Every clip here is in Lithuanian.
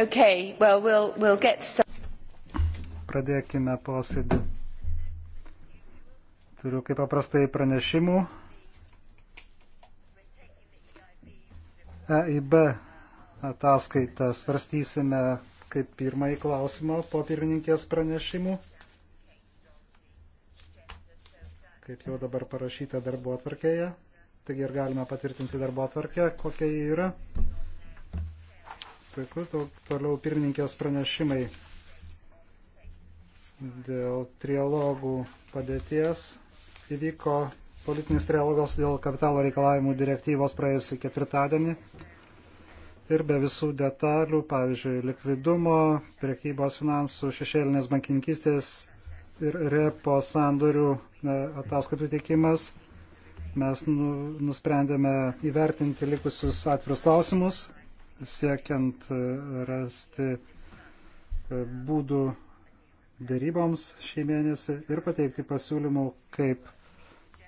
Okay, well, we'll, we'll get Pradėkime posėdį. Turiu kaip paprastai pranešimų. EIB ataskaitą svarstysime kaip pirmąjį klausimą po pirmininkės pranešimų. Kaip jau dabar parašyta darbo atvarkėje. Taigi ir galime patvirtinti darbo atvarkę, kokia jį yra. Puiku, toliau pirmininkės pranešimai dėl trialogų padėties. Įvyko politinis trialogas dėl kapitalo reikalavimų direktyvos praėjusį ketvirtadienį. Ir be visų detalių, pavyzdžiui, likvidumo, priekybos finansų, šešėlinės bankininkystės ir repo sandorių e, ataskaitų teikimas, mes nu- nusprendėme įvertinti likusius atvirus klausimus siekiant e, rasti e, būdų dėryboms šį mėnesį ir pateikti pasiūlymų, kaip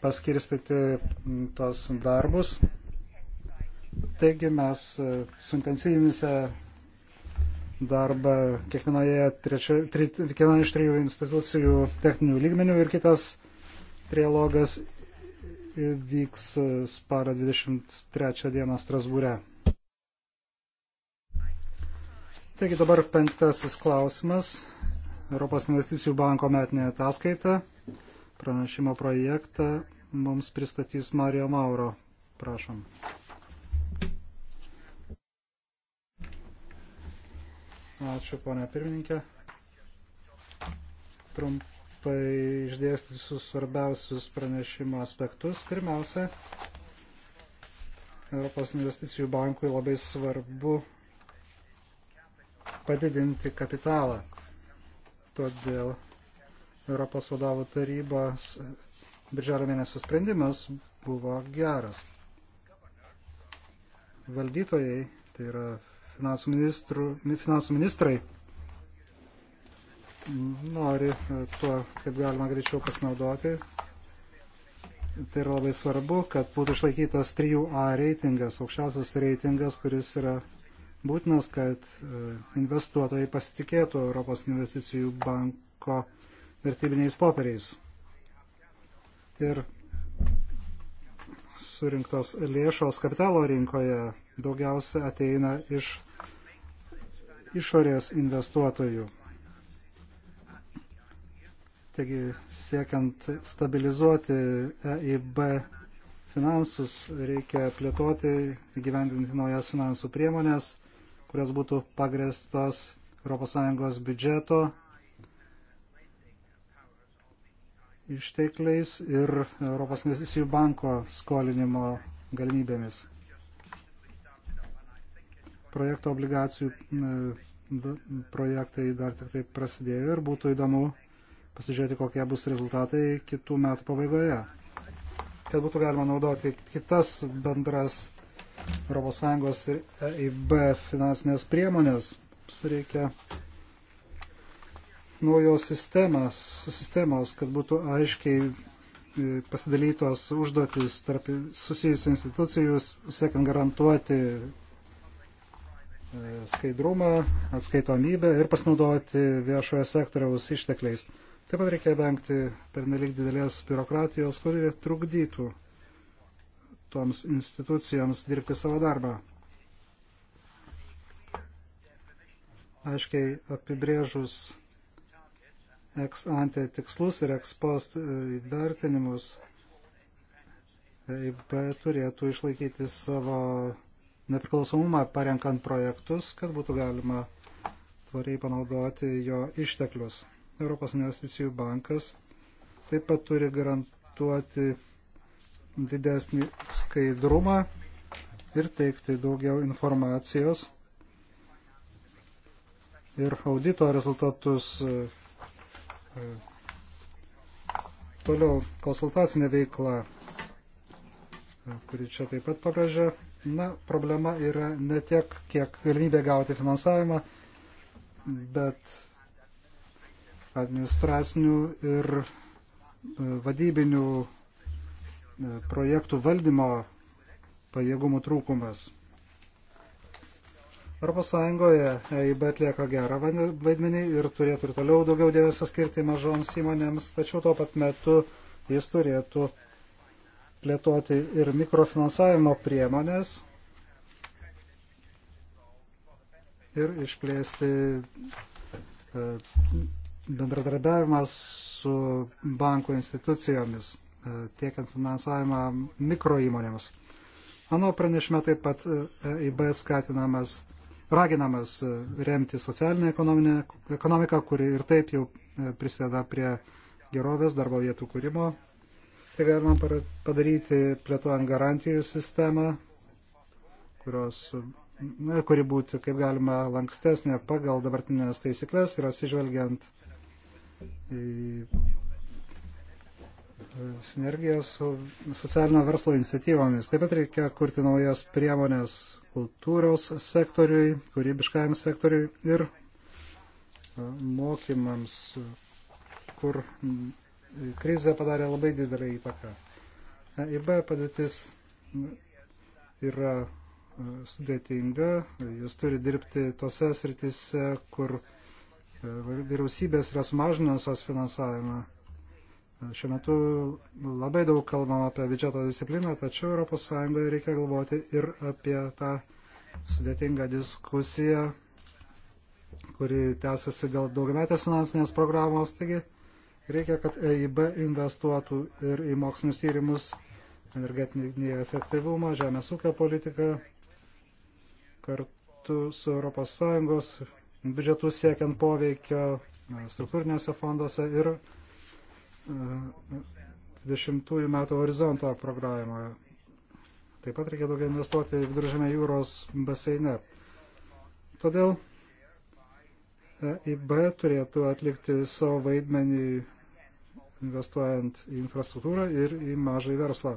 paskirstyti tos darbus. Taigi mes e, suintensyvinsime darbą kiekvienoje, trečio, tri, kiekvienoje iš trijų institucijų techninių lygmenių ir kitas trialogas vyks spalio 23 dieną Strasbūre. Taigi dabar penktasis klausimas. Europos investicijų banko metinė ataskaita. Pranešimo projektą mums pristatys Mario Mauro. Prašom. Ačiū, ponia pirmininkė. Trumpai išdėstysiu svarbiausius pranešimo aspektus. Pirmiausia, Europos investicijų bankui labai svarbu padidinti kapitalą. Todėl Europos vadovų tarybos birželio mėnesio sprendimas buvo geras. Valdytojai, tai yra finansų, ministrų, finansų ministrai, nori e, tuo, kaip galima greičiau pasinaudoti. Tai yra labai svarbu, kad būtų išlaikytas 3A reitingas, aukščiausias reitingas, kuris yra būtinas, kad e, investuotojai pasitikėtų Europos investicijų banko vertybiniais popieriais. Ir surinktos lėšos kapitalo rinkoje daugiausia ateina iš išorės investuotojų. Taigi, siekiant stabilizuoti EIB finansus, reikia plėtoti, įgyvendinti naujas finansų priemonės kurios būtų pagrestos ES biudžeto ištekliais ir Europos investicijų banko skolinimo galimybėmis. Projekto obligacijų e, projektai dar tik tai prasidėjo ir būtų įdomu pasižiūrėti, kokie bus rezultatai kitų metų pabaigoje. Kad būtų galima naudoti kitas bendras ES ir EIB finansinės priemonės. Mums reikia naujos sistemas, sistemos, kad būtų aiškiai e, pasidalytos užduotis tarp susijusių institucijų, siekiant garantuoti e, skaidrumą, atskaitomybę ir pasinaudoti viešojo sektoriaus ištekliais. Taip pat reikia vengti pernelik didelės biurokratijos, kuri trukdytų toms institucijoms dirbti savo darbą. Aiškiai apibrėžus ex ante tikslus ir ex post e, vertinimus, EIB turėtų išlaikyti savo nepriklausomumą parenkant projektus, kad būtų galima tvariai panaudoti jo išteklius. Europos investicijų bankas taip pat turi garantuoti didesnį skaidrumą ir teikti daugiau informacijos ir audito rezultatus. E, toliau konsultacinė veikla, e, kuri čia taip pat pabrėžia. Na, problema yra ne tiek, kiek galimybė gauti finansavimą, bet administracinių ir e, vadybinių projektų valdymo pajėgumų trūkumas. ES EIB e atlieka gerą vaidmenį ir turėtų ir toliau daugiau dėmesio skirti mažoms įmonėms, tačiau tuo pat metu jis turėtų plėtoti ir mikrofinansavimo priemonės ir išplėsti e, bendradarbiavimas su banko institucijomis. E, tiekiant finansavimą mikro įmonėms. Mano pranešime taip pat EIB e skatinamas, raginamas e, remti socialinę ekonomiką, kuri ir taip jau prisideda prie gerovės darbo vietų kūrimo. Tai galima padaryti plėtojant garantijų sistemą, kurios na, kuri būtų kaip galima lankstesnė pagal dabartinės taisyklės ir atsižvelgiant į sinergiją su socialinio verslo iniciatyvomis. Taip pat reikia kurti naujas priemonės kultūros sektoriui, kūrybiškajam sektoriui ir e, mokymams, kur krizė padarė labai didelį įtaką. EIB padėtis yra e, sudėtinga, jis turi dirbti tose sritise, kur e, vyriausybės yra sumažinusios finansavimą Šiuo metu labai daug kalbam apie biudžeto discipliną, tačiau ES reikia galvoti ir apie tą sudėtingą diskusiją, kuri tęsiasi dėl daugiametės finansinės programos. Taigi reikia, kad EIB investuotų ir į mokslinius tyrimus, energetinį efektyvumą, žemės ūkio politiką, kartu su ES biudžetu siekiant poveikio struktūrinėse fondose ir 20 metų horizonto programoje. Taip pat reikia daugiau investuoti viduržėme jūros baseine. Todėl EIB turėtų atlikti savo vaidmenį investuojant į infrastruktūrą ir į mažą verslą.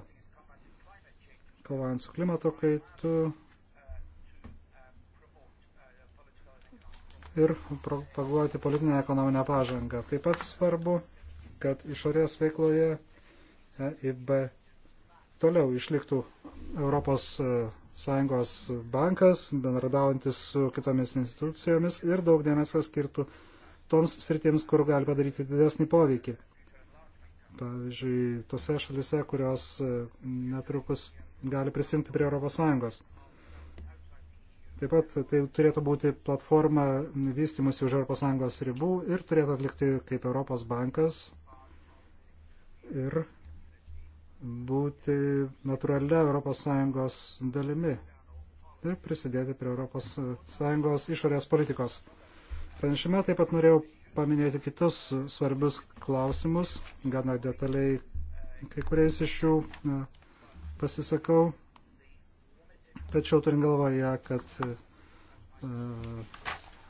Kovojant su klimato kaitu ir propaguoti politinę ekonominę pažangą. Taip pat svarbu kad išorės veikloje EIB toliau išliktų ES e, bankas, bendradaujantis su kitomis institucijomis ir daug dėmesio skirtų toms sritims, kur gali padaryti didesnį poveikį. Pavyzdžiui, tose šalise, kurios e, netrukus gali prisimti prie ES. Taip pat tai turėtų būti platforma vystimusi už ES ribų ir turėtų atlikti kaip Europos bankas ir būti natūralia ES dalimi ir prisidėti prie ES išorės politikos. Pranešime taip pat norėjau paminėti kitus svarbius klausimus, gana detaliai kai kuriais iš jų e, pasisakau, tačiau turim galvoje, kad e,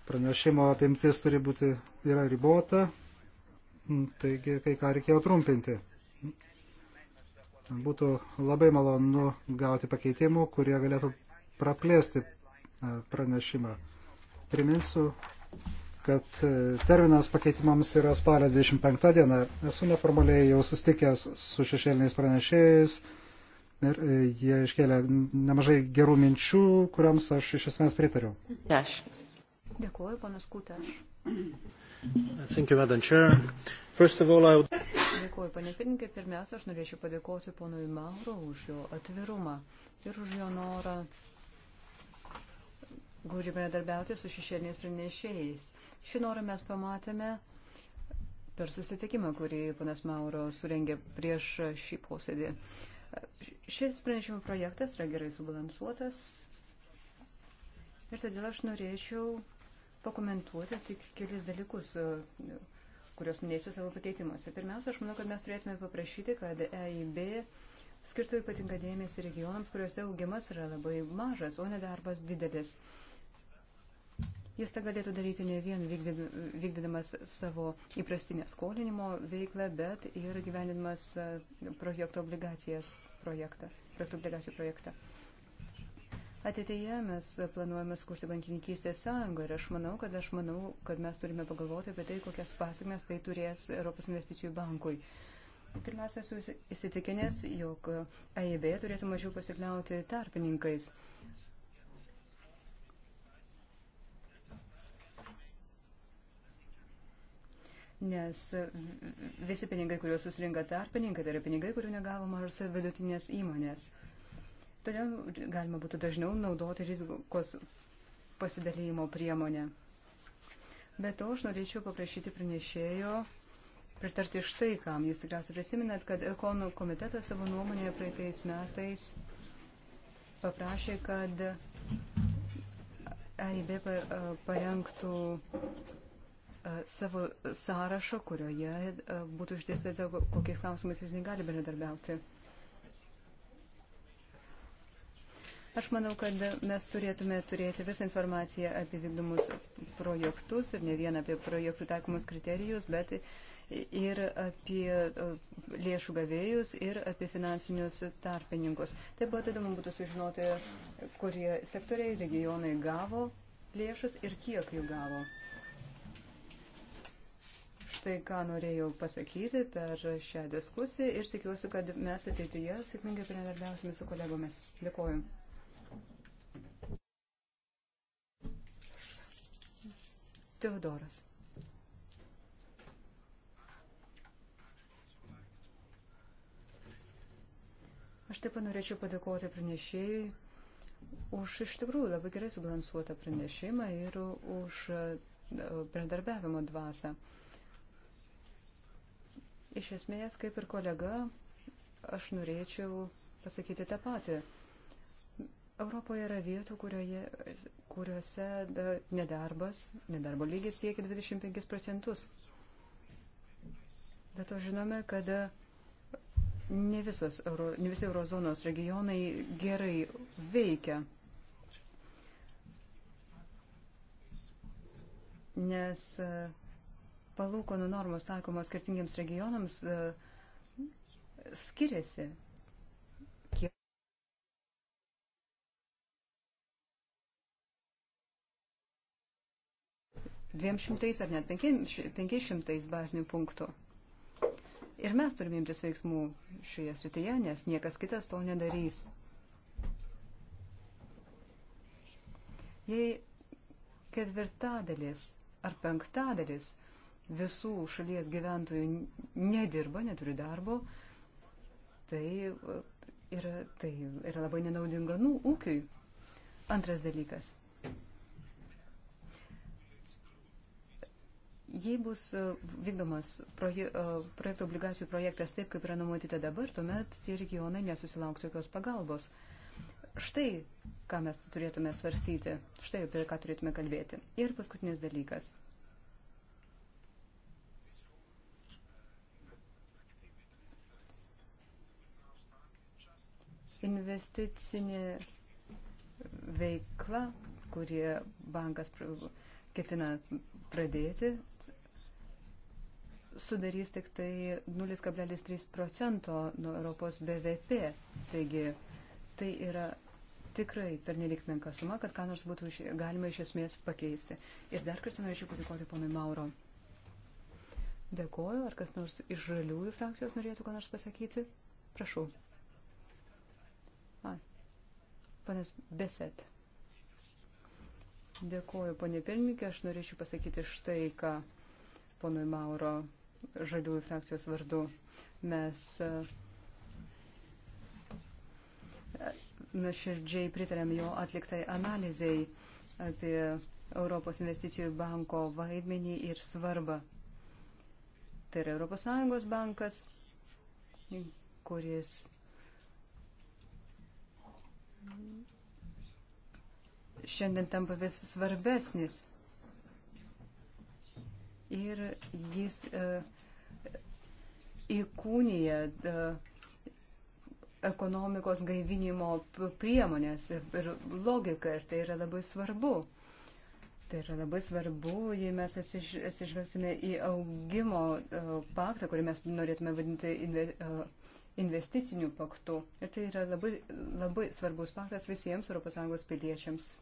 pranešimo apimtis turi būti yra ribota Mm, taigi kai ką reikėjo trumpinti. Būtų labai malonu gauti pakeitimų, kurie galėtų praplėsti e, pranešimą. Priminsiu, kad e, terminas pakeitimams yra spalio 25 diena. Esu neformaliai jau sustikęs su šešėliniais pranešėjais ir e, jie iškėlė nemažai gerų minčių, kuriams aš iš esmės pritariu. Aš. Dėkuoju, panas Kūtė. Aš. Thank you, Madam Chair. First of all, I would... Dėkuoju, panė pirmininkė. Pirmiausia, aš norėčiau padėkoti ponui Mauro už jo atvirumą ir už jo norą glaudžiai bendradarbiauti su šešėliniais pranešėjais. Šį norą mes pamatėme per susitikimą, kurį panas Mauro surengė prieš šį posėdį. Šis pranešimo projektas yra gerai subalansuotas ir todėl aš norėčiau pakomentuoti tik kelis dalykus, kuriuos minėsiu savo pakeitimuose. Pirmiausia, aš manau, kad mes turėtume paprašyti, kad EIB skirtų ypatingą dėmesį regionams, kuriuose augimas yra labai mažas, o nedarbas didelis. Jis tą galėtų daryti ne vien vykdydamas savo įprastinę skolinimo veiklą, bet ir gyvenimas e, projekto obligacijas projektą, projekto obligacijų projektą. Ateityje mes planuojame skurti bankininkystės sąjungą ir aš manau, kad aš manau, kad mes turime pagalvoti apie tai, kokias pasiekmes tai turės Europos investicijų bankui. Pirmiausia, esu įsitikinęs, jog AIB turėtų mažiau pasikliauti tarpininkais. Nes visi pinigai, kuriuos susirinka tarpininkai, tai yra pinigai, kurių negavo mažos vidutinės įmonės. Todėl galima būtų dažniau naudoti rizikos pasidalymo priemonę. Bet to aš norėčiau paprašyti pranešėjo pritarti štai kam. Jūs tikriausiai prisiminat, kad Ekonų komitetas savo nuomonėje praeitais metais paprašė, kad AIB parengtų savo sąrašą, kurioje būtų išdėstyta, kokiais klausimais jis negali bendradarbiauti. Aš manau, kad mes turėtume turėti visą informaciją apie vykdomus projektus ir ne vien apie projektų taikomus kriterijus, bet ir apie e, lėšų gavėjus ir apie finansinius tarpininkus. Taip pat įdomu būtų sužinoti, kurie sektoriai regionai gavo lėšus ir kiek jų gavo tai, ką norėjau pasakyti per šią diskusiją ir tikiuosi, kad mes ateityje sėkmingai bendradarbiausime su kolegomis. Dėkuoju. Teodoras. Aš taip pat norėčiau padėkoti pranešėjai už iš tikrųjų labai gerai subalansuotą pranešimą ir už e, bendarbiavimo dvasę. Iš esmės, kaip ir kolega, aš norėčiau pasakyti tą patį. Europoje yra vietų, kurioje, kuriuose nedarbas, nedarbo lygis siekia 25 procentus. Bet to žinome, kad e, ne, visos, euro, ne visi eurozonos regionai gerai veikia. Nes e, palūkonų normos taikomos skirtingiems regionams e, skiriasi 200 ar net 500 bazinių punktų. Ir mes turime imtis veiksmų šioje srityje, nes niekas kitas to nedarys. Jei ketvirtadalis ar penktadalis visų šalies gyventojų nedirba, neturi darbo, tai e, yra, tai yra labai nenaudinga nu, ūkiui. Antras dalykas. Jei bus e, vykdomas proje, e, projektų obligacijų projektas taip, kaip yra numatyta dabar, tuomet tie regionai nesusilauks jokios pagalbos. Štai, ką mes turėtume svarstyti, štai apie ką turėtume kalbėti. Ir paskutinis dalykas. Investicinė veikla, kurie bankas ketina pradėti, sudarys tik tai 0,3 procento nuo Europos BVP. Taigi tai yra tikrai pernelik menka suma, kad ką nors būtų iš, galima iš esmės pakeisti. Ir dar kartą norėčiau patikoti ponui Mauro. Dėkoju, ar kas nors iš žaliųjų frakcijos norėtų ką nors pasakyti? Prašau. A, panas Beset. Dėkuoju, ponė Pirmininkė, aš norėčiau pasakyti štai, ką ponui Mauro žaliųjų frakcijos vardu mes e, nuoširdžiai pritarėm jo atliktai analizai apie Europos investicijų banko vaidmenį ir svarbą. Tai yra Europos Sąjungos bankas, kuris šiandien tampa vis svarbesnis. Ir jis e, įkūnyje ekonomikos gaivinimo priemonės ir, ir logiką ir tai yra labai svarbu. Tai yra labai svarbu, jei mes atsižvelgsime į augimo e, paktą, kurį mes norėtume vadinti e, investiciniu paktu. Ir tai yra labai, labai svarbus paktas visiems ES piliečiams.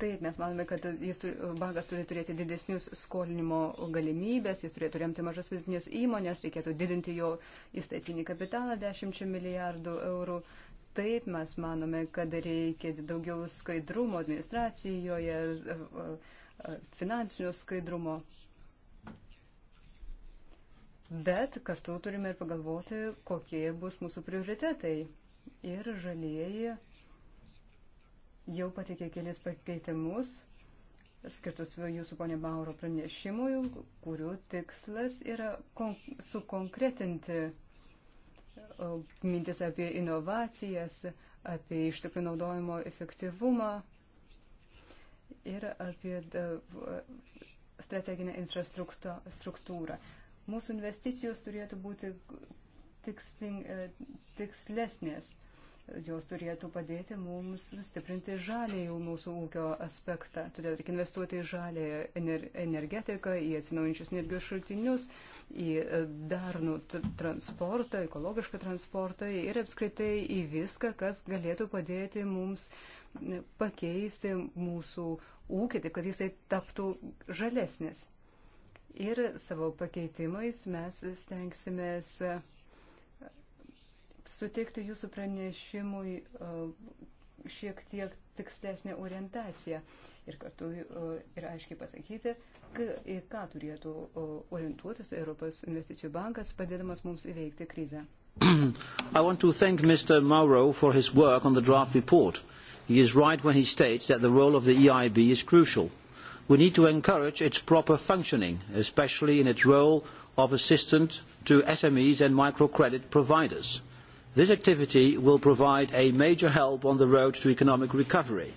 Taip, mes manome, kad jis, bankas turi turėti didesnius skolinimo galimybės, jis turėtų remti mažas vidutinės įmonės, reikėtų didinti jo įstatinį kapitalą 10 milijardų eurų. Taip, mes manome, kad reikia daugiau skaidrumo administracijoje, e, e, finansinio skaidrumo. Bet kartu turime ir pagalvoti, kokie bus mūsų prioritetai. Ir žalieji jau pateikė kelis pakeitimus skirtus jūsų ponė Bauro pranešimui, kurių tikslas yra kon sukonkretinti mintis apie inovacijas, apie išteklių naudojimo efektyvumą ir apie strateginę infrastruktūrą. Mūsų investicijos turėtų būti tiksling, e, tikslesnės. Jos turėtų padėti mums sustiprinti žalėjų mūsų ūkio aspektą. Todėl reikia investuoti į žalę energetiką, į atsinaujančius energijos šaltinius, į e, darnų transportą, ekologišką transportą ir apskritai į viską, kas galėtų padėti mums pakeisti mūsų ūkį, taip kad jisai taptų žalesnis. Ir savo pakeitimais mes stengsimės. Uh, suteikti jūsų pranešimui e, šiek tiek tikslesnę orientaciją ir kartu e, ir aiškiai pasakyti, į ką turėtų e, orientuotis Europos investicijų bankas, padėdamas mums įveikti krizę. I want to thank Mr. Mauro for his work on the draft report. He is right when he states that the role of the EIB is crucial. We need to encourage its proper functioning, especially in its role of assistant to SMEs and microcredit providers This activity will provide a major help on the road to economic recovery.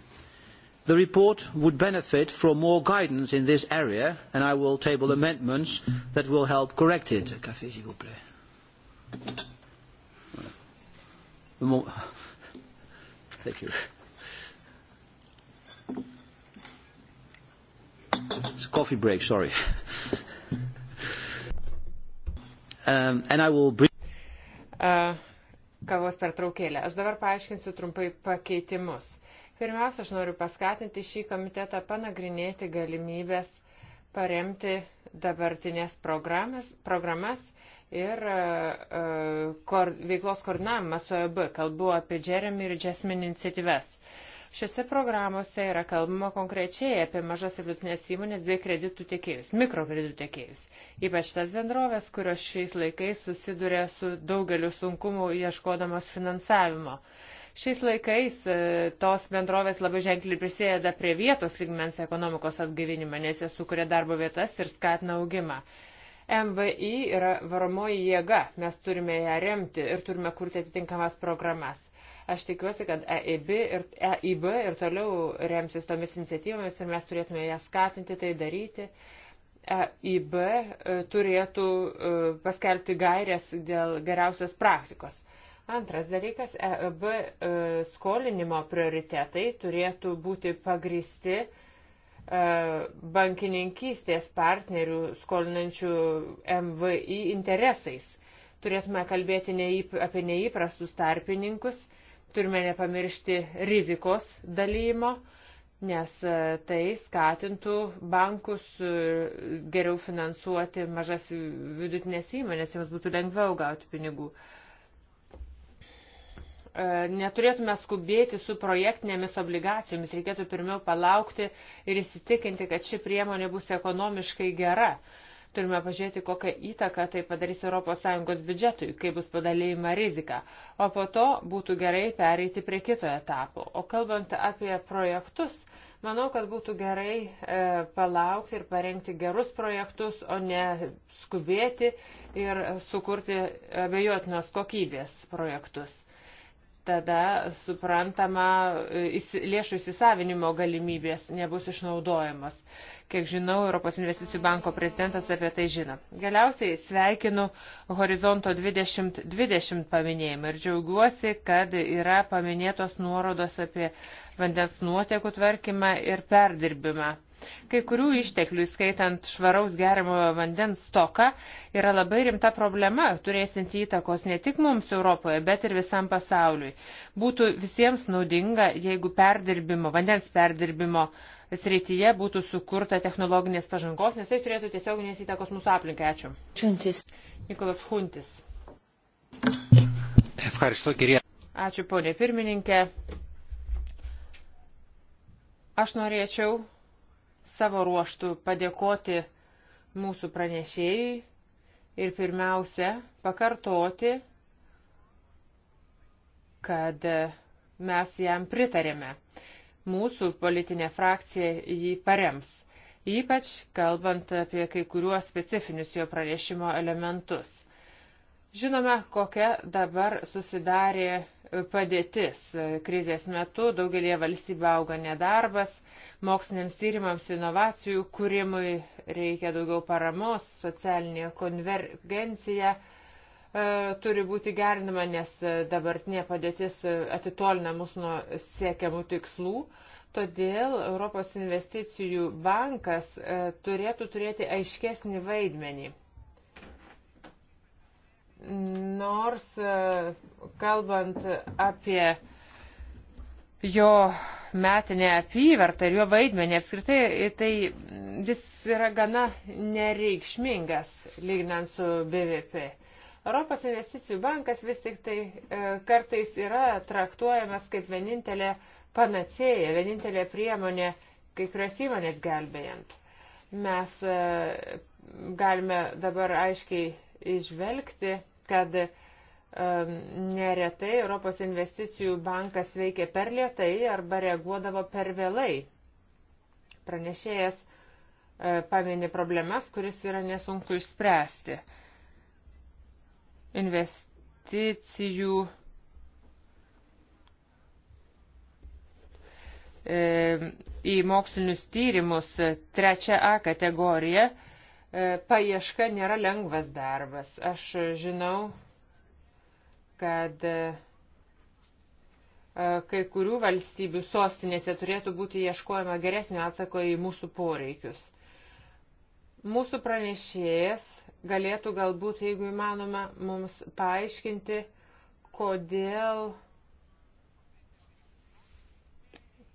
The report would benefit from more guidance in this area, and I will table amendments that will help correct it. Café, s'il vous plaît. Bon. Thank you. It's coffee break, sorry. um, and I will bring... Uh, kavos pertraukėlę. Aš dabar paaiškinsiu trumpai pakeitimus. Pirmiausia, aš noriu paskatinti šį komitetą panagrinėti galimybės paremti dabartinės programas, programas ir uh, kor, veiklos koordinavimą su EB. Kalbu apie Jeremy ir Jasmine iniciatyves. Uh, Šiuose programuose yra kalbama konkrečiai apie mažas ir vidutinės įmonės bei kreditų tiekėjus, mikrokreditų tiekėjus. Ypač tas bendrovės, kurios šiais laikais susiduria su daugeliu sunkumu ieškodamos finansavimo. Šiais laikais e, tos bendrovės labai ženkliai prisėda prie vietos lygmens ekonomikos atgaivinimą, nes jie sukuria darbo vietas ir skatina augimą. MVI yra varomoji jėga, mes turime ją remti ir turime kurti atitinkamas programas. Aš tikiuosi, kad EIB ir, EIB ir toliau remsis tomis iniciatyvomis ir mes turėtume jas skatinti tai daryti. EIB e, turėtų e, paskelbti gairias dėl geriausios praktikos. Antras dalykas, EIB e, skolinimo prioritetai turėtų būti pagristi bankininkystės partnerių skolinančių MVI interesais. Turėtume kalbėti neįp, apie neįprastus tarpininkus Turime nepamiršti rizikos dalymo, nes e, tai skatintų bankus e, geriau finansuoti mažas vidutinės įmonės, jiems būtų lengviau gauti pinigų e, neturėtume skubėti su projektinėmis obligacijomis, reikėtų pirmiau palaukti ir įsitikinti, kad ši priemonė bus ekonomiškai gera. Turime pažiūrėti, kokią įtaką tai padarys ES biudžetui, kaip bus padalyjama rizika. O po to būtų gerai pereiti prie kito etapo. O kalbant apie projektus, manau, kad būtų gerai e, palaukti ir parengti gerus projektus, o ne skubėti ir sukurti abejotinos kokybės projektus tada suprantama e, lėšų įsisavinimo galimybės nebus išnaudojamas. Kiek žinau, Europos investicijų banko prezidentas apie tai žino. Galiausiai sveikinu Horizonto 2020 paminėjimą ir džiaugiuosi, kad yra paminėtos nuorodos apie vandens nuotekų tvarkymą ir perdirbimą. Kai kurių išteklių, skaitant švaraus geriamojo vandens stoką, yra labai rimta problema, turėsinti įtakos ne tik mums Europoje, bet ir visam pasauliui. Būtų visiems naudinga, jeigu perdirbimo, vandens perdirbimo srityje būtų sukurta technologinės pažangos, nes tai turėtų tiesioginės įtakos mūsų aplinkai. Ačiū. Čuntis. Nikolas Huntis. Ačiū, ponė pirmininkė. Aš norėčiau savo ruoštų padėkoti mūsų pranešėjai ir pirmiausia pakartoti, kad mes jam pritarėme. Mūsų politinė frakcija jį parems, ypač kalbant apie kai kuriuos specifinius jo pranešimo elementus. Žinome, kokia dabar susidarė e, padėtis e, krizės metu. Daugelie valstybių auga nedarbas, moksliniams tyrimams, inovacijų kūrimui reikia daugiau paramos, socialinė konvergencija e, turi būti gerinama, nes e, dabartinė padėtis atitolina mus nuo siekiamų tikslų. Todėl Europos investicijų bankas e, turėtų turėti aiškesnį vaidmenį Nors e, kalbant apie jo metinę apyvartą ir jo vaidmenį apskritai, tai jis yra gana nereikšmingas lyginant su BVP. Europos investicijų bankas vis tik tai e, kartais yra traktuojamas kaip vienintelė panacėja, vienintelė priemonė kai kurios įmonės gelbėjant. Mes e, galime dabar aiškiai išvelgti, kad um, neretai Europos investicijų bankas veikė per lietai arba reaguodavo per vėlai. Pranešėjas e, paminė problemas, kuris yra nesunku išspręsti. Investicijų e, į mokslinius tyrimus trečia A kategorija E, paieška nėra lengvas darbas. Aš žinau, kad e, kai kurių valstybių sostinėse turėtų būti ieškojama geresnio atsako į mūsų poreikius. Mūsų pranešėjas galėtų galbūt, jeigu įmanoma, mums paaiškinti, kodėl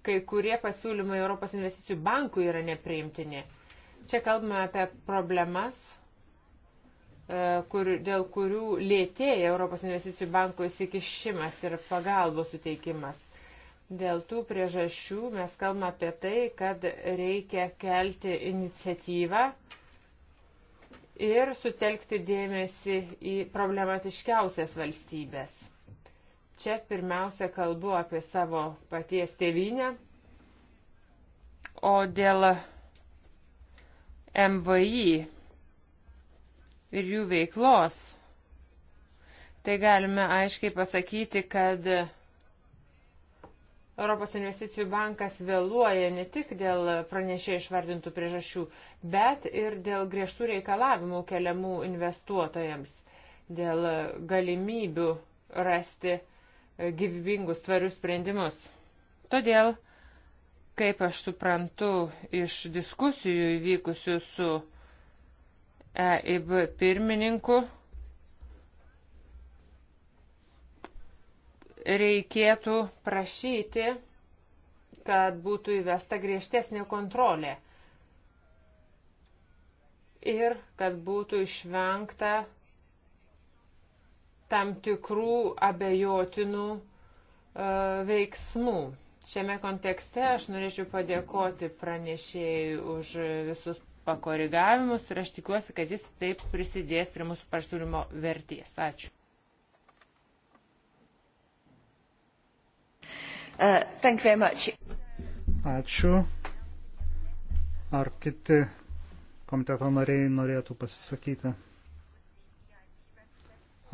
kai kurie pasiūlymai Europos investicijų bankų yra nepriimtini. Ne Čia kalbame apie problemas, e, kur, dėl kurių lėtėja Europos investicijų banko įsikišimas ir pagalbos suteikimas. Dėl tų priežasčių mes kalbame apie tai, kad reikia kelti iniciatyvą ir sutelkti dėmesį į problematiškiausias valstybės. Čia pirmiausia kalbu apie savo paties tėvynę, o dėl MVI ir jų veiklos, tai galime aiškiai pasakyti, kad Europos investicijų bankas vėluoja ne tik dėl pranešėjų išvardintų priežasčių, bet ir dėl griežtų reikalavimų keliamų investuotojams, dėl galimybių rasti gyvybingus tvarius sprendimus. Todėl Kaip aš suprantu iš diskusijų įvykusių su EIB pirmininku, reikėtų prašyti, kad būtų įvesta griežtesnė kontrolė ir kad būtų išvengta tam tikrų abejotinų e, veiksmų. Šiame kontekste aš norėčiau padėkoti pranešėjai už visus pakorigavimus ir aš tikiuosi, kad jis taip prisidės prie mūsų pasiūlymo vertės. Ačiū. Uh, Ačiū. Ar kiti komiteto nariai norėtų pasisakyti?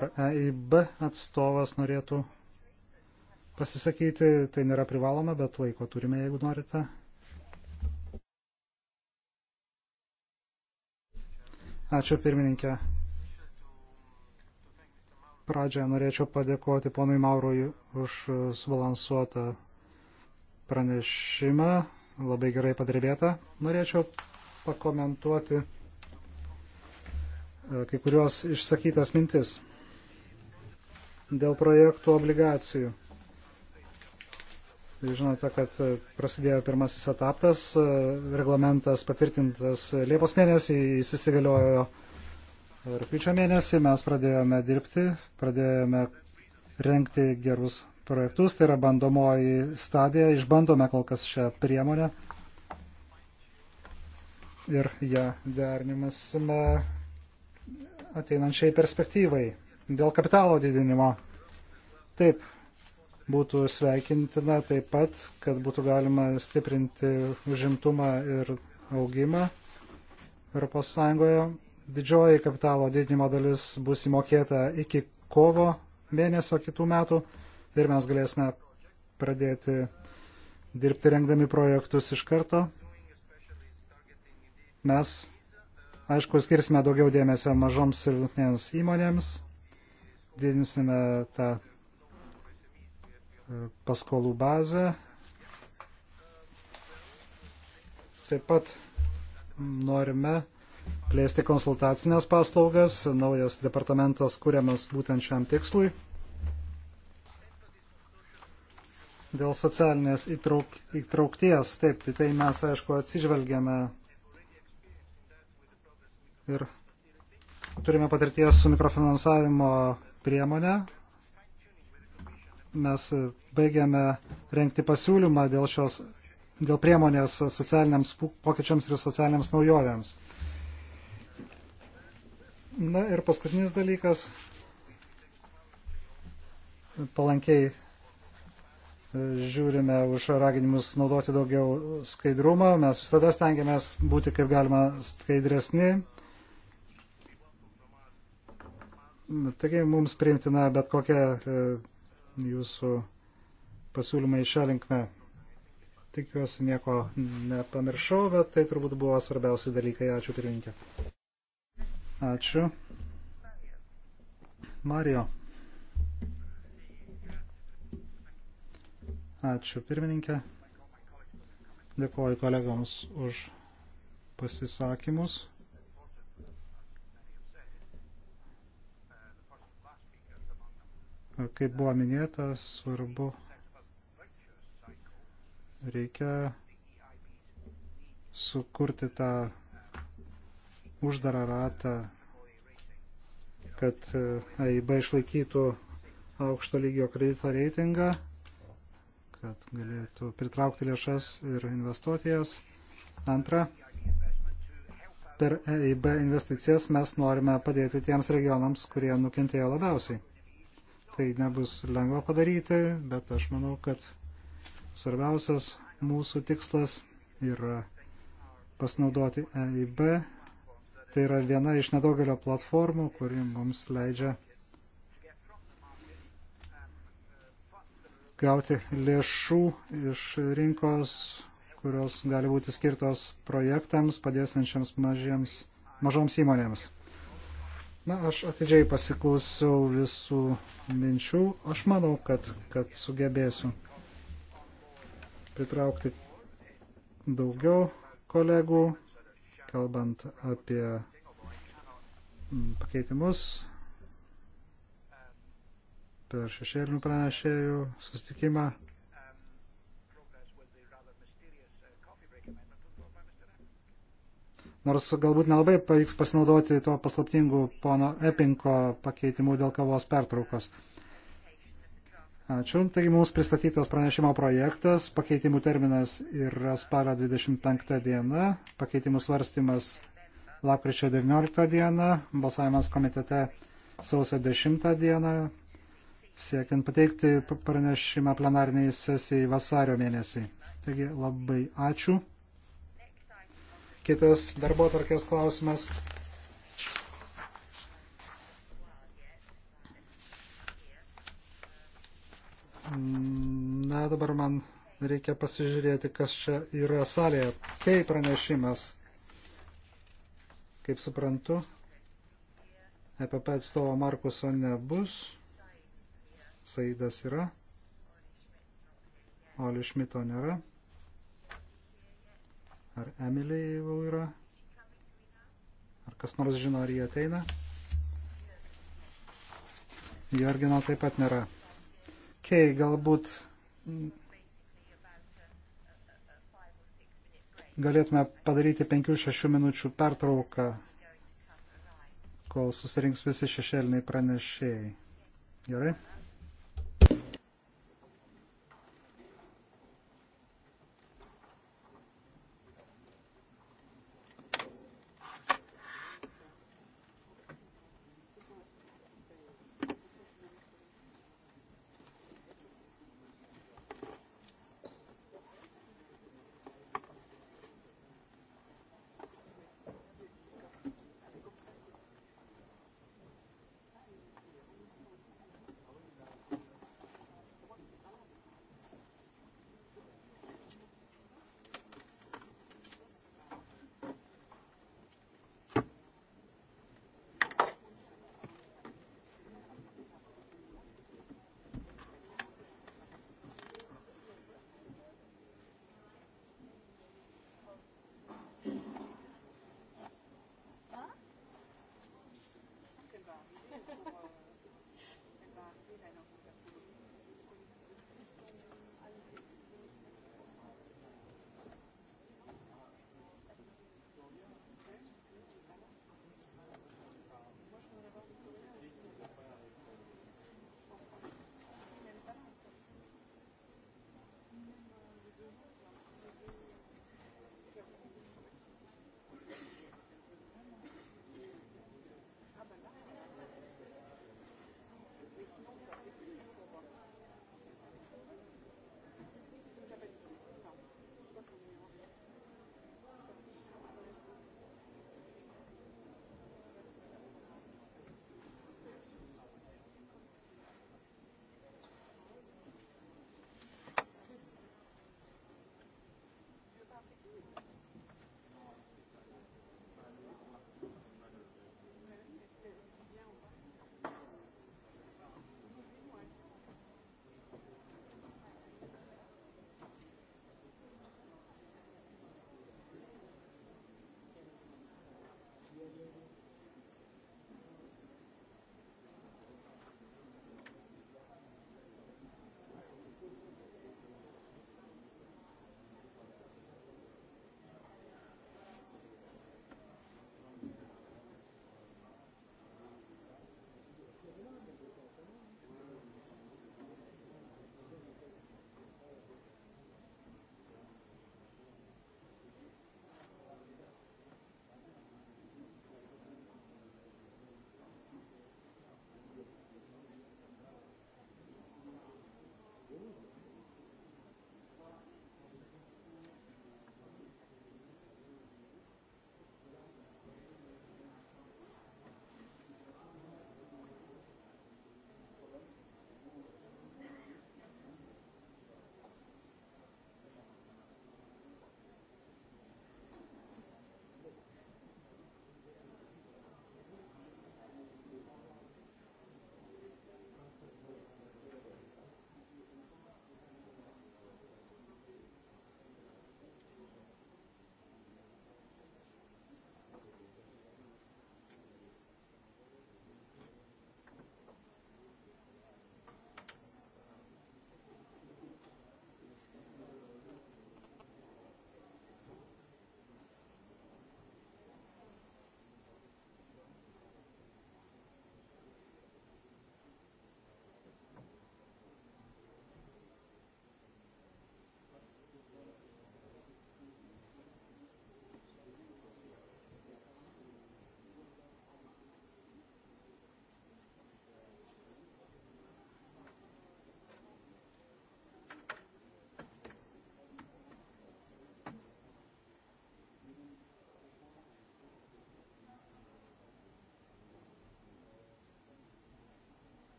Ar EIB atstovas norėtų pasisakyti, tai nėra privaloma, bet laiko turime, jeigu norite. Ačiū pirmininkė. Pradžioje norėčiau padėkoti ponui Maurui už subalansuotą pranešimą, labai gerai padirbėta. Norėčiau pakomentuoti e, kai kuriuos išsakytas mintis dėl projektų obligacijų. Žinote, kad e, prasidėjo pirmasis etapas, e, reglamentas patvirtintas Liepos mėnesį, jis įsigaliojo rūpiučio mėnesį, mes pradėjome dirbti, pradėjome renkti gerus projektus, tai yra bandomoji stadija, išbandome kol kas šią priemonę ir ją dernimasime ateinančiai perspektyvai dėl kapitalo didinimo. Taip, būtų sveikintina taip pat, kad būtų galima stiprinti užimtumą ir augimą ES. Didžioji kapitalo didinimo dalis bus įmokėta iki kovo mėnesio kitų metų ir mes galėsime pradėti dirbti rengdami projektus iš karto. Mes, aišku, skirsime daugiau dėmesio mažoms ir vidutinėms įmonėms, didinsime tą paskolų bazę. Taip pat norime plėsti konsultacinės paslaugas. Naujas departamentas kuriamas būtent šiam tikslui. Dėl socialinės įtrauk, įtraukties, taip, tai mes, aišku, atsižvelgiame ir turime patirties su mikrofinansavimo priemonė, mes baigiame renkti pasiūlymą dėl, šios, dėl priemonės socialiniams pokyčiams ir socialiniams naujovėms. Na ir paskutinis dalykas palankiai e, žiūrime už raginimus naudoti daugiau skaidrumą. Mes visada stengiamės būti kaip galima skaidresni. Taigi mums priimtina bet kokia e, jūsų pasiūlymai šią linkmę. Tikiuosi nieko nepamiršau, bet tai turbūt buvo svarbiausi dalykai. Ačiū pirmininkė. Ačiū. Mario. Ačiū pirmininkė. Dėkuoju kolegoms už pasisakymus. Kaip buvo minėta, svarbu reikia sukurti tą uždarą ratą, kad e, AIB išlaikytų aukšto lygio kredito reitingą, kad galėtų pritraukti lėšas ir investuoti jas. Antra, per EIB investicijas mes norime padėti tiems regionams, kurie nukentėjo labiausiai. Tai nebus lengva padaryti, bet aš manau, kad svarbiausias mūsų tikslas yra pasinaudoti EIB. Tai yra viena iš nedaugelio platformų, kuri mums leidžia gauti lėšų iš rinkos, kurios gali būti skirtos projektams padėsančiams mažiems, mažoms įmonėms. Na, aš atidžiai pasiklausiau visų minčių. Aš manau, kad, kad sugebėsiu pritraukti daugiau kolegų, kalbant apie mm, pakeitimus per šešėlinių pranešėjų sustikimą. Nors galbūt nelabai pavyks pasinaudoti tuo paslaptingu pono Epinko pakeitimu dėl kavos pertraukos. Ačiū. Taigi mums pristatytas pranešimo projektas. Pakeitimų terminas yra spalio 25 diena. Pakeitimų svarstymas lapkričio 19 diena. Balsavimas komitete sausio 10 diena. Siekiant pateikti pranešimą plenariniai sesijai vasario mėnesį. Taigi labai ačiū. Kitas darbo tarkės klausimas. Na, dabar man reikia pasižiūrėti, kas čia yra salėje. Tai pranešimas. Kaip suprantu, EPP atstovo Markuso nebus. Saidas yra. Oli Šmito nėra. Ar Emily jau yra? Ar kas nors žino, ar jie ateina? Jorgino taip pat nėra. Kei, galbūt galėtume padaryti 5-6 minučių pertrauką, kol susirinks visi šešėliniai pranešėjai. Gerai?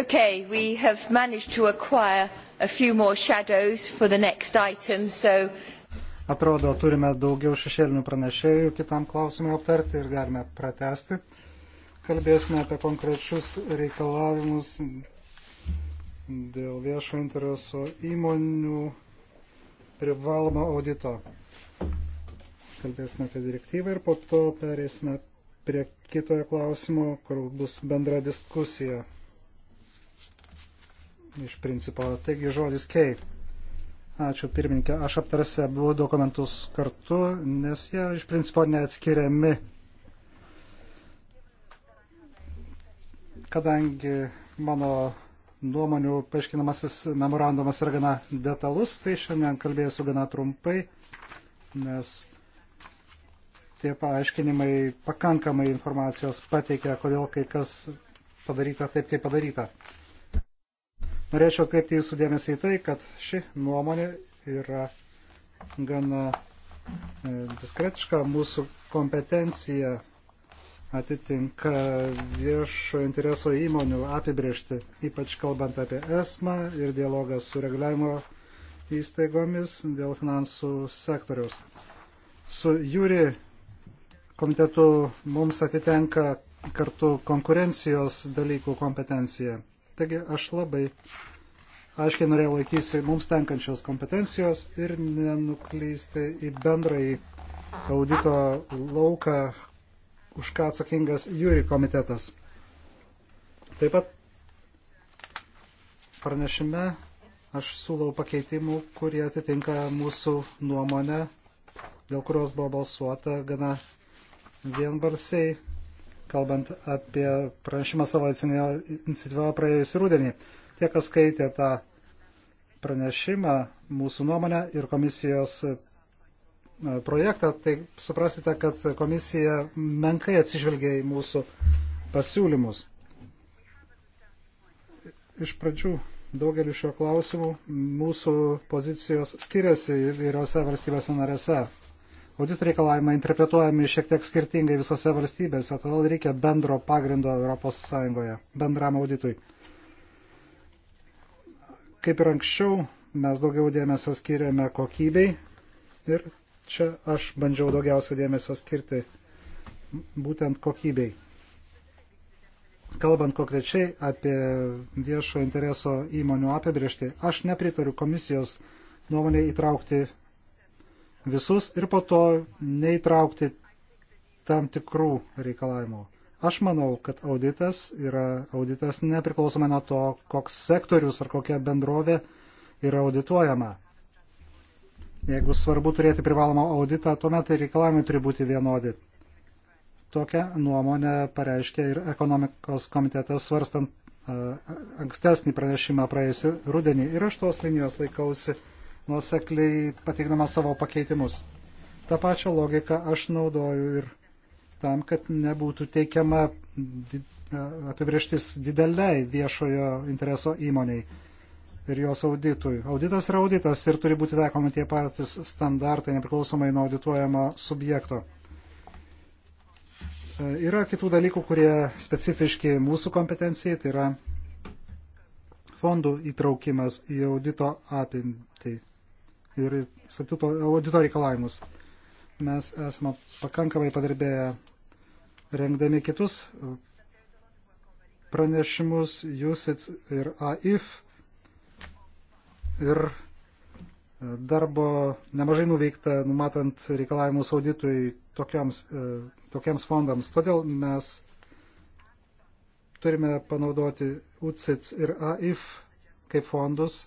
Okay, we have managed to acquire a few more shadows for the next item, so... Atrodo, turime daugiau šešėlinių pranešėjų kitam klausimui aptarti ir galime pratesti. Kalbėsime apie konkrečius reikalavimus dėl viešo intereso įmonių privalomo audito. Kalbėsime apie direktyvą ir po to perėsime prie kitoje klausimo, kur bus bendra diskusija iš principo. Taigi žodis kei. Ačiū pirmininkė. Aš aptarsiu abu dokumentus kartu, nes jie iš principo neatskiriami. Kadangi mano nuomonių paaiškinamasis memorandumas yra gana detalus, tai šiandien kalbėsiu gana trumpai, nes tie paaiškinimai pakankamai informacijos pateikia, kodėl kai kas padaryta taip, kaip padaryta. Norėčiau atkreipti jūsų dėmesį į tai, kad ši nuomonė yra gana e, diskretiška. Mūsų kompetencija atitinka viešo intereso įmonių apibriežti, ypač kalbant apie esmą ir dialogą su reguliavimo įstaigomis dėl finansų sektoriaus. Su jūri komitetu mums atitenka kartu konkurencijos dalykų kompetencija. Taigi aš labai aiškiai norėjau laikysi mums tenkančios kompetencijos ir nenuklysti į bendrąjį audito lauką, už ką atsakingas jūri komitetas. Taip pat pranešime aš siūlau pakeitimų, kurie atitinka mūsų nuomonę, dėl kurios buvo balsuota gana vienbalsiai kalbant apie pranešimą savo iniciatyvą praėjusį rudenį. Tie, kas skaitė tą pranešimą, mūsų nuomonę ir komisijos e, projektą, tai suprasite, kad komisija menkai atsižvelgia į mūsų pasiūlymus. Iš pradžių daugeliu šio klausimų mūsų pozicijos skiriasi įvairiose valstybėse narėse. Audito reikalavimai interpretuojami šiek tiek skirtingai visose valstybėse, todėl reikia bendro pagrindo ES bendram auditui. Kaip ir anksčiau, mes daugiau dėmesio skiriame kokybei ir čia aš bandžiau daugiausia dėmesio skirti būtent kokybei. Kalbant konkrečiai apie viešo intereso įmonių apibriežtį, aš nepritariu komisijos nuomonė įtraukti visus ir po to neįtraukti tam tikrų reikalavimų. Aš manau, kad auditas yra auditas nepriklausomai nuo to, koks sektorius ar kokia bendrovė yra audituojama. Jeigu svarbu turėti privalomą auditą, tuomet tai reikalavimai turi būti vienodi. Tokią nuomonę pareiškė ir ekonomikos komitetas svarstant uh, ankstesnį pranešimą praėjusiu rudenį. Ir aš tos linijos laikausi nusekliai pateikdamas savo pakeitimus. Ta pačia logika aš naudoju ir tam, kad nebūtų teikiama apibrieštis dideliai viešojo intereso įmoniai ir jos auditui. Auditas yra auditas ir turi būti taikomi tie patys standartai nepriklausomai nuo audituojamo subjekto. E, yra kitų dalykų, kurie specifiški mūsų kompetencijai, tai yra fondų įtraukimas į audito apimtį ir statuto audito reikalavimus. Mes esame pakankamai padirbėję rengdami kitus e, pranešimus USITS ir AIF ir e, darbo nemažai nuveikta, numatant reikalavimus auditui tokiams, e, tokiems fondams. Todėl mes turime panaudoti UCITS ir AIF kaip fondus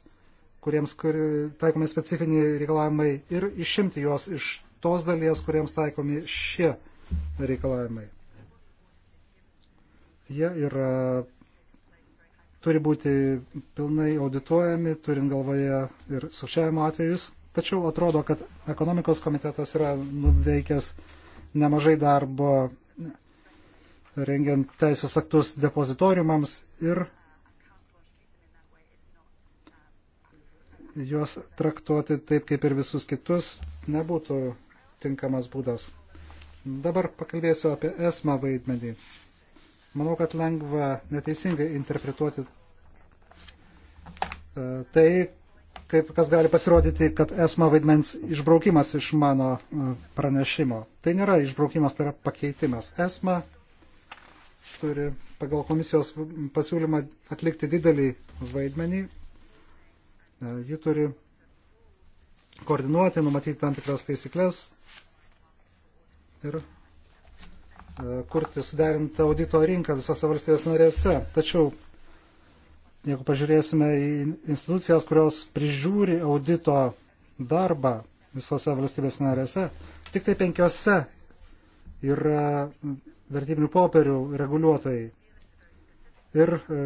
kuriems kur, taikomi specifiniai reikalavimai ir išimti juos iš tos dalies, kuriems taikomi šie reikalavimai. Jie yra, turi būti pilnai audituojami, turint galvoje ir sukčiavimo atvejus. Tačiau atrodo, kad ekonomikos komitetas yra nuveikęs nemažai darbo rengiant teisės aktus depozitoriumams ir juos traktuoti taip kaip ir visus kitus nebūtų tinkamas būdas. Dabar pakalbėsiu apie esmą vaidmenį. Manau, kad lengva neteisingai interpretuoti e, tai, kaip kas gali pasirodyti, kad esmą vaidmens išbraukimas iš mano e, pranešimo. Tai nėra išbraukimas, tai yra pakeitimas. Esma turi pagal komisijos pasiūlymą atlikti didelį vaidmenį E, ji turi koordinuoti, numatyti tam tikras taisyklės ir e, kurti suderintą audito rinką visose valstybės narėse. Tačiau, jeigu pažiūrėsime į institucijas, kurios prižiūri audito darbą visose valstybės narėse, tik tai penkiose yra vertybinių popierių reguliuotojai. Ir e,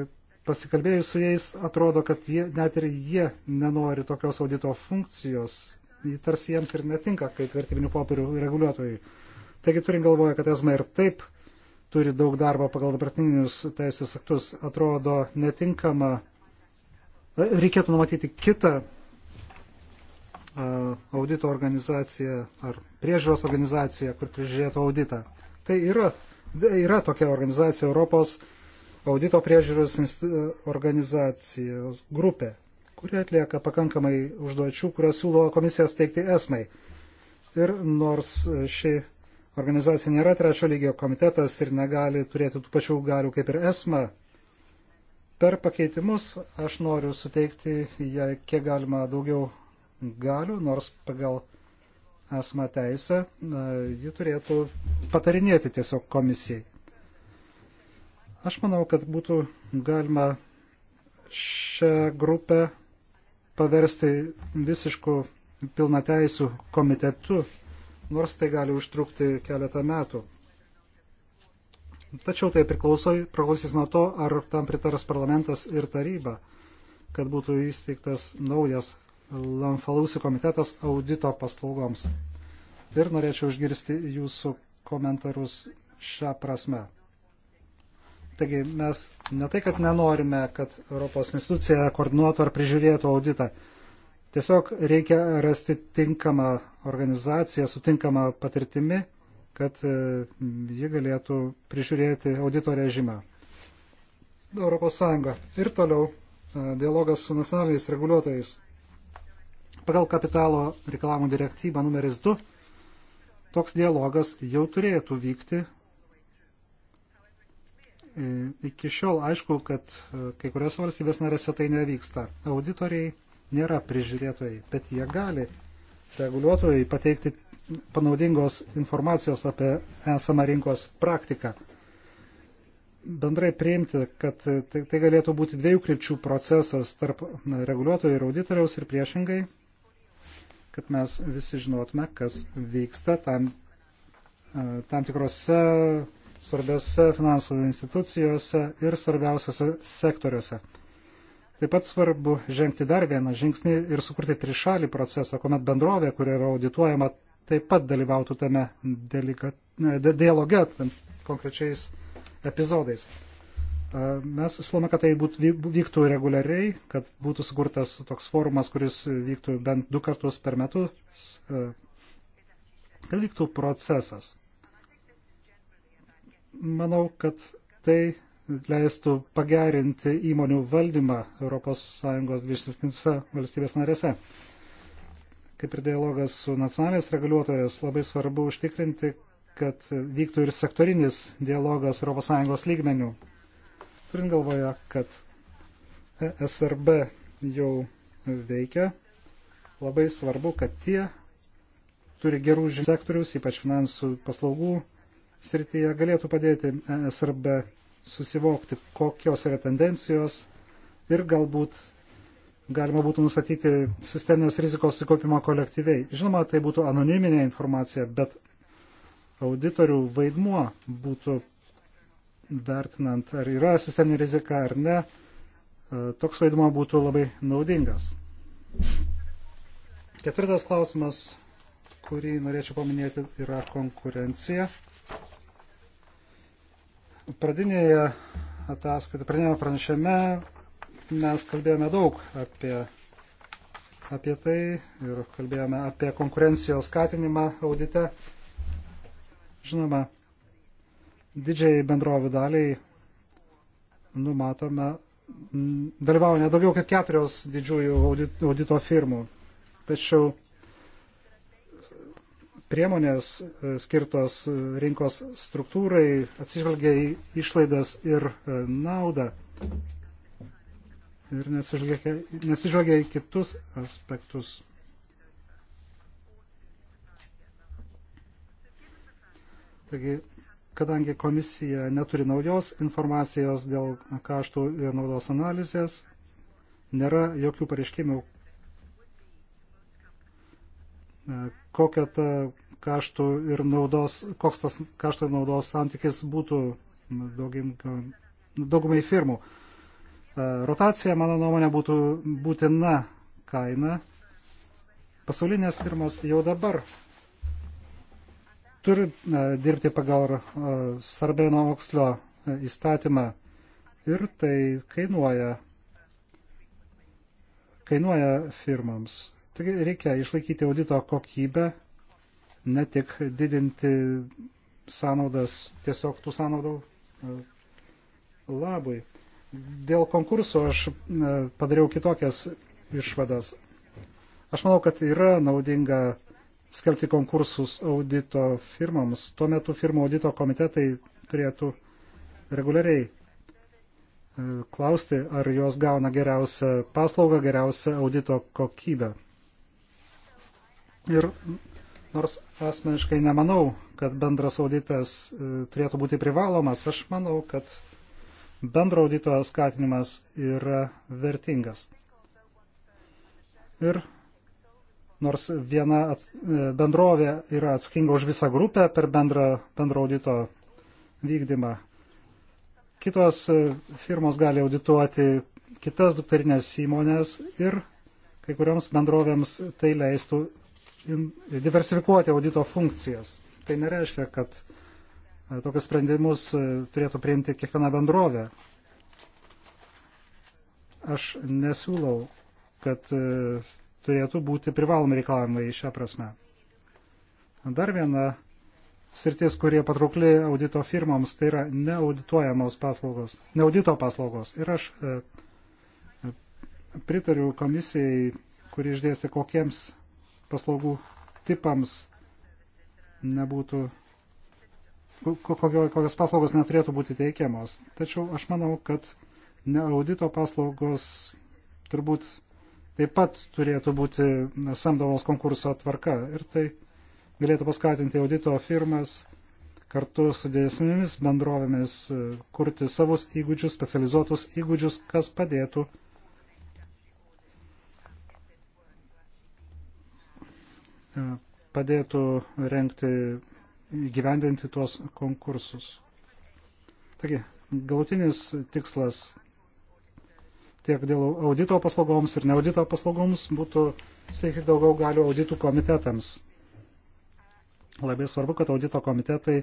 Pasikalbėjus su jais, atrodo, kad jie, net ir jie nenori tokios audito funkcijos, tarsi jiems ir netinka kaip vertybinių popierių reguliuotojai. Taigi turint galvoje, kad esma ir taip turi daug darbo pagal dabartinius teisės aktus, atrodo netinkama. E, reikėtų numatyti kitą audito organizaciją ar priežiūros organizaciją, kur prižiūrėtų auditą. Tai yra, yra tokia organizacija Europos audito priežiūros organizacijos grupė, kurie atlieka pakankamai užduočių, kurias siūlo komisija suteikti esmai. Ir nors ši organizacija nėra trečio lygio komitetas ir negali turėti tų pačių galių kaip ir esma, per pakeitimus aš noriu suteikti jai kiek galima daugiau galių, nors pagal esmą teisę ji turėtų patarinėti tiesiog komisijai. Aš manau, kad būtų galima šią grupę paversti visiškų pilnateisų komitetu, nors tai gali užtrukti keletą metų. Tačiau tai priklauso, priklausys nuo to, ar tam pritars parlamentas ir taryba, kad būtų įsteigtas naujas Lamfalusi komitetas audito paslaugoms. Ir norėčiau išgirsti jūsų komentarus šią prasme. Taigi mes ne tai, kad nenorime, kad Europos institucija koordinuotų ar prižiūrėtų auditą. Tiesiog reikia rasti tinkamą organizaciją su tinkama patirtimi, kad e, ji galėtų prižiūrėti audito režimą. Europos Sąjunga. Ir toliau e, dialogas su nacionaliniais reguliuotojais. Pagal kapitalo reikalavimų direktyvą numeris 2 toks dialogas jau turėtų vykti Iki šiol aišku, kad e, kai kurios valstybės narėse tai nevyksta. Auditoriai nėra prižiūrėtojai, bet jie gali reguliuotojai pateikti panaudingos informacijos apie esamą rinkos praktiką. Bendrai priimti, kad tai, tai galėtų būti dviejų krypčių procesas tarp reguliuotojų ir auditoriaus ir priešingai, kad mes visi žinotume, kas vyksta tam, e, tam tikrose svarbiose finansų institucijose ir svarbiausiose sektoriuose. Taip pat svarbu žengti dar vieną žingsnį ir sukurti trišalį procesą, kuomet bendrovė, kuri yra audituojama, taip pat dalyvautų tame delika, dialoge konkrečiais epizodais. Mes siūlome, kad tai būt, vyktų reguliariai, kad būtų sukurtas toks forumas, kuris vyktų bent du kartus per metus, kad vyktų procesas. Manau, kad tai leistų pagerinti įmonių valdymą ES 27 valstybės narėse. Kaip ir dialogas su nacionalinės reguliuotojas, labai svarbu užtikrinti, kad vyktų ir sektorinis dialogas ES lygmenių. Turint galvoje, kad e SRB jau veikia, labai svarbu, kad tie turi gerų žinių sektorius, ypač finansų paslaugų srityje galėtų padėti e SRB susivokti, kokios yra tendencijos ir galbūt galima būtų nustatyti sisteminės rizikos sukaupimą kolektyviai. Žinoma, tai būtų anoniminė informacija, bet auditorių vaidmuo būtų vertinant, ar yra sisteminė rizika ar ne, e, toks vaidmuo būtų labai naudingas. Ketvirtas klausimas, kurį norėčiau paminėti, yra konkurencija. Pradinėje ataskaitoje, pradinėme pranešime mes kalbėjome daug apie, apie tai ir kalbėjome apie konkurencijos skatinimą audite. Žinoma, didžiai bendrovių daliai numatome, dalyvauja nedaugiau kaip keturios didžiųjų audito firmų. Tačiau priemonės e, skirtos rinkos struktūrai atsižvelgia į išlaidas ir e, naudą ir nesižvelgia, nesižvelgia į kitus aspektus. Taigi, kadangi komisija neturi naujos informacijos dėl kaštų ir naudos analizės, nėra jokių pareiškimų, kokia ta kaštų ir naudos, koks tas kaštų ir naudos santykis būtų daugumai firmų. E, rotacija, mano nuomonė, būtų būtina kaina. Pasaulinės firmos jau dabar turi e, dirbti pagal e, Sarbeno Okslio įstatymą ir tai kainuoja, kainuoja firmams Taigi reikia išlaikyti audito kokybę, ne tik didinti sąnaudas, tiesiog tų sąnaudų e, labui. Dėl konkurso aš e, padariau kitokias išvadas. Aš manau, kad yra naudinga skelbti konkursus audito firmoms. Tuo metu firmų audito komitetai turėtų reguliariai e, klausti, ar jos gauna geriausią paslaugą, geriausią audito kokybę. Ir nors asmeniškai nemanau, kad bendras auditas e, turėtų būti privalomas, aš manau, kad bendro audito skatinimas yra vertingas. Ir nors viena ats, e, bendrovė yra atsakinga už visą grupę per bendrą, bendro audito vykdymą, kitos e, firmos gali audituoti kitas dukterinės įmonės ir kai kurioms bendrovėms tai leistų diversifikuoti audito funkcijas. Tai nereiškia, kad e, tokius sprendimus e, turėtų priimti kiekviena bendrovė. Aš nesiūlau, kad e, turėtų būti privalomi reikalavimai šią prasme. Dar viena sritis, kurie patraukli audito firmoms, tai yra neaudituojamos paslaugos, neaudito paslaugos. Ir aš pritariu komisijai, kuri išdėstė, kokiems paslaugų tipams nebūtų, kokios paslaugos neturėtų būti teikiamos. Tačiau aš manau, kad ne audito paslaugos turbūt taip pat turėtų būti samdomos konkurso tvarka ir tai galėtų paskatinti audito firmas kartu su didesnėmis bendrovėmis e, kurti savus įgūdžius, specializuotus įgūdžius, kas padėtų E, padėtų renkti, gyvendinti tuos konkursus. Taigi, galutinis tikslas tiek dėl audito paslaugoms ir neaudito paslaugoms būtų steigti daugiau galių auditų komitetams. Labai svarbu, kad audito komitetai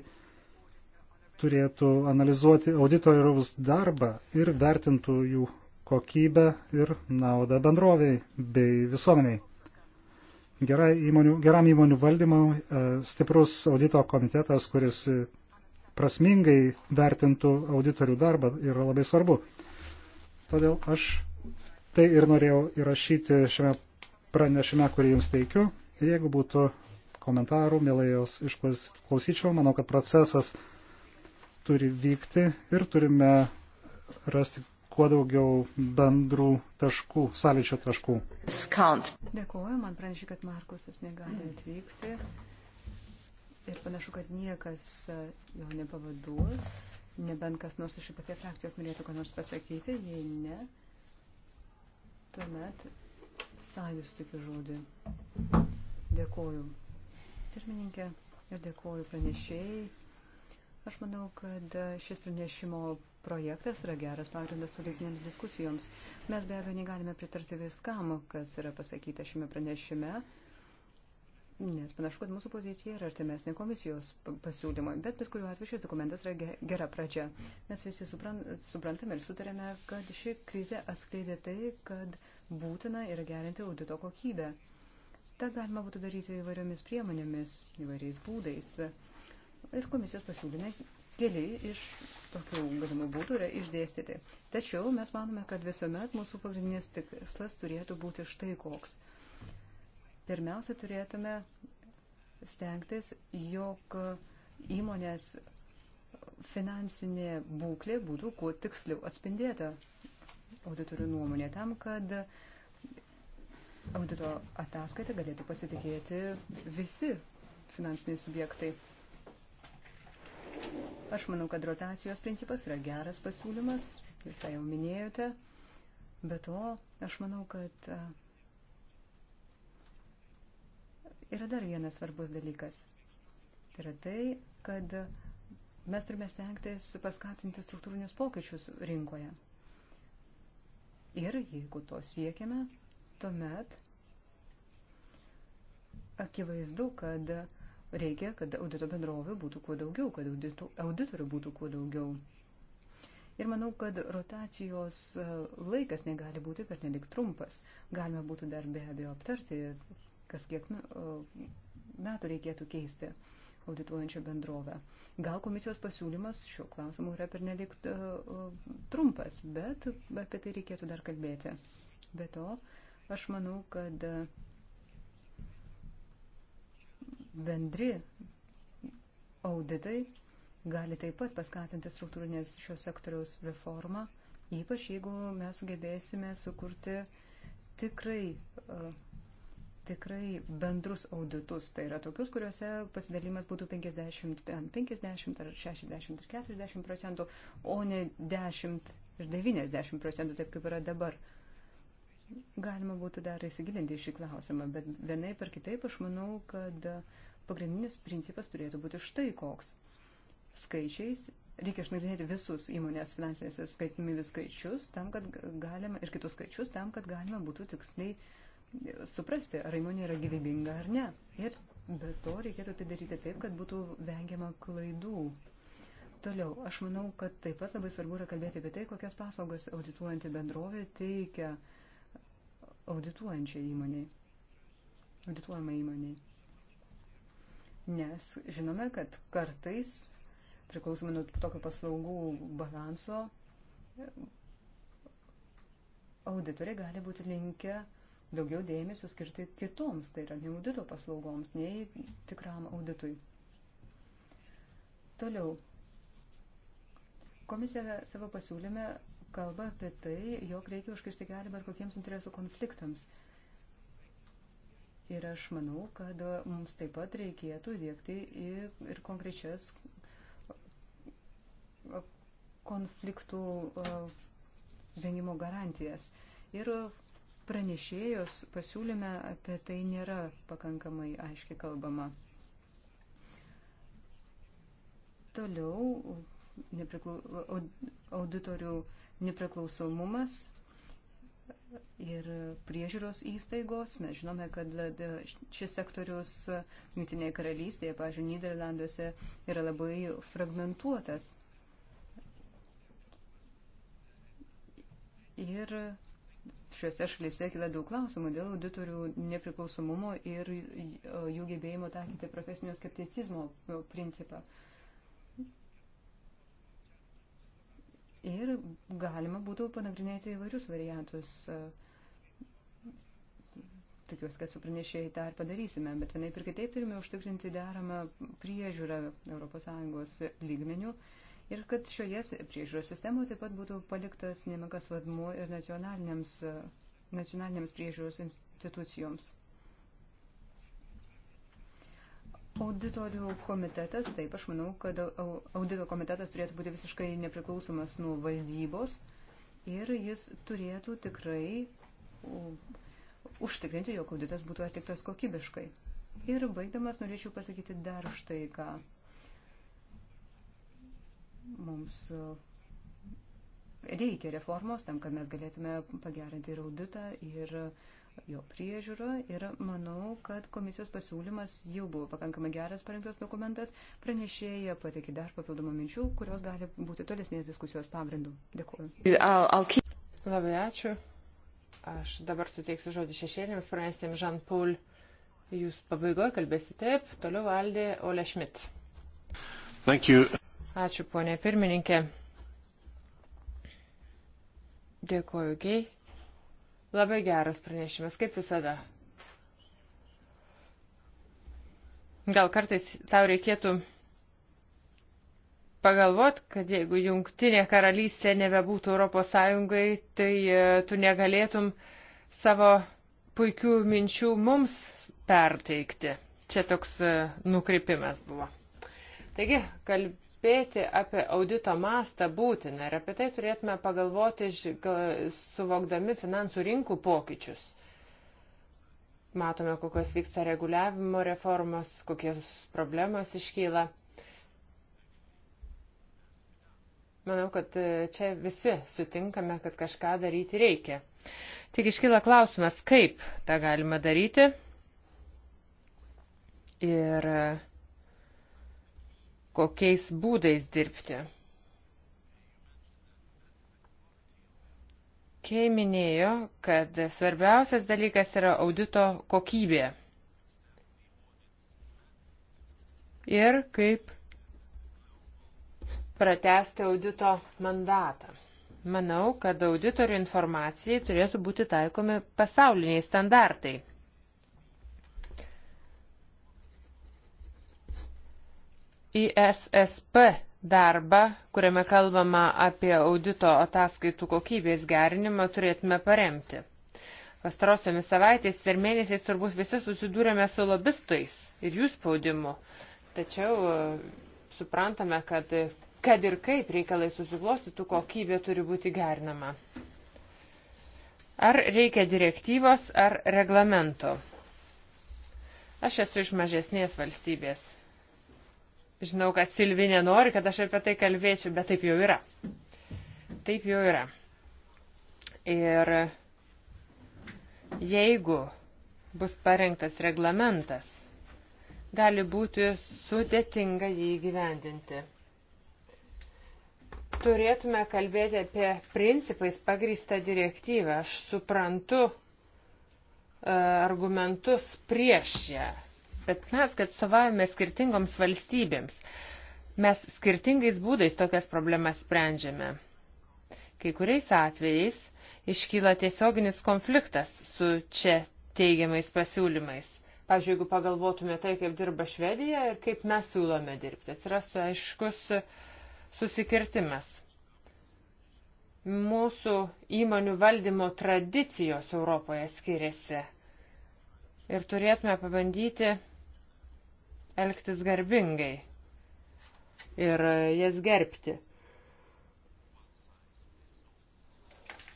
turėtų analizuoti auditoriaus darbą ir vertintų jų kokybę ir naudą bendroviai bei visuomeniai. Gera įmonių, geram įmonių valdymui e, stiprus audito komitetas, kuris prasmingai vertintų auditorių darbą, yra labai svarbu. Todėl aš tai ir norėjau įrašyti šiame pranešime, kurį jums teikiu. Ir jeigu būtų komentarų, mielai jos išklausyčiau, manau, kad procesas turi vykti ir turime rasti kuo daugiau bendrų taškų, sąlyčio taškų. Skant. Dėkuoju, man pranešė, kad Markusas negali atvykti. Ir panašu, kad niekas e, jo nepavaduos, nebent kas nors iš apie frakcijos norėtų ką nors pasakyti, jei ne, tuomet sąjus tokiu žodį. Dėkuoju pirmininkė ir dėkuoju pranešėjai Aš manau, kad šis pranešimo projektas yra geras pagrindas tolesnėms diskusijoms. Mes be abejo negalime pritarti viskam, kas yra pasakyta šiame pranešime, nes panašu, kad mūsų pozicija yra artimesnė komisijos pasiūlymui, bet bet kuriuo atveju šis dokumentas yra gera pradžia. Mes visi suprantame ir sutarėme, kad ši krizė atskleidė tai, kad būtina yra gerinti audito kokybę. Ta galima būtų daryti įvairiomis priemonėmis, įvairiais būdais ir komisijos pasiūlyme keli iš tokių galimų būdų yra išdėstyti. Tačiau mes manome, kad visuomet mūsų pagrindinis tikslas turėtų būti štai koks. Pirmiausia, turėtume stengtis, jog įmonės finansinė būklė būtų kuo tiksliau atspindėta auditorių nuomonė tam, kad audito ataskaitą galėtų pasitikėti visi finansiniai subjektai. Aš manau, kad rotacijos principas yra geras pasiūlymas, jūs tą jau minėjote. Be to, aš manau, kad yra dar vienas svarbus dalykas. Tai yra tai, kad mes turime stengtis paskatinti struktūrinius pokyčius rinkoje. Ir jeigu to siekiame, tuomet akivaizdu, kad uh, Reikia, kad audito bendrovių būtų kuo daugiau, kad audito, auditorių būtų kuo daugiau. Ir manau, kad rotacijos e, laikas negali būti per nelik trumpas. Galima būtų dar be abejo aptarti, kas kiek nu, metų reikėtų keisti audituojančią bendrovę. Gal komisijos pasiūlymas šiuo klausimu yra per nelik e, trumpas, bet apie tai reikėtų dar kalbėti. Be to, aš manau, kad bendri auditai gali taip pat paskatinti struktūrinės šio sektoriaus reformą, ypač jeigu mes sugebėsime sukurti tikrai, e, tikrai bendrus auditus. Tai yra tokius, kuriuose pasidalimas būtų 50, 50 ar 60 ar 40 procentų, o ne 10 ir 90 procentų, taip kaip yra dabar. Galima būtų dar įsigilinti šį klausimą, bet vienaip ar kitaip aš manau, kad uh, pagrindinis principas turėtų būti štai koks. Skaičiais reikia išnagrinėti visus įmonės finansinės skaitimybės skaičius tam, kad galima, ir kitus skaičius tam, kad galima būtų tiksliai suprasti, ar įmonė yra gyvybinga ar ne. Ir be to reikėtų tai daryti taip, kad būtų vengiama klaidų. Toliau, aš manau, kad taip pat labai svarbu yra kalbėti apie tai, kokias paslaugas audituojanti bendrovė teikia audituojančiai įmoniai, audituojamai įmoniai nes žinome, kad kartais, priklausomai nuo tokio paslaugų balanso, auditoriai gali būti linkę daugiau dėmesio skirti kitoms, tai yra ne audito paslaugoms, nei tikram auditui. Toliau. Komisija savo pasiūlyme kalba apie tai, jog reikia užkirsti kelią bet kokiems interesų konfliktams. Ir aš manau, kad mums taip pat reikėtų dėkti ir konkrečias konfliktų vengimo garantijas. Ir pranešėjos pasiūlyme apie tai nėra pakankamai aiškiai kalbama. Toliau nepriklau, auditorių nepriklausomumas ir priežiūros įstaigos. Mes žinome, kad šis sektorius Jungtinėje karalystėje, pažiūrėjau, Niderlanduose yra labai fragmentuotas. Ir šiuose šalyse kila daug klausimų dėl auditorių nepriklausomumo ir jų gebėjimo taikyti profesinio skepticizmo principą. Uh, Ir galima būtų panagrinėti įvairius variantus. Tikiuosi, kad su pranešėjai tą ir padarysime, bet vienaip ir kitaip turime užtikrinti deramą priežiūrą ES lygmenių ir kad šioje priežiūros sistemoje taip pat būtų paliktas nemenkas vadmuo ir nacionalinėms, nacionalinėms priežiūros institucijoms. Auditorių komitetas, taip, aš manau, kad audito komitetas turėtų būti visiškai nepriklausomas nuo valdybos ir jis turėtų tikrai užtikrinti, jog auditas būtų atliktas kokybiškai. Ir baigdamas norėčiau pasakyti dar štai ką. Mums e, reikia reformos tam, kad mes galėtume pagerinti ir auditą, ir uh, jo priežiūrą ir manau, kad komisijos pasiūlymas jau buvo pakankamai geras parengtas dokumentas. Pranešėja pateikė dar papildomų minčių, kurios gali būti tolesnės diskusijos pagrindu. Dėkuoju. Labai ačiū. Aš dabar suteiksiu žodį šešėlėms, pranešėm Žan Paul. Jūs pabaigoje kalbėsite taip, toliau valdė Ole Šmit. Ačiū, ponė pirmininkė. Dėkuoju, Gei. Labai geras pranešimas, kaip visada. Gal kartais tau reikėtų pagalvot, kad jeigu jungtinė karalystė nebebūtų Europos Sąjungai, tai e, tu negalėtum savo puikių minčių mums perteikti. Čia toks e, nukreipimas buvo. Taigi, kalb įspėti apie audito mastą būtina ir apie tai turėtume pagalvoti, suvokdami finansų rinkų pokyčius. Matome, kokios vyksta reguliavimo reformos, kokios problemos iškyla. Manau, kad e, čia visi sutinkame, kad kažką daryti reikia. Tik iškyla klausimas, kaip tą galima daryti. Ir uh, kokiais būdais dirbti. Kei minėjo, kad svarbiausias dalykas yra audito kokybė. Ir kaip pratesti audito mandatą. Manau, kad auditorių informacijai turėtų būti taikomi pasauliniai standartai ISSP darbą, kuriame kalbama apie audito ataskaitų kokybės gerinimą, turėtume paremti. Pastarosiomis savaitės ir mėnesiais turbūt visi susidūrėme su lobistais ir jų spaudimu. Tačiau e, suprantame, kad kad ir kaip reikalai susiklostytų, kokybė turi būti gerinama. Ar reikia direktyvos ar reglamento? Aš esu iš mažesnės valstybės Žinau, kad Silvinė nori, kad aš apie tai kalbėčiau, bet taip jau yra. Taip jau yra. Ir jeigu bus parengtas reglamentas, gali būti sudėtinga jį įgyvendinti. Turėtume kalbėti apie principais pagrįstą direktyvą. Aš suprantu e, argumentus prieš ją bet mes, kad savavome skirtingoms valstybėms, mes skirtingais būdais tokias problemas sprendžiame. Kai kuriais atvejais iškyla tiesioginis konfliktas su čia teigiamais pasiūlymais. Pavyzdžiui, jeigu pagalvotume tai, kaip dirba Švedija ir kaip mes siūlome dirbti, atsirastų aiškus susikirtimas. Mūsų įmonių valdymo tradicijos Europoje skiriasi ir turėtume pabandyti elgtis garbingai ir jas gerbti.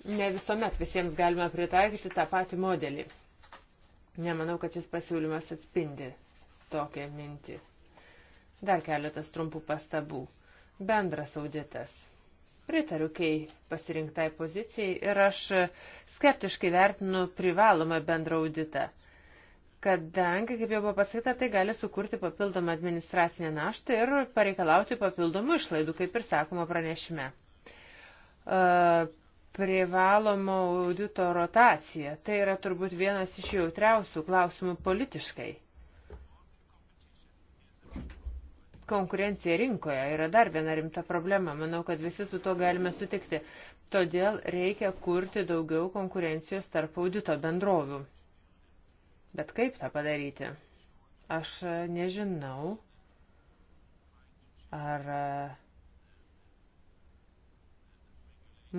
Ne visuomet visiems galima pritaikyti tą patį modelį. Nemanau, kad šis pasiūlymas atspindi tokią mintį. Dar keletas trumpų pastabų. Bendras auditas. Pritariu Kei pasirinktai pozicijai ir aš skeptiškai vertinu privalomą bendrą auditą kadangi, kaip jau buvo pasakyta, tai gali sukurti papildomą administracinę naštą ir pareikalauti papildomų išlaidų, kaip ir sakoma pranešime. E, Privalomo audito rotacija - tai yra turbūt vienas iš jautriausių klausimų politiškai. Konkurencija rinkoje yra dar viena rimta problema. Manau, kad visi su to galime sutikti. Todėl reikia kurti daugiau konkurencijos tarp audito bendrovių. Bet kaip tą padaryti? Aš e, nežinau, ar e,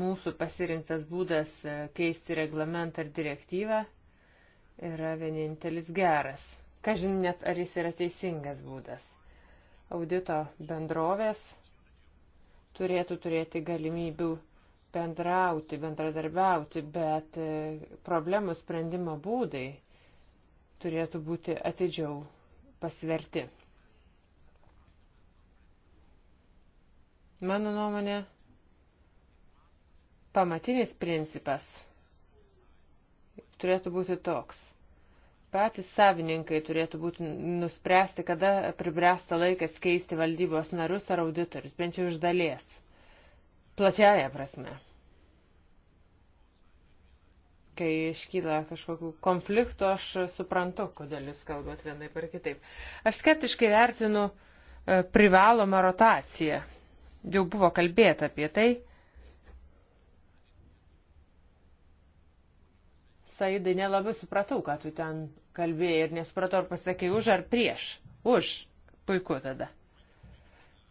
mūsų pasirinktas būdas e, keisti reglamentą ar direktyvą yra vienintelis geras. Kažin net, ar jis yra teisingas būdas. Audito bendrovės turėtų turėti galimybių bendrauti, bendradarbiauti, bet problemų sprendimo būdai turėtų būti atidžiau pasverti. Mano nuomonė, pamatinis principas turėtų būti toks. Patys savininkai turėtų būti nuspręsti, kada pribręsta laikas keisti valdybos narius ar auditorius, bent jau iš dalies. Plačiaja prasme kai iškyla kažkokių konfliktų, aš suprantu, kodėl jūs kalbat vienaip ar kitaip. Aš skeptiškai vertinu e, privalomą rotaciją. Jau buvo kalbėta apie tai. Saidai nelabai supratau, ką tu ten kalbėjai ir nesupratau, ar pasakai už ar prieš. Už. Puiku tada.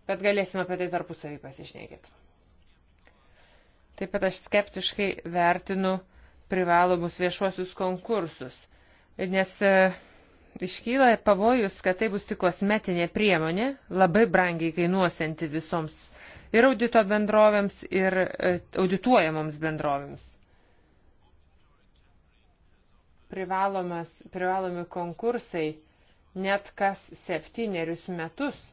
Bet galėsime apie tai tarpusavį pasišnekėti. Taip pat aš skeptiškai vertinu uh, privalomus viešuosius konkursus, nes e, iškyla pavojus, kad tai bus tik kosmetinė priemonė, labai brangiai kainuosianti visoms ir audito bendrovėms, ir e, audituojamoms bendrovėms. Privalomas, privalomi konkursai net kas septynerius metus e,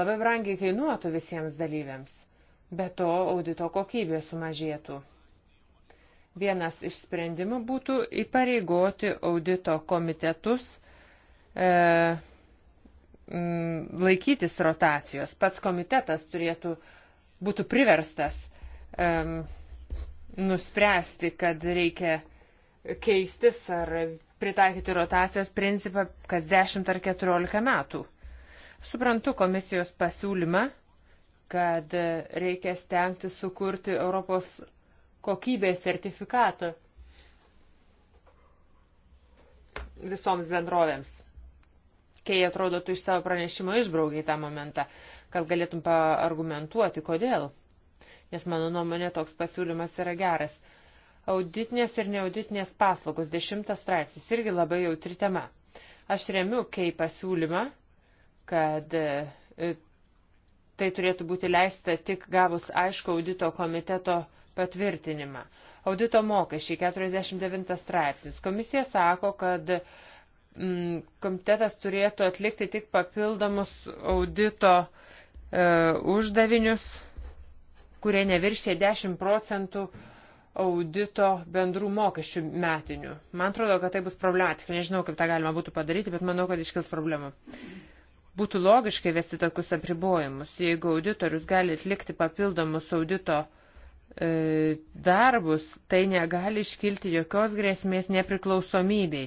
labai brangiai kainuotų visiems dalyviams, bet to audito kokybė sumažėtų. Vienas iš sprendimų būtų įpareigoti audito komitetus e, m, laikytis rotacijos. Pats komitetas turėtų būtų priverstas e, nuspręsti, kad reikia keistis ar pritaikyti rotacijos principą kas 10 ar 14 metų. Suprantu komisijos pasiūlymą, kad reikia stengti sukurti Europos kokybės sertifikatą visoms bendrovėms. Kai atrodo, tu iš savo pranešimo išbraukiai tą momentą, kad galėtum paargumentuoti, kodėl. Nes mano nuomonė toks pasiūlymas yra geras. Auditinės ir neauditinės paslaugos, dešimtas straipsnis, irgi labai jautri tema. Aš remiu kei pasiūlymą, kad e, tai turėtų būti leista tik gavus aišku audito komiteto patvirtinimą. Audito mokesčiai 49 straipsnis. Komisija sako, kad mm, komitetas turėtų atlikti tik papildomus audito e, uždavinius, kurie neviršė 10 procentų audito bendrų mokesčių metinių. Man atrodo, kad tai bus problematika. Nežinau, kaip tą galima būtų padaryti, bet manau, kad iškils problemų. Būtų logiškai vesti tokius apribojimus. Jeigu auditorius gali atlikti papildomus audito uh, E, darbus, tai negali iškilti jokios grėsmės nepriklausomybei.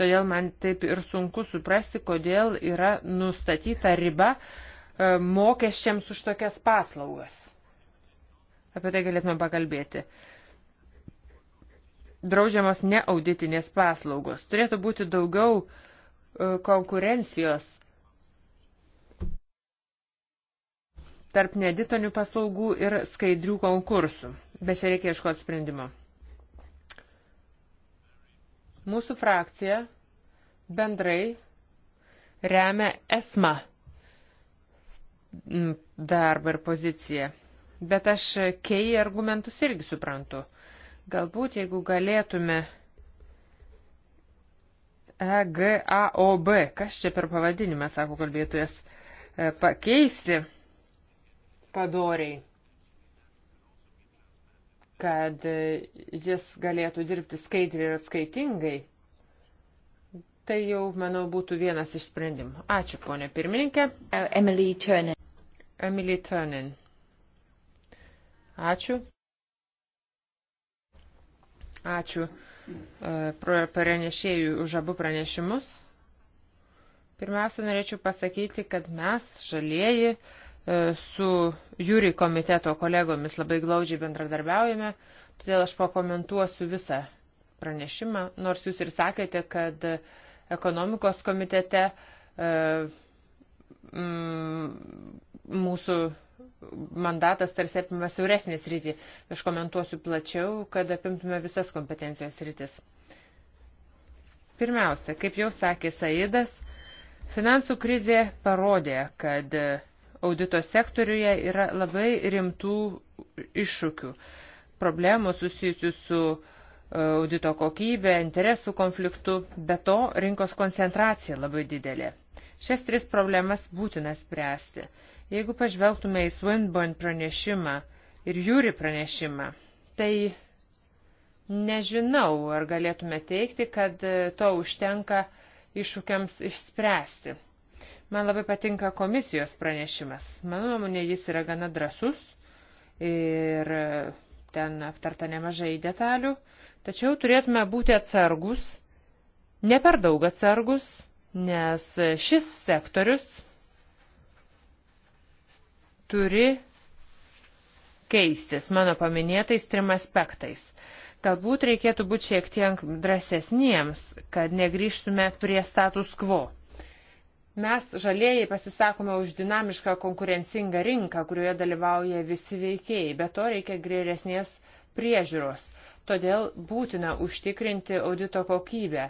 Todėl man taip ir sunku suprasti, kodėl yra nustatyta riba e, mokesčiams už tokias paslaugas. Apie tai galėtume pakalbėti. Draudžiamos neauditinės paslaugos. Turėtų būti daugiau e, konkurencijos tarp neditonių paslaugų ir skaidrių konkursų. Bet čia reikia iškoti sprendimo. Mūsų frakcija bendrai remia esmą darbą ir poziciją. Bet aš kei argumentus irgi suprantu. Galbūt jeigu galėtume EGAOB, kas čia per pavadinimą, sako kalbėtojas, e, pakeisti padoriai, kad jis galėtų dirbti skaidriai ir atskaitingai, tai jau, manau, būtų vienas iš sprendimų. Ačiū, ponė pirmininkė. Emily Turnin. Emily Turnin. Ačiū. Ačiū e, pranešėjų už abu pranešimus. Pirmiausia, norėčiau pasakyti, kad mes, žalieji, E, su jūri komiteto kolegomis labai glaudžiai bendradarbiaujame, todėl aš pakomentuosiu visą pranešimą, nors jūs ir sakėte, kad ekonomikos komitete e, mm, mūsų mandatas tarsi apima siauresnės rytį. Aš komentuosiu plačiau, kad apimtume visas kompetencijos rytis. Pirmiausia, kaip jau sakė Saidas, finansų krizė parodė, kad audito sektoriuje yra labai rimtų iššūkių, problemų susijusių su e, audito kokybė, interesų konfliktų, be to rinkos koncentracija labai didelė. Šias tris problemas būtina spręsti. Jeigu pažvelgtume į Swinburne pranešimą ir Jūri pranešimą, tai nežinau, ar galėtume teikti, kad e, to užtenka iššūkiams išspręsti. Man labai patinka komisijos pranešimas. Mano nuomonė, jis yra gana drasus ir ten aptarta nemažai detalių, tačiau turėtume būti atsargus, ne per daug atsargus, nes šis sektorius turi keistis mano paminėtais trim aspektais. Galbūt reikėtų būti šiek tiek drąsesniems, kad negryžtume prie status quo. Mes žalieji pasisakome už dinamišką konkurencingą rinką, kurioje dalyvauja visi veikėjai, bet to reikia grėresnės priežiūros. Todėl būtina užtikrinti audito kokybę.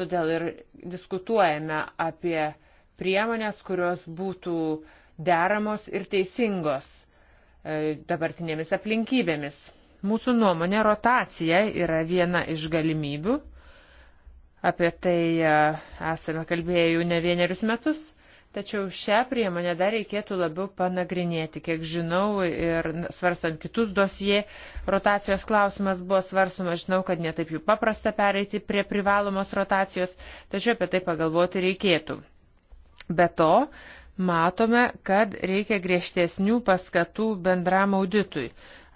Todėl ir diskutuojame apie priemonės, kurios būtų deramos ir teisingos e, dabartinėmis aplinkybėmis. Mūsų nuomonė rotacija yra viena iš galimybių Apie tai e, esame kalbėję jau ne vienerius metus. Tačiau šią priemonę dar reikėtų labiau panagrinėti. Kiek žinau ir svarstant kitus dosie, rotacijos klausimas buvo svarstumas, žinau, kad netaip jų paprasta pereiti prie privalomos rotacijos, tačiau apie tai pagalvoti reikėtų. Be to, matome, kad reikia griežtesnių paskatų bendram auditui.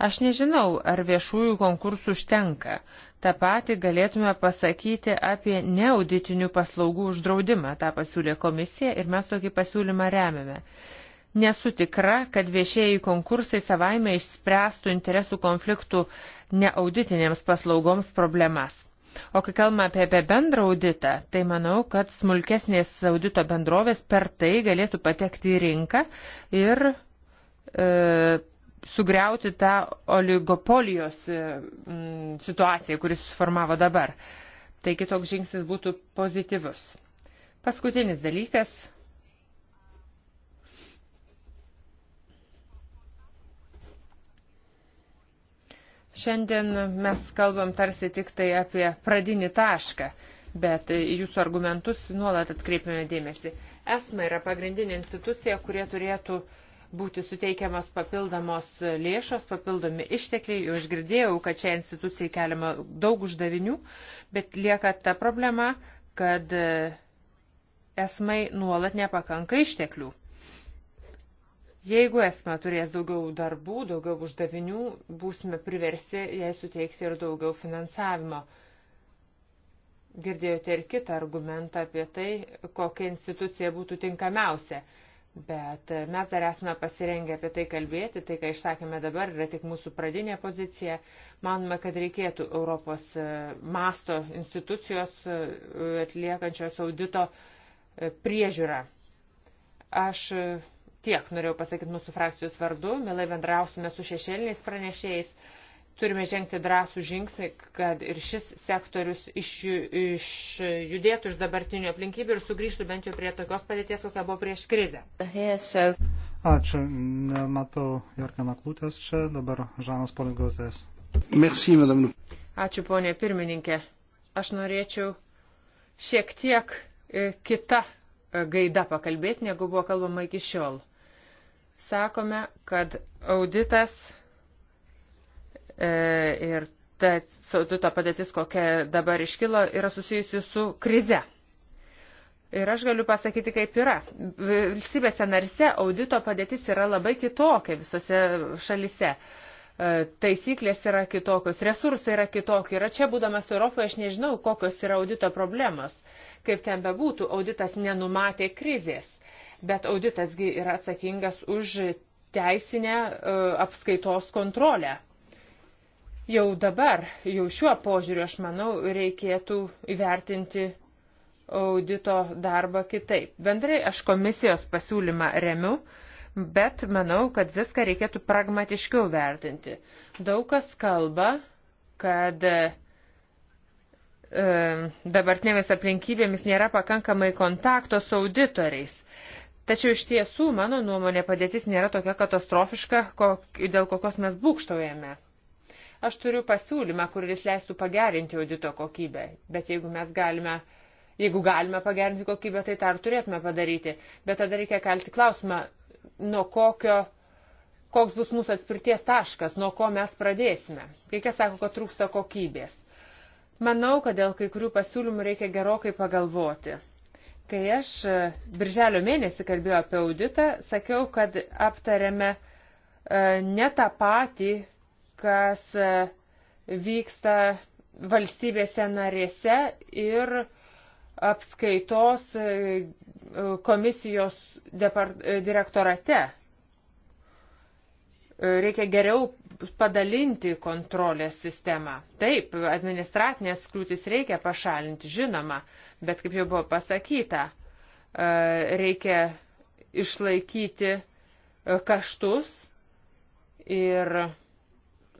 Aš nežinau, ar viešųjų konkursų užtenka. Ta pati galėtume pasakyti apie neauditinių paslaugų uždraudimą. Ta pasiūlė komisija ir mes tokį pasiūlymą remiame. Nesu tikra, kad viešieji konkursai savaime išspręstų interesų konfliktų neauditinėms paslaugoms problemas. O kai kalbame apie, apie bendrą auditą, tai manau, kad smulkesnės audito bendrovės per tai galėtų patekti į rinką ir e, sugriauti tą oligopolijos e, situaciją, kuris susiformavo dabar. Taigi toks žingsnis būtų pozityvus. Paskutinis dalykas. Šiandien mes kalbam tarsi tik tai apie pradinį tašką, bet jūsų argumentus nuolat atkreipiame dėmesį. ESMA yra pagrindinė institucija, kurie turėtų uh, būti suteikiamas papildomos lėšos, papildomi ištekliai. Jau išgirdėjau, kad čia institucijai keliama daug uždavinių, bet lieka ta problema, kad e, esmai nuolat nepakanka išteklių. Jeigu esmė turės daugiau darbų, daugiau uždavinių, būsime priversi jai suteikti ir daugiau finansavimo. Girdėjote ir kitą argumentą apie tai, kokia institucija būtų tinkamiausia. Bet e, mes dar esame pasirengę apie tai kalbėti, tai ką išsakėme dabar yra tik mūsų pradinė pozicija. Manome, kad reikėtų Europos e, masto institucijos e, atliekančios audito priežiūrą. Aš tiek norėjau pasakyti mūsų frakcijos vardu, mielai bendrausime su šešėliniais pranešėjais. Turime žengti drąsų žingsnį, kad ir šis sektorius išjudėtų iš, iš dabartinių aplinkybių ir sugrįžtų bent jau prie tokios padėties, kokia buvo prieš krizę. Ačiū, nematau Jorkano Klūtės čia, dabar Žanas Polingozės. Merci, madame. Ačiū, ponė pirmininkė. Aš norėčiau šiek tiek e, kita e, gaida pakalbėti, negu buvo kalbama iki šiol. Sakome, kad auditas E, ir ta sauduto padėtis, kokia dabar iškilo, yra susijusi su krize. Ir aš galiu pasakyti, kaip yra. Valstybėse narse audito padėtis yra labai kitokia visose šalise. E, taisyklės yra kitokios, resursai yra kitokie. Ir čia būdamas Europoje aš nežinau, kokios yra audito problemos. Kaip ten bebūtų, auditas nenumatė krizės. Bet auditasgi yra atsakingas už teisinę e, apskaitos kontrolę Jau dabar, jau šiuo požiūriu, aš manau, reikėtų įvertinti audito darbą kitaip. Bendrai aš komisijos pasiūlymą remiu, bet manau, kad viską reikėtų pragmatiškiau vertinti. Daug kas kalba, kad e, dabartinėmis aplinkybėmis nėra pakankamai kontakto su auditoriais. Tačiau iš tiesų, mano nuomonė, padėtis nėra tokia katastrofiška, kok, dėl kokios mes būkštaujame. Aš turiu pasiūlymą, kuris leistų pagerinti audito kokybę, bet jeigu mes galime, jeigu galime pagerinti kokybę, tai tą ir turėtume padaryti. Bet tada reikia kelti klausimą, nuo kokio, koks bus mūsų atspirties taškas, nuo ko mes pradėsime. Kai kas sako, kad trūksta kokybės. Manau, kad dėl kai kurių pasiūlymų reikia gerokai pagalvoti. Kai aš e, birželio mėnesį kalbėjau apie auditą, sakiau, kad aptarėme e, ne tą patį kas e, vyksta valstybėse narėse ir apskaitos e, e, komisijos direktorate. Reikia geriau padalinti kontrolės sistemą. Taip, administratinės kliūtis reikia pašalinti, žinoma, bet kaip jau buvo pasakyta, reikia išlaikyti kaštus ir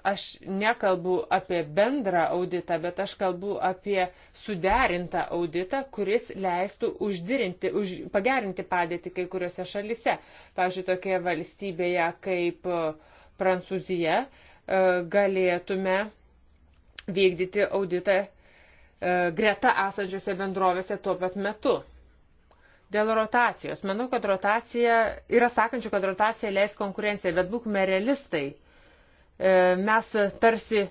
aš nekalbu apie bendrą auditą, bet aš kalbu apie suderintą auditą, kuris leistų uždirinti, už, pagerinti padėtį kai kuriuose šalise. Pavyzdžiui, tokioje valstybėje kaip e, Prancūzija e, galėtume vykdyti auditą e, greta esančiose bendrovėse tuo pat metu. Dėl rotacijos. Manau, kad rotacija, yra sakančių, kad rotacija leis konkurenciją, bet būkime realistai. Uh, E, mes tarsi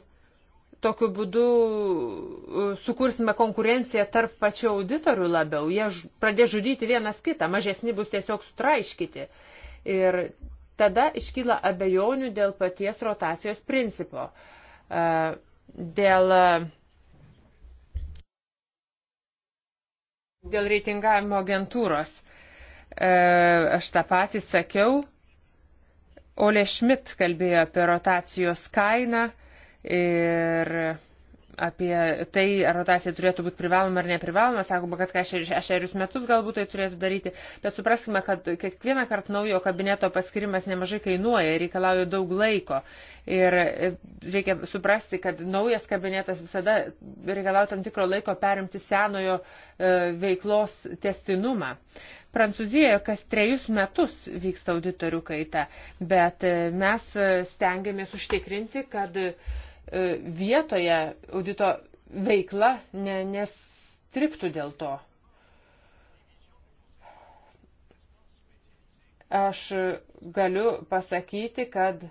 tokiu būdu e, sukursime konkurenciją tarp pačių auditorių labiau. Jie pradės žudyti vienas kitą, mažesni bus tiesiog sutraiškyti. Ir tada iškyla abejonių dėl paties rotacijos principo. E, dėl, dėl reitingavimo agentūros. Aš tą patį sakiau Ole Schmidt kalbėjo apie rotacijos kainą ir apie tai, ar rotacija turėtų būti privaloma ar neprivaloma, sakoma, kad kas šešerius metus galbūt tai turėtų daryti, bet supraskime, kad kiekvieną kartą naujo kabineto paskirimas nemažai kainuoja ir reikalauja daug laiko. Ir e, reikia suprasti, kad naujas kabinetas visada reikalauja tam tikro laiko perimti senojo e, veiklos testinumą. Prancūzijoje kas trejus metus vyksta auditorių kaita, bet e, mes stengiamės užtikrinti, kad uh, E, vietoje audito veikla ne, nestriptų dėl to. Aš galiu pasakyti, kad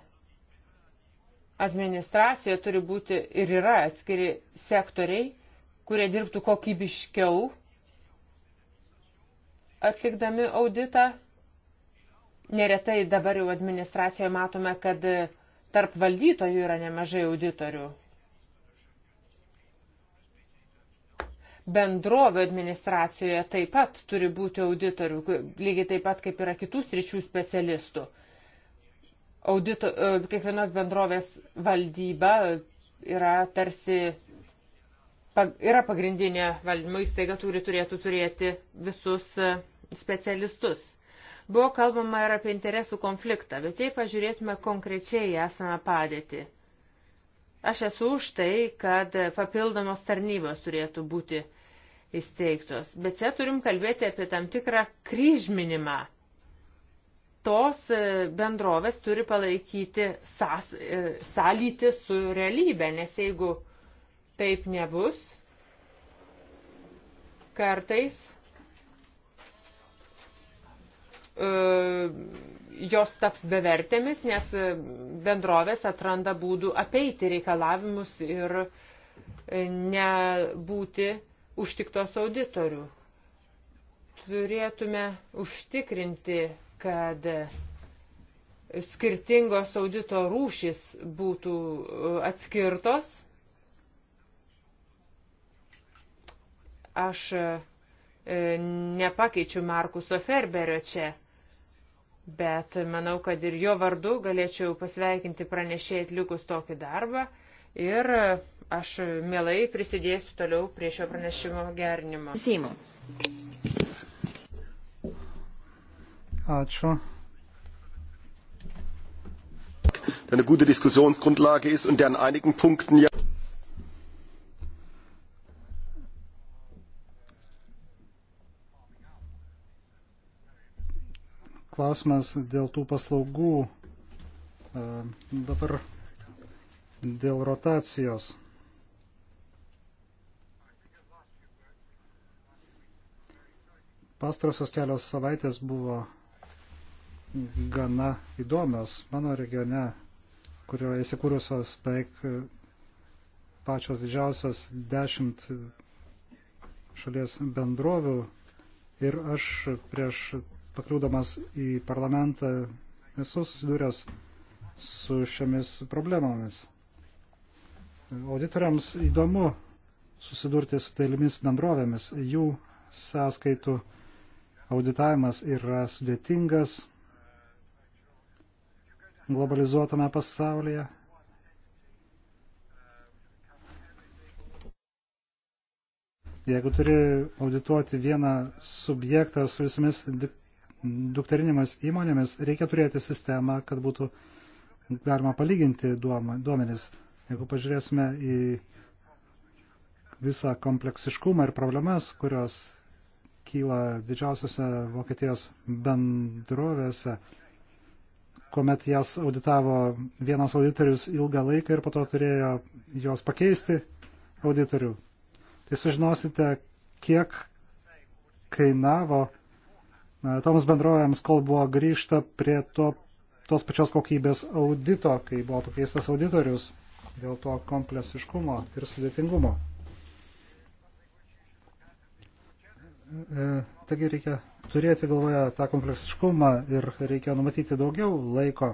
administracija turi būti ir yra atskiri sektoriai, kurie dirbtų kokybiškiau atlikdami auditą. Neretai dabar jau administracijoje matome, kad Tarp valdytojų yra nemažai auditorių. Bendrovio administracijoje taip pat turi būti auditorių, lygiai taip pat kaip yra kitų sričių specialistų. Audito, e, kiekvienos bendrovės valdyba yra tarsi yra pagrindinė valdymo įstaiga, turi turėtų turėti visus e, specialistus. Buvo kalbama ir apie interesų konfliktą, bet jei pažiūrėtume konkrečiai esamą padėtį. Aš esu už tai, kad papildomos tarnybos turėtų būti įsteigtos, bet čia turim kalbėti apie tam tikrą kryžminimą. Tos e, bendrovės turi palaikyti sas, e, sąlytį su realybė, nes jeigu taip nebus, kartais E, jos taps bevertėmis, nes bendrovės atranda būdų apeiti reikalavimus ir e, nebūti užtiktos auditorių. Turėtume užtikrinti, kad skirtingos audito rūšis būtų e, atskirtos. Aš nepakeičiu Markuso Ferberio čia bet manau, kad ir jo vardu galėčiau pasveikinti pranešėjai atlikus tokį darbą ir aš mielai prisidėsiu toliau prie šio pranešimo gerinimo. Seimo. Ačiū. Eine gute Diskussionsgrundlage ist und der an einigen Punkten ja. klausimas dėl tų paslaugų e, dabar dėl rotacijos. Pastarosios kelios savaitės buvo gana įdomios mano regione, kur yra įsikūrusios beveik pačios didžiausios dešimt šalies bendrovių. Ir aš prieš pakliūdamas į parlamentą, esu susidūręs su šiomis problemomis. Auditoriams įdomu susidurti su dėlimis bendrovėmis. Jų sąskaitų auditavimas yra sudėtingas globalizuotame pasaulyje. Jeigu turi audituoti vieną subjektą su visomis dukterinėmis įmonėmis reikia turėti sistemą, kad būtų galima palyginti duomenis. Jeigu pažiūrėsime į visą kompleksiškumą ir problemas, kurios kyla didžiausiose Vokietijos bendrovėse, kuomet jas auditavo vienas auditorius ilgą laiką ir po to turėjo jos pakeisti auditorių. Tai sužinosite, kiek kainavo toms bendrovėms, kol buvo grįžta prie to, tos pačios kokybės audito, kai buvo pakeistas auditorius dėl to kompleksiškumo ir sudėtingumo. E, taigi reikia turėti galvoje tą kompleksiškumą ir reikia numatyti daugiau laiko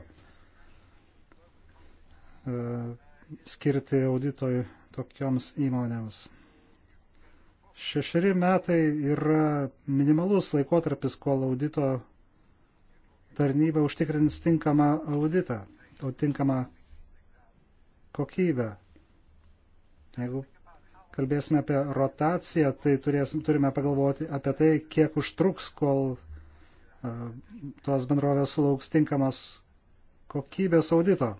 e, skirti auditojui tokioms įmonėms. Šešeri metai yra minimalus laikotarpis, kol audito tarnyba užtikrins tinkamą auditą, o tinkamą kokybę. Jeigu kalbėsime apie rotaciją, tai turėsim, turime pagalvoti apie tai, kiek užtruks, kol uh, tos bendrovės sulauks tinkamas kokybės audito.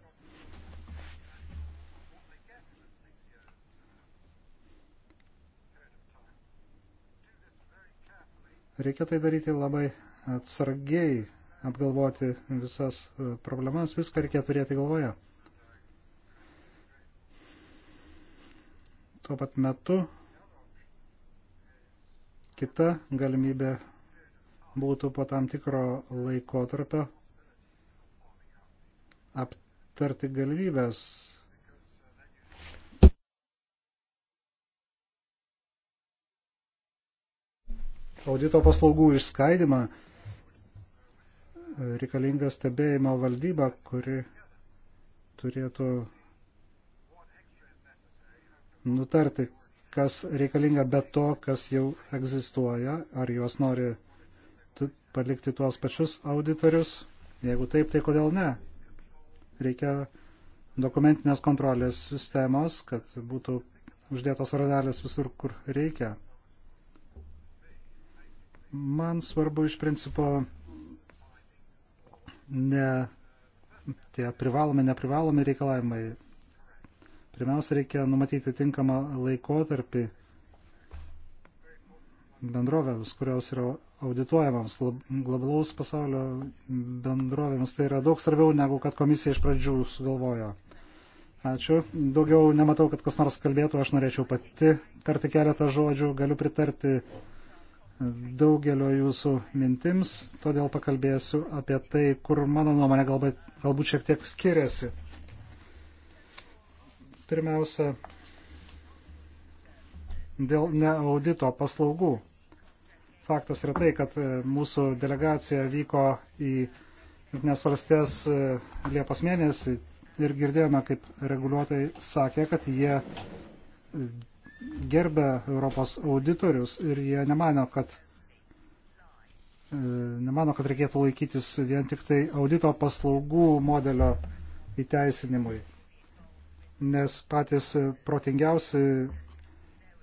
Reikia tai daryti labai atsargiai, apgalvoti visas e, problemas, viską reikia turėti galvoje. Tuo pat metu kita galimybė būtų po tam tikro laikotarpio aptarti galimybės audito paslaugų išskaidimą reikalinga stebėjimo valdyba, kuri turėtų nutarti, kas reikalinga be to, kas jau egzistuoja, ar juos nori palikti tuos pačius auditorius. Jeigu taip, tai kodėl ne? Reikia dokumentinės kontrolės sistemos, kad būtų uždėtos radelės visur, kur reikia. Man svarbu iš principo ne tie privalomi, neprivalomi reikalavimai. Pirmiausia, reikia numatyti tinkamą laikotarpį bendrovėms, kurios yra audituojamams, globalaus pasaulio bendrovėms. Tai yra daug svarbiau negu kad komisija iš pradžių sugalvojo. Ačiū. Daugiau nematau, kad kas nors kalbėtų, aš norėčiau pati tarti keletą žodžių, galiu pritarti daugelio jūsų mintims, todėl pakalbėsiu apie tai, kur mano nuomonė galbūt, galbūt šiek tiek skiriasi. Pirmiausia, dėl neaudito paslaugų. Faktas yra tai, kad e, mūsų delegacija vyko į Junktinės valstės e, Liepos mėnesį ir girdėjome, kaip reguliuotojai sakė, kad jie gerbė Europos auditorius ir jie nemano, kad, e, nemano, kad reikėtų laikytis vien tik tai audito paslaugų modelio įteisinimui. Nes patys protingiausi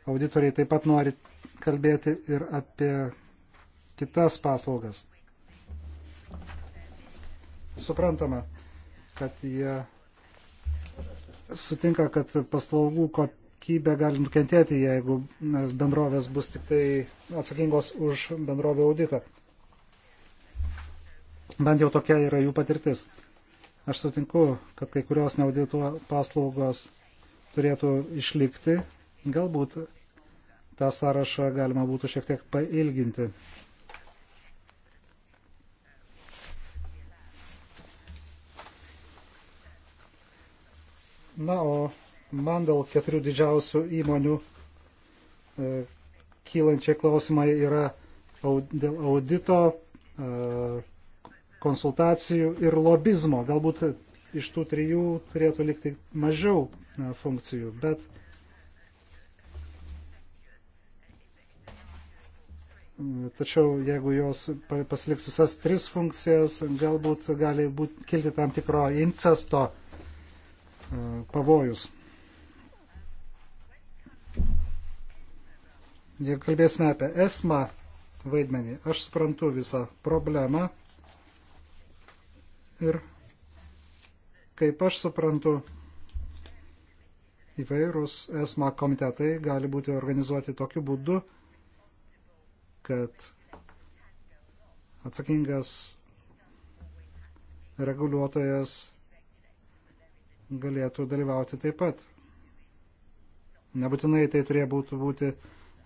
auditoriai taip pat nori kalbėti ir apie kitas paslaugas. Suprantama, kad jie sutinka, kad paslaugų kokybė gali nukentėti, jeigu bendrovės bus tik tai atsakingos už bendrovę auditą. Bent jau tokia yra jų patirtis. Aš sutinku, kad kai kurios neaudito paslaugos turėtų išlikti. Galbūt tą sąrašą galima būtų šiek tiek pailginti. Na, o man dėl keturių didžiausių įmonių e, kylančiai klausimai yra dėl audito, e, konsultacijų ir lobizmo. Galbūt iš tų trijų turėtų likti mažiau e, funkcijų, bet Tačiau jeigu jos pasiliks visas tris funkcijas, galbūt gali būt, kilti tam tikro incesto pavojus. Jeigu kalbėsime apie esmą vaidmenį, aš suprantu visą problemą ir kaip aš suprantu, įvairūs esma komitetai gali būti organizuoti tokiu būdu, kad atsakingas reguliuotojas galėtų dalyvauti taip pat. Nebūtinai tai turėjo būti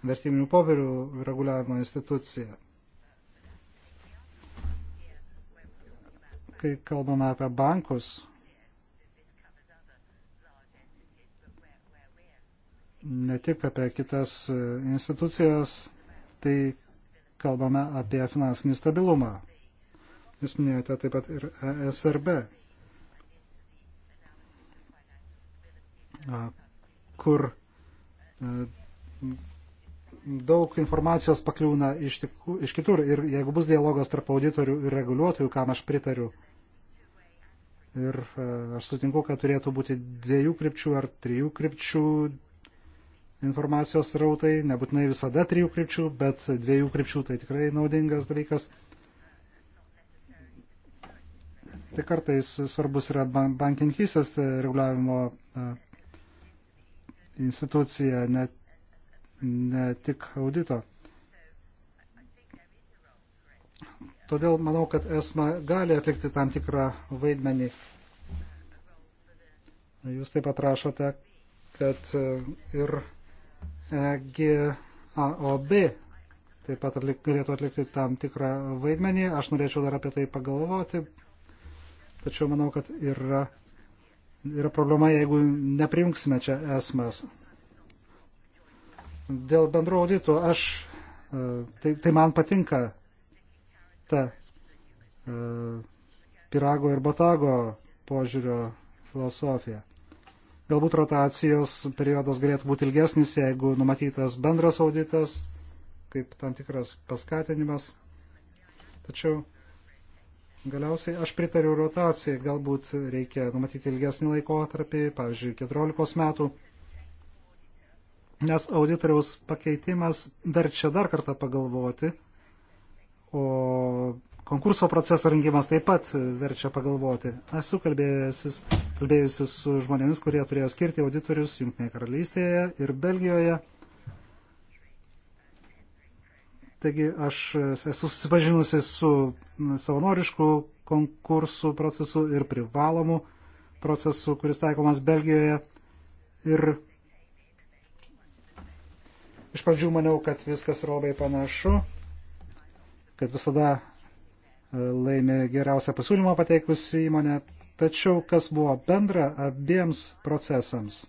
vertybinių popierių reguliavimo institucija. Kai kalbame apie bankus, ne tik apie kitas institucijas, tai kalbame apie finansinį stabilumą. Jūs minėjote taip pat ir ESRB, kur daug informacijos pakliūna iš, tik, iš kitur ir jeigu bus dialogas tarp auditorių ir reguliuotojų, kam aš pritariu, ir e, aš sutinku, kad turėtų būti dviejų krypčių ar trijų krypčių informacijos rautai, nebūtinai visada trijų krypčių, bet dviejų krypčių tai tikrai naudingas dalykas. Tai kartais svarbus yra bankininkysės e, reguliavimo e, institucija, net ne tik audito. Todėl manau, kad ESMA gali atlikti tam tikrą vaidmenį. Jūs taip pat rašote, kad e, ir e, GAOB taip pat atlik, galėtų atlikti tam tikrą vaidmenį. Aš norėčiau dar apie tai pagalvoti, tačiau manau, kad yra, yra problema, jeigu neprijungsime čia esmas. Dėl bendro audito aš, e, tai, tai man patinka ta e, pirago ir botago požiūrio filosofija. Galbūt rotacijos periodas galėtų būti ilgesnis, jeigu numatytas bendras auditas, kaip tam tikras paskatinimas. Tačiau galiausiai aš pritariu rotacijai, galbūt reikia numatyti ilgesnį laikotarpį, pavyzdžiui, 14 metų nes auditoriaus pakeitimas verčia dar kartą pagalvoti, o konkurso proceso rengimas taip pat verčia pagalvoti. Esu kalbėjusis, kalbėjusis su žmonėmis, kurie turėjo skirti auditorius Junktinėje karalystėje ir Belgijoje. Taigi aš esu susipažinusi su savanoriškų konkursų procesu ir privalomu procesu, kuris taikomas Belgijoje. Ir Iš pradžių maniau, kad viskas yra labai panašu, kad visada e, laimė geriausią pasiūlymą pateikusi įmonė, tačiau kas buvo bendra abiems procesams. E,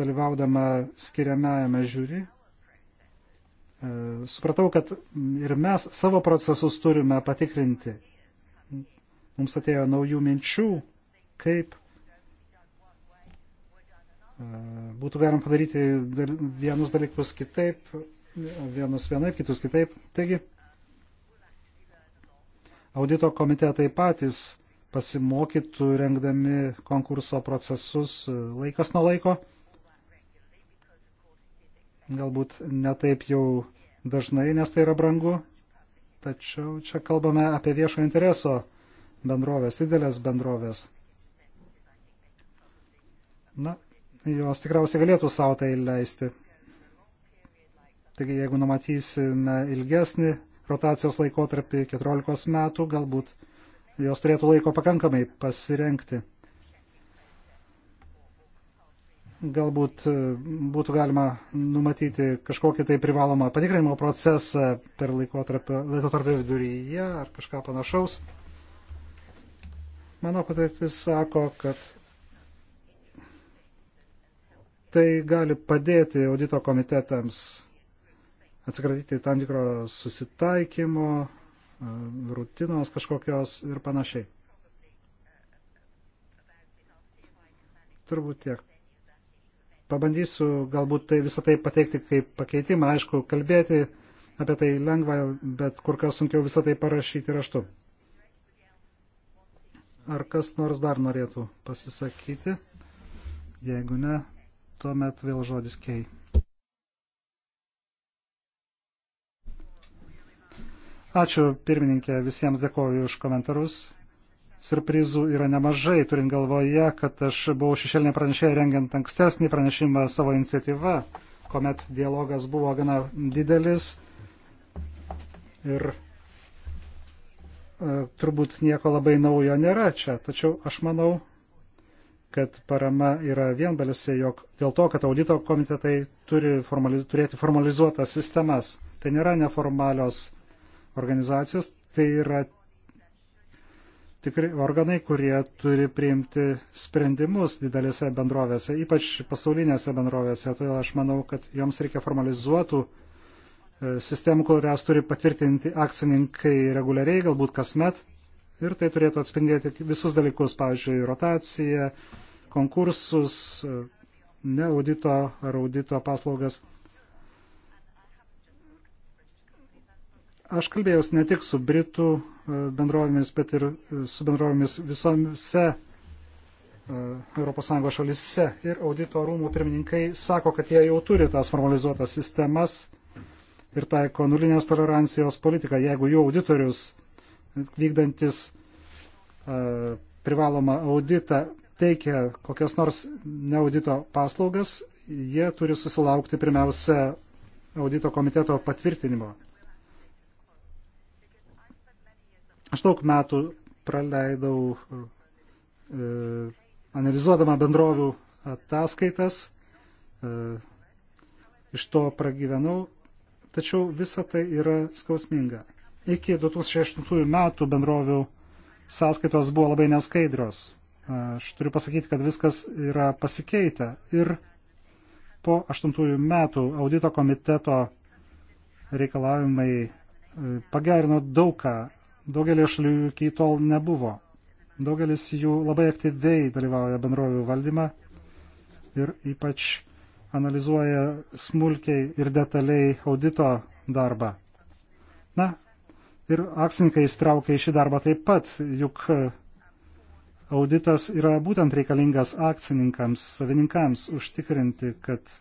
dalyvaudama skiriamajame žiūri, e, supratau, kad ir mes savo procesus turime patikrinti. Mums atėjo naujų minčių, kaip būtų galima padaryti vienus dalykus kitaip, vienus vienaip, kitus kitaip. Taigi, audito komitetai patys pasimokytų rengdami konkurso procesus e, laikas nuo laiko. Galbūt netaip jau dažnai, nes tai yra brangu, tačiau čia kalbame apie viešo intereso bendrovės, didelės bendrovės. Na, jos tikriausiai galėtų savo tai leisti. Taigi, jeigu numatysime ilgesnį rotacijos laikotarpį 14 metų, galbūt jos turėtų laiko pakankamai pasirenkti. Galbūt e, būtų galima numatyti kažkokį tai privalomą patikrinimo procesą per laikotarpio, laikotarpio viduryje ar kažką panašaus. Mano patirtis sako, kad tai gali padėti audito komitetams atsikratyti tam tikro susitaikymo, e, rutinos kažkokios ir panašiai. Turbūt tiek. Pabandysiu galbūt tai visą tai pateikti kaip pakeitimą. Aišku, kalbėti apie tai lengva, bet kur kas sunkiau visą tai parašyti raštu. Ar kas nors dar norėtų pasisakyti? Jeigu ne, Tuomet vėl žodis kei. Ačiū pirmininkė, visiems dėkoju už komentarus. Surprizų yra nemažai, turint galvoje, kad aš buvau šešėlinė pranešėja rengiant ankstesnį pranešimą savo iniciatyvą, kuomet dialogas buvo gana didelis ir e, turbūt nieko labai naujo nėra čia. Tačiau aš manau, kad parama yra vienbalsė, jog dėl to, kad audito komitetai turi formaliz turėti formalizuotas sistemas. Tai nėra neformalios organizacijos, tai yra tikri organai, kurie turi priimti sprendimus didelėse bendrovėse, ypač pasaulinėse bendrovėse. Todėl aš manau, kad joms reikia formalizuotų e, sistemų, kurias turi patvirtinti akcininkai reguliariai, galbūt kasmet ir tai turėtų atspindėti visus dalykus, pavyzdžiui, rotaciją, konkursus, ne audito ar audito paslaugas. Aš kalbėjau ne tik su Britų e, bendrovėmis, bet ir e, su bendrovėmis visomse ES šalise. Ir audito rūmų pirmininkai sako, kad jie jau turi tas formalizuotas sistemas ir taiko nulinės tolerancijos politiką. Jeigu jų auditorius vykdantis privalomą auditą teikia kokias nors neaudito paslaugas, jie turi susilaukti pirmiausia audito komiteto patvirtinimo. Aš daug metų praleidau e, analizuodama bendrovių ataskaitas, e, iš to pragyvenau, tačiau visa tai yra skausminga. Iki 2008 metų bendrovių sąskaitos buvo labai neskaidrios. Aš turiu pasakyti, kad viskas yra pasikeitę. Ir po 8 metų audito komiteto reikalavimai e, pagerino daugą. Daugelį šalių iki tol nebuvo. Daugelis jų labai aktyviai dalyvauja bendrovių valdyme ir ypač analizuoja smulkiai ir detaliai audito darbą. Na, ir akcininkai įstraukia į šį darbą taip pat, juk e, auditas yra būtent reikalingas akcininkams, savininkams užtikrinti, kad e,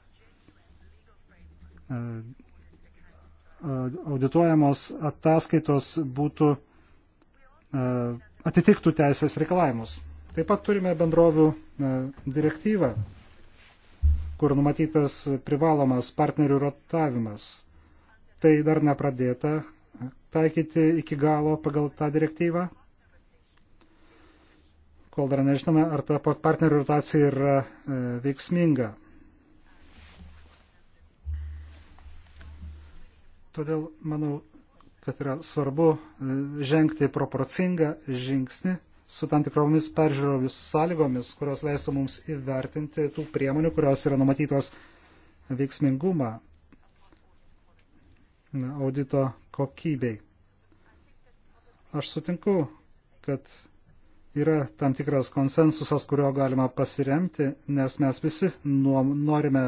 e, audituojamos ataskaitos būtų atitiktų teisės reikalavimus. Taip pat turime bendrovių direktyvą, kur numatytas privalomas partnerių rotavimas. Tai dar nepradėta taikyti iki galo pagal tą direktyvą, kol dar nežinome, ar ta partnerių rotacija yra e, veiksminga. Todėl manau, kad yra svarbu e, žengti proporcingą žingsnį su tam tikromis peržiūromis sąlygomis, kurios leistų mums įvertinti tų priemonių, kurios yra numatytos veiksmingumą. Audito kokybei. Aš sutinku, kad yra tam tikras konsensusas, kurio galima pasiremti, nes mes visi nuo, norime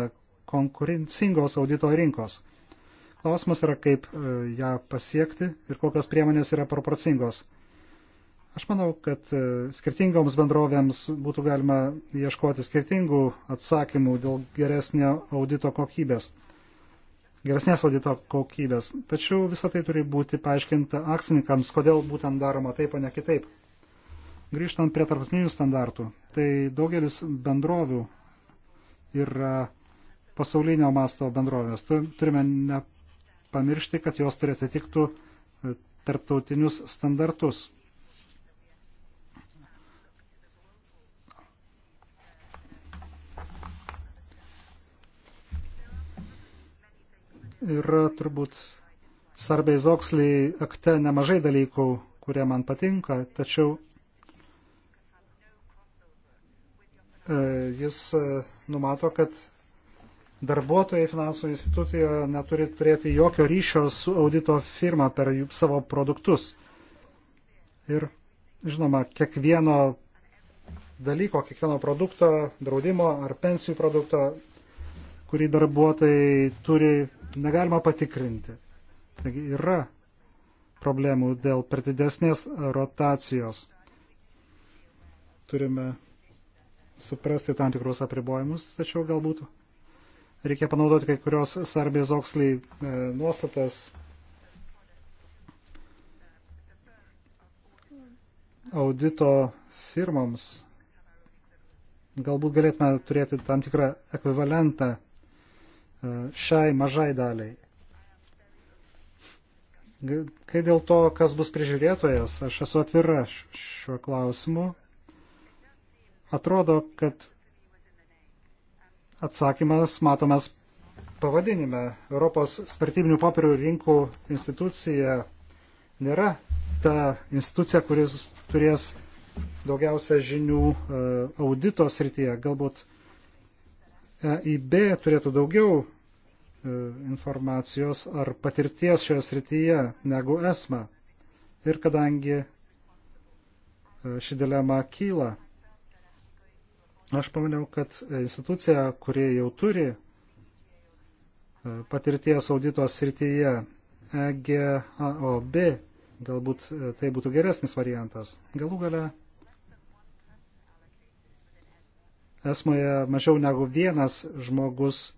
konkurencingos audito rinkos. Klausimas yra, kaip e, ją pasiekti ir kokios priemonės yra proporcingos. Aš manau, kad e, skirtingoms bendrovėms būtų galima ieškoti skirtingų atsakymų dėl geresnio audito kokybės geresnės audito kokybės. Tačiau visą tai turi būti paaiškinta akcininkams, kodėl būtent daroma taip, o ne kitaip. Grįžtant prie tarptautinių standartų, tai daugelis bendrovių yra pasaulinio masto bendrovės. Turime nepamiršti, kad jos turi atitiktų e, tarptautinius standartus. yra turbūt Sarbeis Oksly akte nemažai dalykų, kurie man patinka, tačiau e, jis e, numato, kad darbuotojai finansų institucijoje neturi turėti jokio ryšio su audito firma per savo produktus. Ir, žinoma, kiekvieno dalyko, kiekvieno produkto, draudimo ar pensijų produkto, kurį darbuotojai turi negalima patikrinti. Taigi yra problemų dėl per didesnės rotacijos. Turime suprasti tam tikrus apribojimus, tačiau galbūt reikia panaudoti kai kurios Sarbijos Oksly e, nuostatas audito firmoms. Galbūt galėtume turėti tam tikrą ekvivalentą E, šiai mažai daliai. Kai dėl to, kas bus prižiūrėtojas, aš esu atvira šiuo klausimu. Atrodo, kad atsakymas matomas pavadinime. Europos spartybinių papirų rinkų institucija nėra ta institucija, kuris turės daugiausia žinių e, audito srityje. Galbūt EIB turėtų daugiau e, informacijos ar patirties šioje srityje negu ESMA. Ir kadangi e, ši dilema kyla, aš pamaniau, kad institucija, kurie jau turi e, patirties audito srityje EGAOB, galbūt tai būtų geresnis variantas. Galų gale esmoje mažiau negu vienas žmogus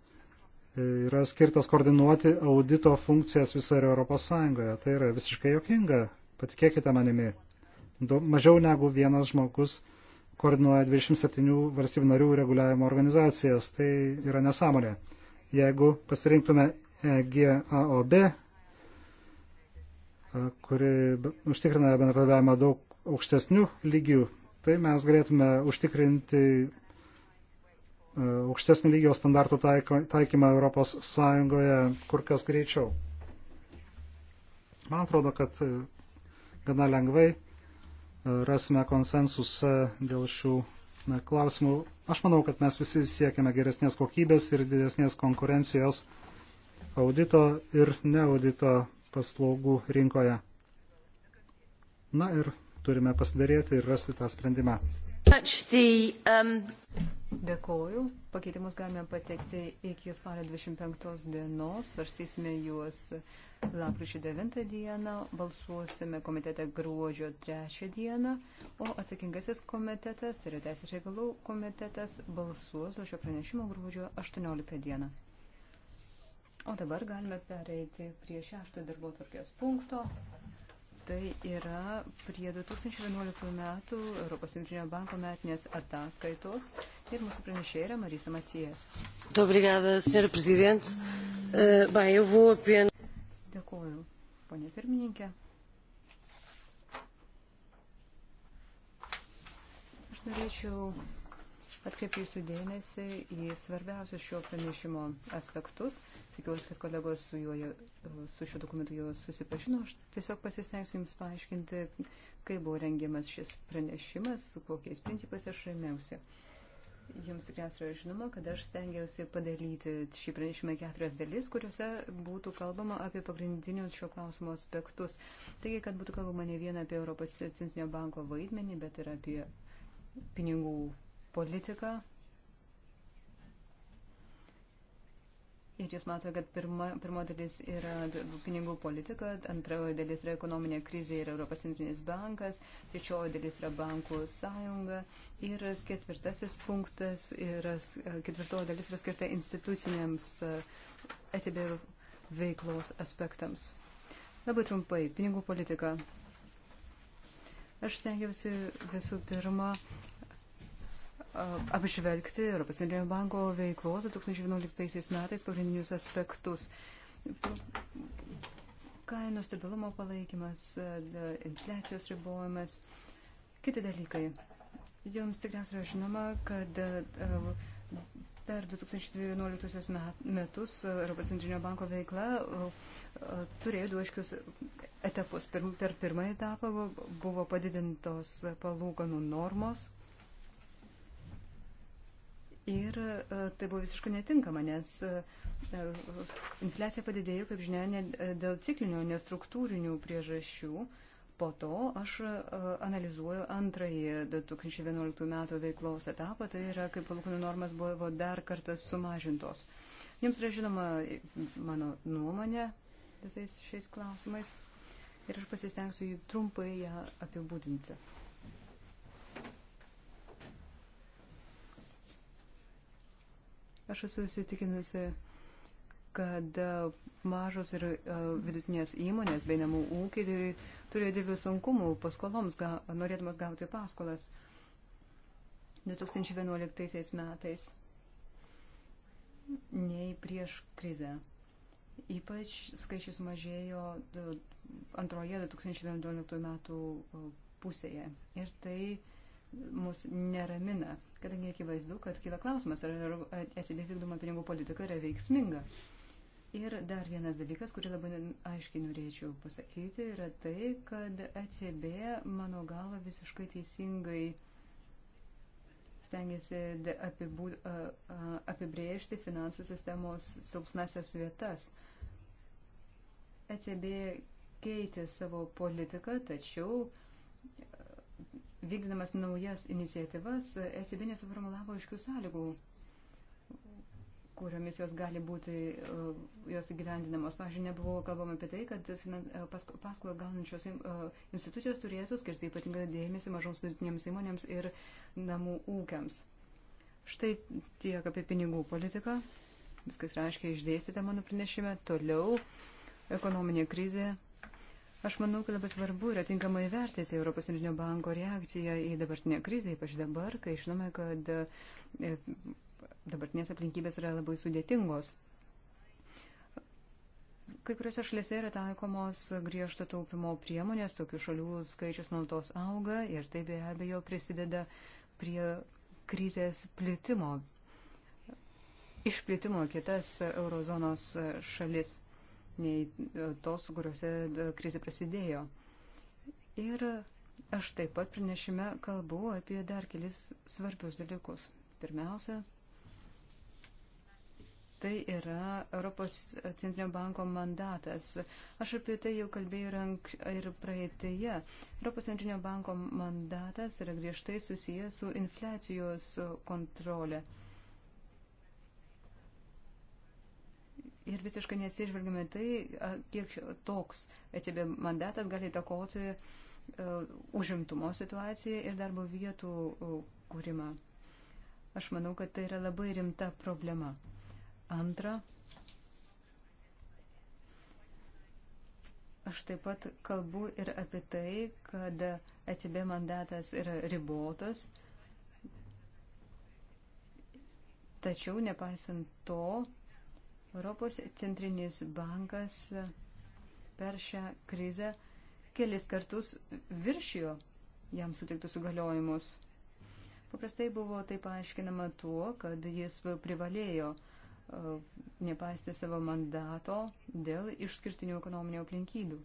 e, yra skirtas koordinuoti audito funkcijas visoje Europos Sąjungoje. Tai yra visiškai jokinga, patikėkite manimi. Mažiau negu vienas žmogus koordinuoja 27 valstybių narių reguliavimo organizacijas. Tai yra nesąmonė. Jeigu pasirinktume EGAOB, e, kuri užtikrina bendradarbiavimą daug aukštesnių lygių, tai mes galėtume užtikrinti E, aukštesnį lygio standartų taikymą Europos Sąjungoje kur kas greičiau. Man atrodo, kad e, gana lengvai e, rasime konsensusą dėl šių klausimų. Aš manau, kad mes visi siekiame geresnės kokybės ir didesnės konkurencijos audito ir neaudito paslaugų rinkoje. Na ir turime pasidarėti ir rasti tą sprendimą. Um, Dėkoju. Pakeitimus galime pateikti iki spalio 25 dienos. Svarstysime juos lapkričio 9 dieną, balsuosime komitete gruodžio 3 dieną, o atsakingasis komitetas, tai yra Teisės reikalų komitetas, balsuos už šio pranešimo gruodžio 18 dieną. O dabar galime pereiti prie šešto darbo tvarkės punkto. Tai yra prie 2011 metų Europos centrinio banko metinės ataskaitos ir mūsų pranešėja yra Marisa Macijas. Obrigada, senhor presidente. Uh, bem, eu vou apenas. Dėkuoju, ponė pirmininkė. Aš norėčiau atkreipti jūsų dėmesį į svarbiausius šio pranešimo aspektus. Tikiuosi, kad kolegos su, juo, su šiuo dokumentu jau susipažino. Aš tiesiog pasistengsiu jums paaiškinti, kaip buvo rengiamas šis pranešimas, su kokiais principais aš remiausi. Jums tikriausiai yra žinoma, kad aš stengiausi padaryti šį pranešimą keturias dalis, kuriuose būtų kalbama apie pagrindinius šio klausimo aspektus. Taigi, kad būtų kalbama ne vien apie Europos centrinio banko vaidmenį, bet ir apie pinigų politiką. Ir jūs matote, kad pirma, pirmo dalis yra pinigų politika, antroji dalis yra ekonominė krizė ir Europos centrinis bankas, trečioji dalis yra bankų sąjunga ir ketvirtasis punktas yra, ketvirtoji dalis yra skirta instituciniams ECB veiklos aspektams. Labai trumpai, pinigų politika. Aš stengiausi visų pirma apžvelgti Europos Centrinio banko veiklos 2011 metais pagrindinius aspektus. Kainų stabilumo palaikymas, infliacijos ribojimas, kiti dalykai. Jums tikriausiai yra žinoma, kad e, per 2011 metus Europos Centrinio banko veikla e, turėjo du aiškius etapus. Per pirmąjį etapą buvo padidintos palūkanų normos Ir e, tai buvo visiškai netinkama, nes e, e, infliacija padidėjo, kaip žinia, ne dėl ciklinių, nestruktūrinių priežasčių. Po to aš analizuoju antrąjį 2011 metų veiklos etapą, tai yra, kaip palūkanų normas buvo dar kartą sumažintos. Jums yra žinoma mano nuomonė visais šiais klausimais ir aš pasistengsiu jį trumpai ją apibūdinti. Aš esu įsitikinusi, kad e, mažos ir e, vidutinės įmonės bei namų ūkiai turėjo didelių sunkumų paskoloms, ga, norėdamas gauti paskolas 2011 metais nei prieš krizę. Ypač skaičius mažėjo antroje 2011 metų e, pusėje. Ir tai uh, mus neramina, kadangi akivaizdu, kad kyla klausimas, ar ECB vykdoma pinigų politika yra veiksminga. Ir dar vienas dalykas, kurį labai aiškiai norėčiau pasakyti, yra tai, kad ECB, mano galva, visiškai teisingai stengiasi apibū, apibrėžti finansų sistemos silpnasias vietas. ECB keitė savo politiką, tačiau vykdamas naujas iniciatyvas, ECB nesuformulavo aiškių sąlygų, kuriomis jos gali būti, uh, jos įgyvendinamos. Pavyzdžiui, nebuvo kalbama apie tai, kad uh, paskolas gaunančios uh, institucijos turėtų skirti ypatingą dėmesį mažoms vidutinėms įmonėms ir namų ūkiams. Štai tiek apie pinigų politiką. Viskas reiškia išdėstyti mano pranešime. Toliau ekonominė krizė Aš manau, kad labai svarbu yra tinkamai vertinti Europos Centrinio banko reakciją į dabartinę krizę, ypač dabar, kai žinome, kad e, dabartinės aplinkybės yra labai sudėtingos. Kai kuriuose šalyse yra taikomos griežto taupimo priemonės, tokių šalių skaičius nuolatos auga ir tai be abejo prisideda prie krizės plitimo, išplitimo kitas eurozonos šalis nei e, tos, kuriuose e, krizė prasidėjo. Ir aš taip pat pranešime kalbu apie dar kelis svarbius dalykus. Pirmiausia, tai yra Europos Centrinio banko mandatas. Aš apie tai jau kalbėjau ir, ank, ir praeitėje. Europos Centrinio banko mandatas yra griežtai susijęs su infliacijos kontrolė. Uh, ir visiškai nesižvelgiame tai, kiek toks ECB mandatas gali įtakoti e, užimtumo situaciją ir darbo vietų e, kūrimą. Aš manau, kad tai yra labai rimta problema. Antra, aš taip pat kalbu ir apie tai, kad ECB mandatas yra ribotas, tačiau nepaisant to, Europos centrinis bankas per šią krizę kelis kartus viršijo jam sutiktus įgaliojimus. Paprastai buvo tai paaiškinama tuo, kad jis privalėjo e, nepaisti savo mandato dėl išskirtinių ekonominių aplinkybių.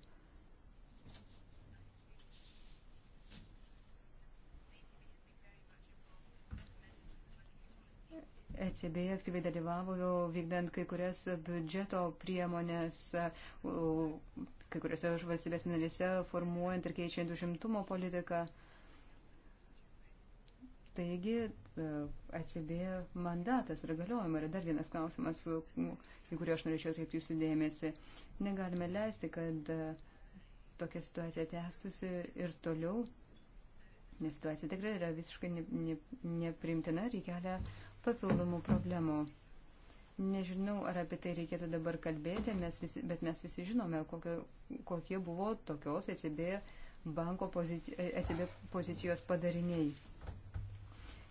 ECB aktyviai dalyvavo vykdant kai kurias biudžeto priemonės, kai kuriuose valstybės narėse formuojant ir keičiant užimtumo politiką. Taigi, ECB mandatas yra galiojama. Ir dar vienas klausimas, į kurį aš norėčiau atkreipti jūsų dėmesį. Negalime leisti, kad tokia situacija tęstusi ir toliau, nes situacija tikrai yra visiškai neprimtina ne, ne ir kelia papildomų problemų. Nežinau, ar apie tai reikėtų dabar kalbėti, mes visi, bet mes visi žinome, kokio, kokie buvo tokios ECB banko pozici, ECB pozicijos padariniai.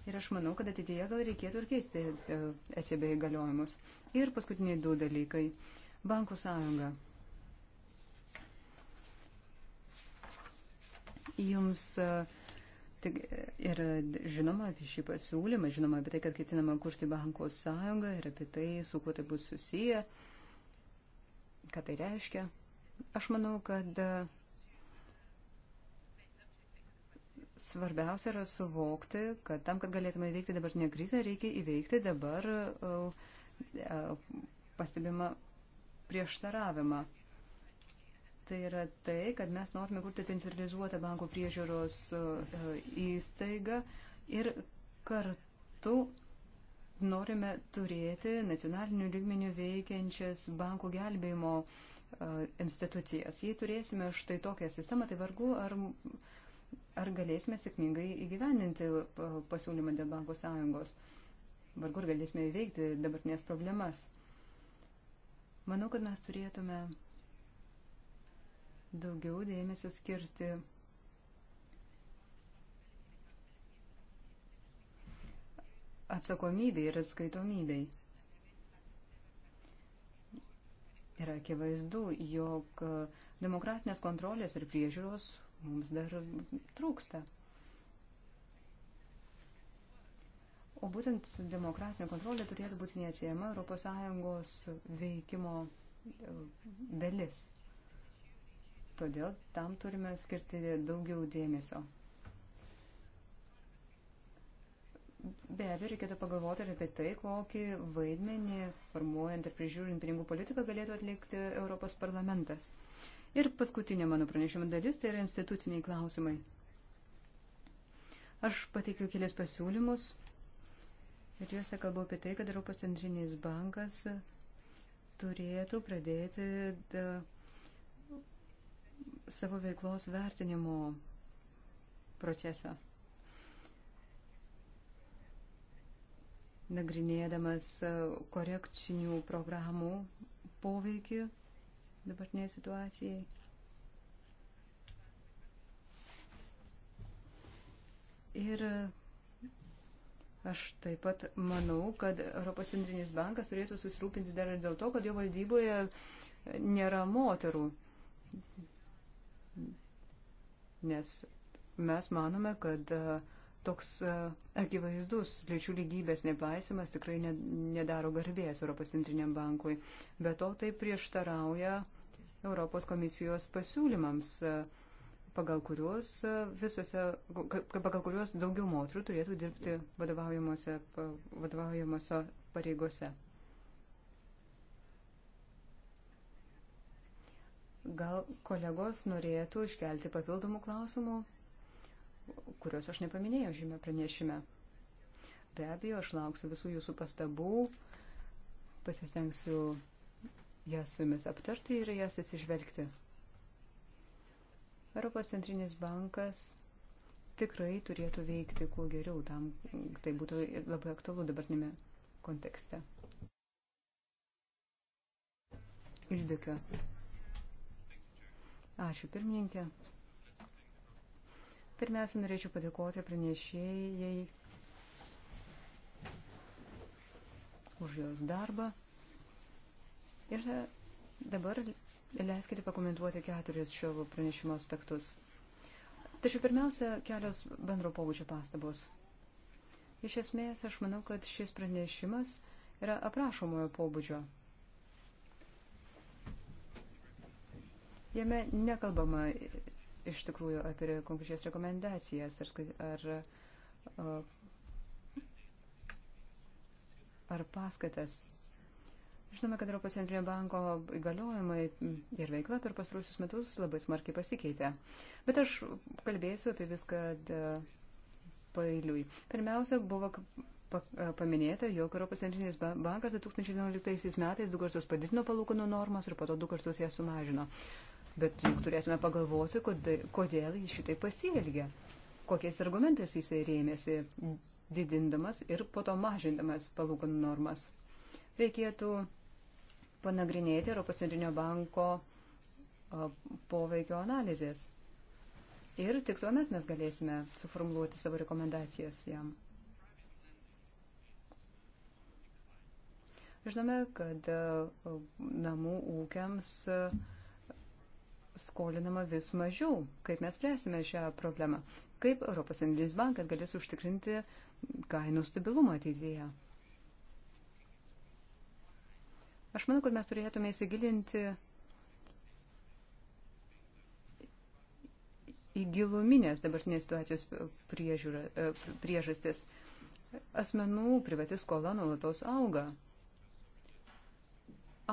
Ir aš manau, kad ateityje gal reikėtų ir keisti ECB e įgaliojimus. Ir paskutiniai du dalykai. Bankų sąjunga. Jums uh, Tik, ir žinoma, apie šį pasiūlymą, žinoma, apie tai, kad ketinama kurti bankų sąjungą ir apie tai, su kuo tai bus susiję, ką tai reiškia. Aš manau, kad e, svarbiausia yra suvokti, kad tam, kad galėtume įveikti dabartinę krizę, reikia įveikti dabar e, e, pastebimą prieštaravimą. Tai yra tai, kad mes norime kurti centralizuotą bankų priežiūros e, e, įstaigą ir kartu norime turėti nacionalinių lygmenių veikiančias bankų gelbėjimo e, institucijas. Jei turėsime štai tokią sistemą, tai vargu ar, ar galėsime sėkmingai įgyveninti pasiūlymą dėl bankų sąjungos. Vargu ar galėsime įveikti dabartinės problemas. Manau, kad mes turėtume daugiau dėmesio skirti atsakomybei ir atskaitomybei. Yra akivaizdu, jog demokratinės kontrolės ir priežiūros mums dar trūksta. O būtent demokratinė kontrolė turėtų būti neatsiejama ES veikimo dalis. Todėl tam turime skirti daugiau dėmesio. Be abejo, reikėtų pagalvoti ir apie tai, kokį vaidmenį formuojant ir prižiūrint pinigų politiką galėtų atlikti Europos parlamentas. Ir paskutinė mano pranešimo dalis tai yra instituciniai klausimai. Aš pateikiau kelias pasiūlymus ir juose kalbu apie tai, kad Europos centrinis bankas turėtų pradėti. De, savo veiklos vertinimo procesą. Nagrinėdamas e, korekcinių programų poveikį dabartinėje situacijai. Ir e, aš taip pat manau, kad Europos centrinis bankas turėtų susirūpinti dar ir dėl to, kad jo valdyboje nėra moterų nes mes manome, kad e, toks e, akivaizdus lyčių lygybės nepaisimas tikrai nedaro garbės Europos centriniam bankui. Be to tai prieštarauja Europos komisijos pasiūlymams, e, pagal kuriuos, visose, pagal kuriuos daugiau moterų turėtų dirbti vadovaujamosi pareigose. Gal kolegos norėtų iškelti papildomų klausimų, kuriuos aš nepaminėjau žymė pranešime. Be abejo, aš lauksiu visų jūsų pastabų, pasistengsiu jas su jumis aptarti ir jas atsižvelgti. Europos centrinis bankas tikrai turėtų veikti kuo geriau, tam tai būtų labai aktualu dabartinėme kontekste. Ildikio. Ačiū, pirmininkė. Pirmiausia, norėčiau padėkoti pranešėjai už jos darbą. Ir dabar leiskite pakomentuoti keturis šio pranešimo aspektus. Tačiau pirmiausia, kelios bendro pobūdžio pastabos. Iš esmės, aš manau, kad šis pranešimas yra aprašomojo pobūdžio. Jame nekalbama iš tikrųjų apie konkrečias rekomendacijas ar, ar, ar paskatas. Žinome, kad Europos centrinio banko įgaliojimai ir veikla per pastarusius metus labai smarkiai pasikeitė. Bet aš kalbėsiu apie viską pailiui. Pirmiausia, buvo paminėta, jog Europos centrinis bankas 2011 metais du kartus padidino palūkanų normas ir po to du kartus jas sumažino. Bet juk turėtume pagalvoti, kodėl jis šitai pasielgia, kokiais argumentais jisai rėmėsi, didindamas ir po to mažindamas palūkanų normas. Reikėtų panagrinėti Europos centrinio banko poveikio analizės. Ir tik tuomet mes galėsime suformuluoti savo rekomendacijas jam. Žinome, kad namų ūkiams uh, skolinama vis mažiau. Kaip mes spręsime šią problemą? Kaip Europos Centrinis bankas galės užtikrinti kainų stabilumą ateityje? Aš manau, kad mes turėtume įsigilinti į giluminės dabartinės situacijos priežiūra, e, priežastis. Asmenų privati skola nuolatos auga.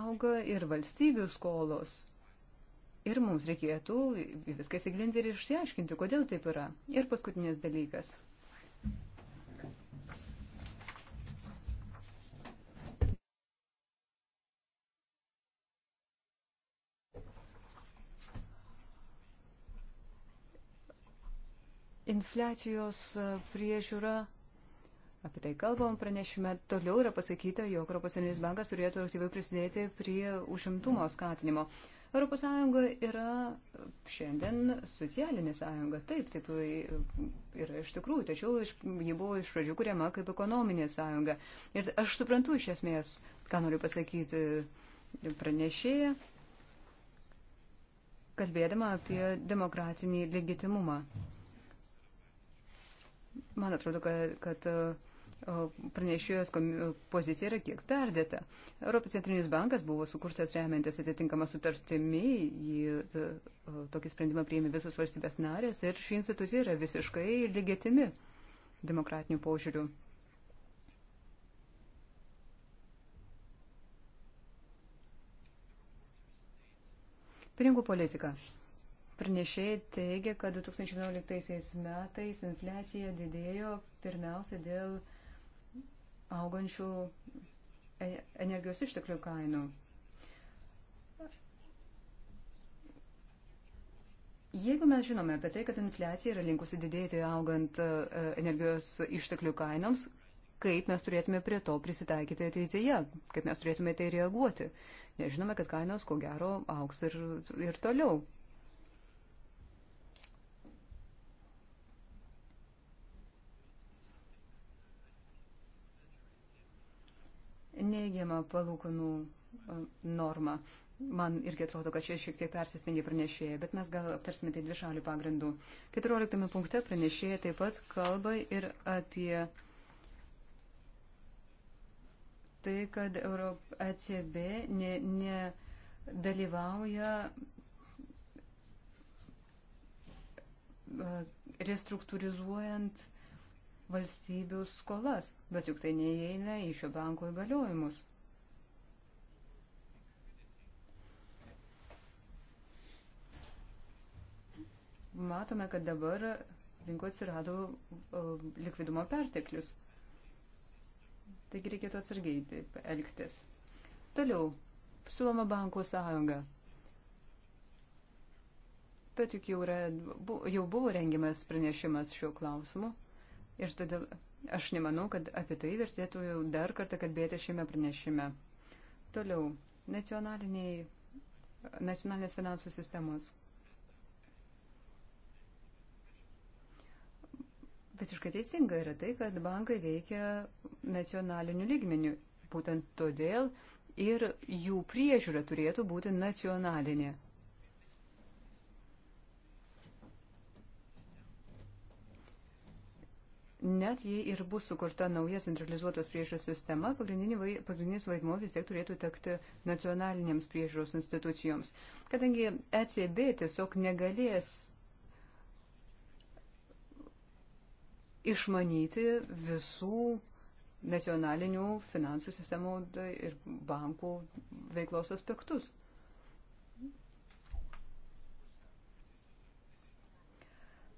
Auga ir valstybių skolos. Ir mums reikėtų viską įsigilinti ir išsiaiškinti, kodėl taip yra. Ir paskutinis dalykas. Infliacijos priežiūra Apie tai kalbam pranešime. Toliau yra pasakyta, jog Europos Centrinis bankas turėtų aktyviai prisidėti prie užimtumo skatinimo. ES yra šiandien socialinė sąjunga, taip, taip e, yra iš tikrųjų, tačiau iš, ji buvo iš pradžių kuriama kaip ekonominė sąjunga. Ir aš suprantu iš esmės, ką noriu pasakyti pranešėja, kalbėdama apie demokratinį legitimumą. Man atrodo, kad, kad pranešėjos pozicija yra kiek perdėta. Europos centrinis bankas buvo sukurtas remiantis atitinkamą sutartimi, jį tokį sprendimą priėmė visos valstybės narės ir ši institucija yra visiškai legitimi demokratinių požiūrių. Pinigų politika. Pranešėjai teigia, kad 2011 metais infliacija didėjo pirmiausia dėl uh, augančių e, energijos išteklių kainų. Jeigu mes žinome apie tai, kad infliacija yra linkusi didėti augant e, energijos išteklių kainoms, kaip mes turėtume prie to prisitaikyti ateityje, kaip mes turėtume tai reaguoti. Nežinome, kad kainos ko gero auks ir, ir toliau. neigiamą palūkanų normą. Man irgi atrodo, kad čia šiek tiek persistengė pranešėja, bet mes gal aptarsime tai dvi šalių pagrindų. 14 punkte pranešėja taip pat kalba ir apie tai, kad Europ ECB nedalyvauja ne restruktūrizuojant valstybių skolas, bet juk tai neįeina į šio banko įgaliojimus. Matome, kad dabar rinko atsirado likvidumo perteklius. Taigi reikėtų atsargiai taip elgtis. Toliau, siūloma bankų sąjunga. Bet juk jau, yra, jau buvo rengiamas pranešimas šiuo klausimu. Ir todėl aš nemanau, kad apie tai vertėtų jau dar kartą kalbėti šiame pranešime. Toliau, nacionaliniai, nacionalinės finansų sistemos. Visiškai teisinga yra tai, kad bankai veikia nacionaliniu lygmeniu. Būtent todėl ir jų priežiūra turėtų būti nacionalinė. Net jei ir bus sukurta nauja centralizuotos priežiūros sistema, pagrindinis vaidmuo vis tiek turėtų tekti nacionalinėms priežiūros institucijoms. Kadangi ECB tiesiog negalės išmanyti visų nacionalinių finansų sistemų ir bankų veiklos aspektus.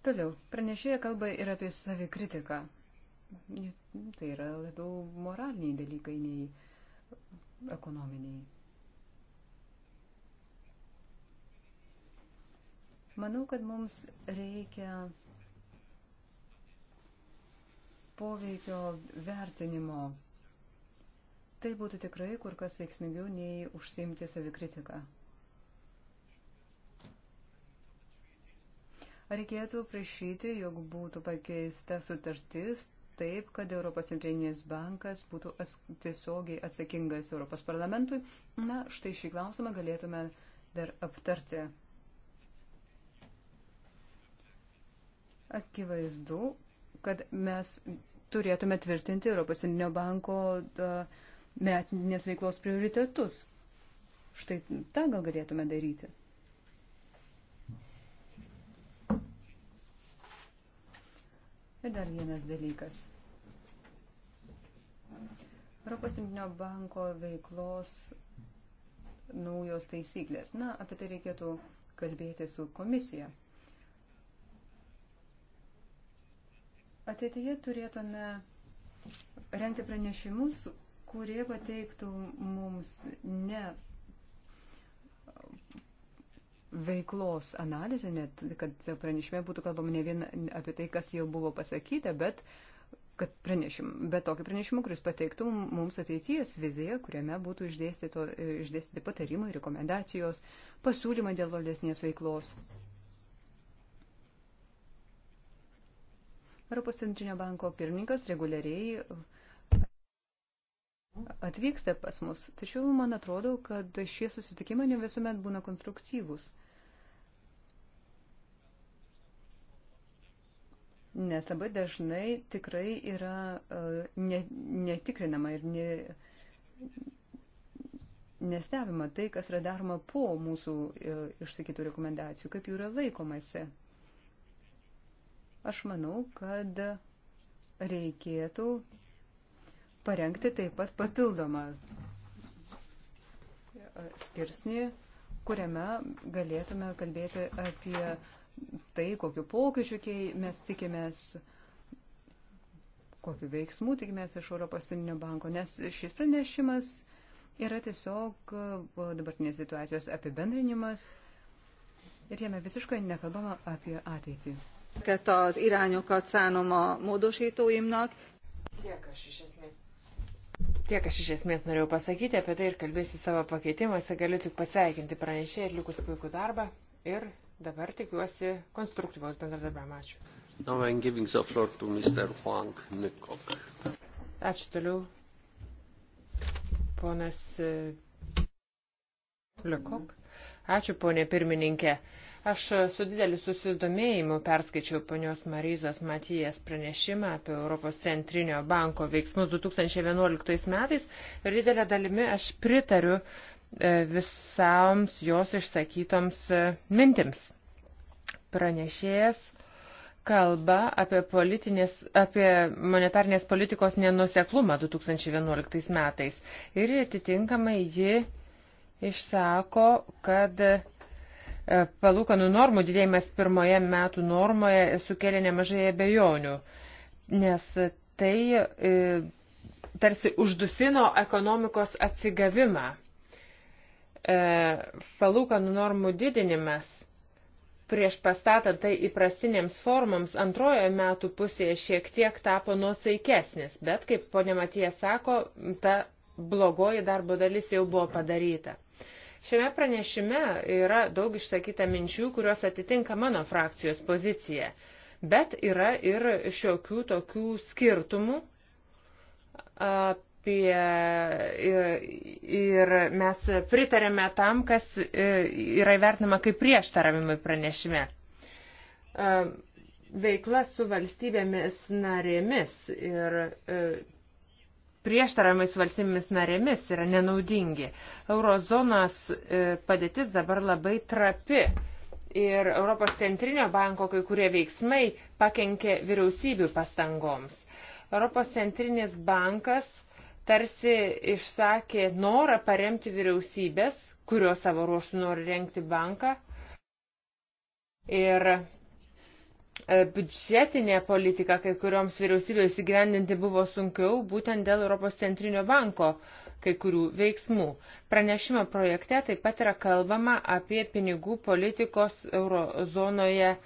Toliau, pranešėja kalba ir apie savikritiką. Tai yra labiau moraliniai dalykai nei ekonominiai. Manau, kad mums reikia poveikio vertinimo. Tai būtų tikrai kur kas veiksmingiau nei užsimti savikritiką. reikėtų prašyti, jog būtų pakeista sutartis taip, kad Europos centrinis bankas būtų as tiesiogiai atsakingas Europos parlamentui. Na, štai šį klausimą galėtume dar aptarti. Akivaizdu, kad mes turėtume tvirtinti Europos centrinio banko metinės veiklos prioritetus. Štai tą gal galėtume daryti. Ir dar vienas dalykas. Europos centrinio banko veiklos naujos taisyklės. Na, apie tai reikėtų kalbėti su komisija. Ateityje turėtume renkti pranešimus, kurie pateiktų mums ne veiklos analizę, net kad pranešime būtų kalbama ne vien apie tai, kas jau buvo pasakyta, bet kad pranešim, bet tokį pranešimą, kuris pateiktų mums ateities viziją, kuriame būtų išdėstyti patarimai, rekomendacijos, pasiūlymai dėl tolesnės veiklos. Europos centrinio banko pirmininkas reguliariai atvyksta pas mus. Tačiau man atrodo, kad šie susitikimai ne visuomet būna konstruktyvūs. Nes labai dažnai tikrai yra uh, ne, netikrinama ir ne, nestebima tai, kas yra daroma po mūsų uh, išsakytų rekomendacijų, kaip jų yra laikomasi. Aš manau, kad reikėtų parengti taip pat papildomą skirsnį, kuriame galėtume kalbėti apie tai, kokiu pokyčiu mes tikimės, kokiu veiksmu tikimės iš Europos Centrinio banko, nes šis pranešimas yra tiesiog dabartinės situacijos apibendrinimas ir jame visiškai nekalbama apie ateitį. Ezeket az irányokat szánom a módosítóimnak. Kiek aš iš esmės Tiek aš iš esmės norėjau pasakyti, apie tai ir kalbėsiu savo pakeitimuose, galiu tik pasveikinti pranešėjai ir likus puikų darbą ir dabar tikiuosi konstruktyvaus bendradarbiavimo. Ačiū. Ačiū toliau. Ponas e, Liukok. Ačiū, ponė pirmininkė. Aš su dideliu susidomėjimu perskaičiau ponios Marizos Matijas pranešimą apie Europos centrinio banko veiksmus 2011 metais ir didelę dalimi aš pritariu e, visams jos išsakytoms e, mintims. Pranešėjas kalba apie, apie monetarnės politikos nenuseklumą 2011 metais. Ir atitinkamai ji išsako, kad E, palūkanų normų didėjimas pirmoje metų normoje sukelia nemažai abejonių, nes tai e, tarsi uždusino ekonomikos atsigavimą. E, palūkanų normų didinimas prieš pastatant tai įprastinėms formams antrojoje metų pusėje šiek tiek tapo nuosaikesnis, bet, kaip ponė Matija sako, ta blogoji darbo dalis jau buvo padaryta. Šiame pranešime yra daug išsakyta minčių, kurios atitinka mano frakcijos poziciją, bet yra ir šiokių tokių skirtumų. Apie, ir mes pritarėme tam, kas e, yra įvertinama kaip prieštaravimai pranešime veikla su valstybėmis narėmis ir e, prieštaramais valstybėmis narėmis yra nenaudingi. Eurozonos e, padėtis dabar labai trapi. Ir Europos centrinio banko kai kurie veiksmai pakenkė vyriausybių pastangoms. Europos centrinis bankas tarsi išsakė norą paremti vyriausybės, kurio savo ruoštų nori renkti banką. Ir E, biudžetinė politika kai kurioms vyriausybėms įgyvendinti buvo sunkiau būtent dėl Europos centrinio banko kai kurių veiksmų. Pranešimo projekte taip pat yra kalbama apie pinigų politikos eurozonoje e,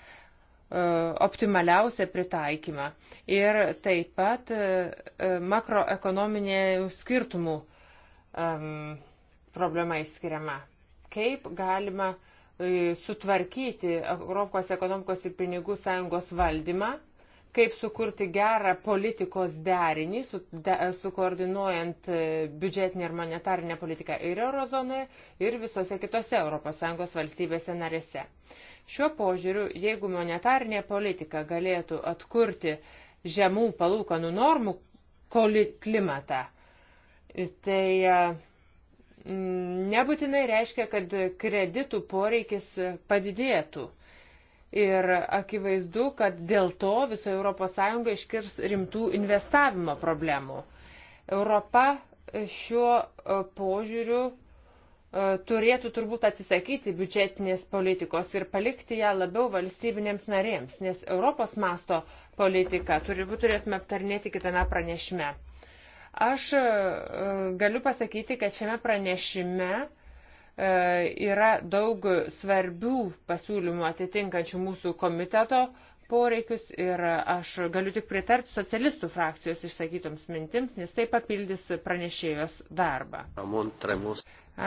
optimaliausią pritaikymą ir taip pat e, e makroekonominė skirtumų e, problema išskiriama. Kaip galima uh, E, sutvarkyti Europos ekonomikos ir pinigų sąjungos valdymą, kaip sukurti gerą politikos derinį, su, de, sukoordinuojant e, biudžetinę ir monetarinę politiką ir eurozonoje, ir visose kitose ES valstybėse narėse. Šiuo požiūriu, jeigu monetarinė politika galėtų atkurti žemų palūkanų normų klimatą, tai e, nebūtinai reiškia, kad kreditų poreikis padidėtų. Ir akivaizdu, kad dėl to visoje ES iškirs rimtų investavimo problemų. Europa šiuo e, požiūriu e, turėtų turbūt atsisakyti biudžetinės politikos ir palikti ją labiau valstybinėms narėms, nes Europos masto politiką turbūt turėtume aptarnėti kitame pranešime. Aš e, galiu pasakyti, kad šiame pranešime e, yra daug svarbių pasiūlymų atitinkančių mūsų komiteto poreikius ir aš galiu tik pritarti socialistų frakcijos išsakytoms mintims, nes tai papildys pranešėjos darbą.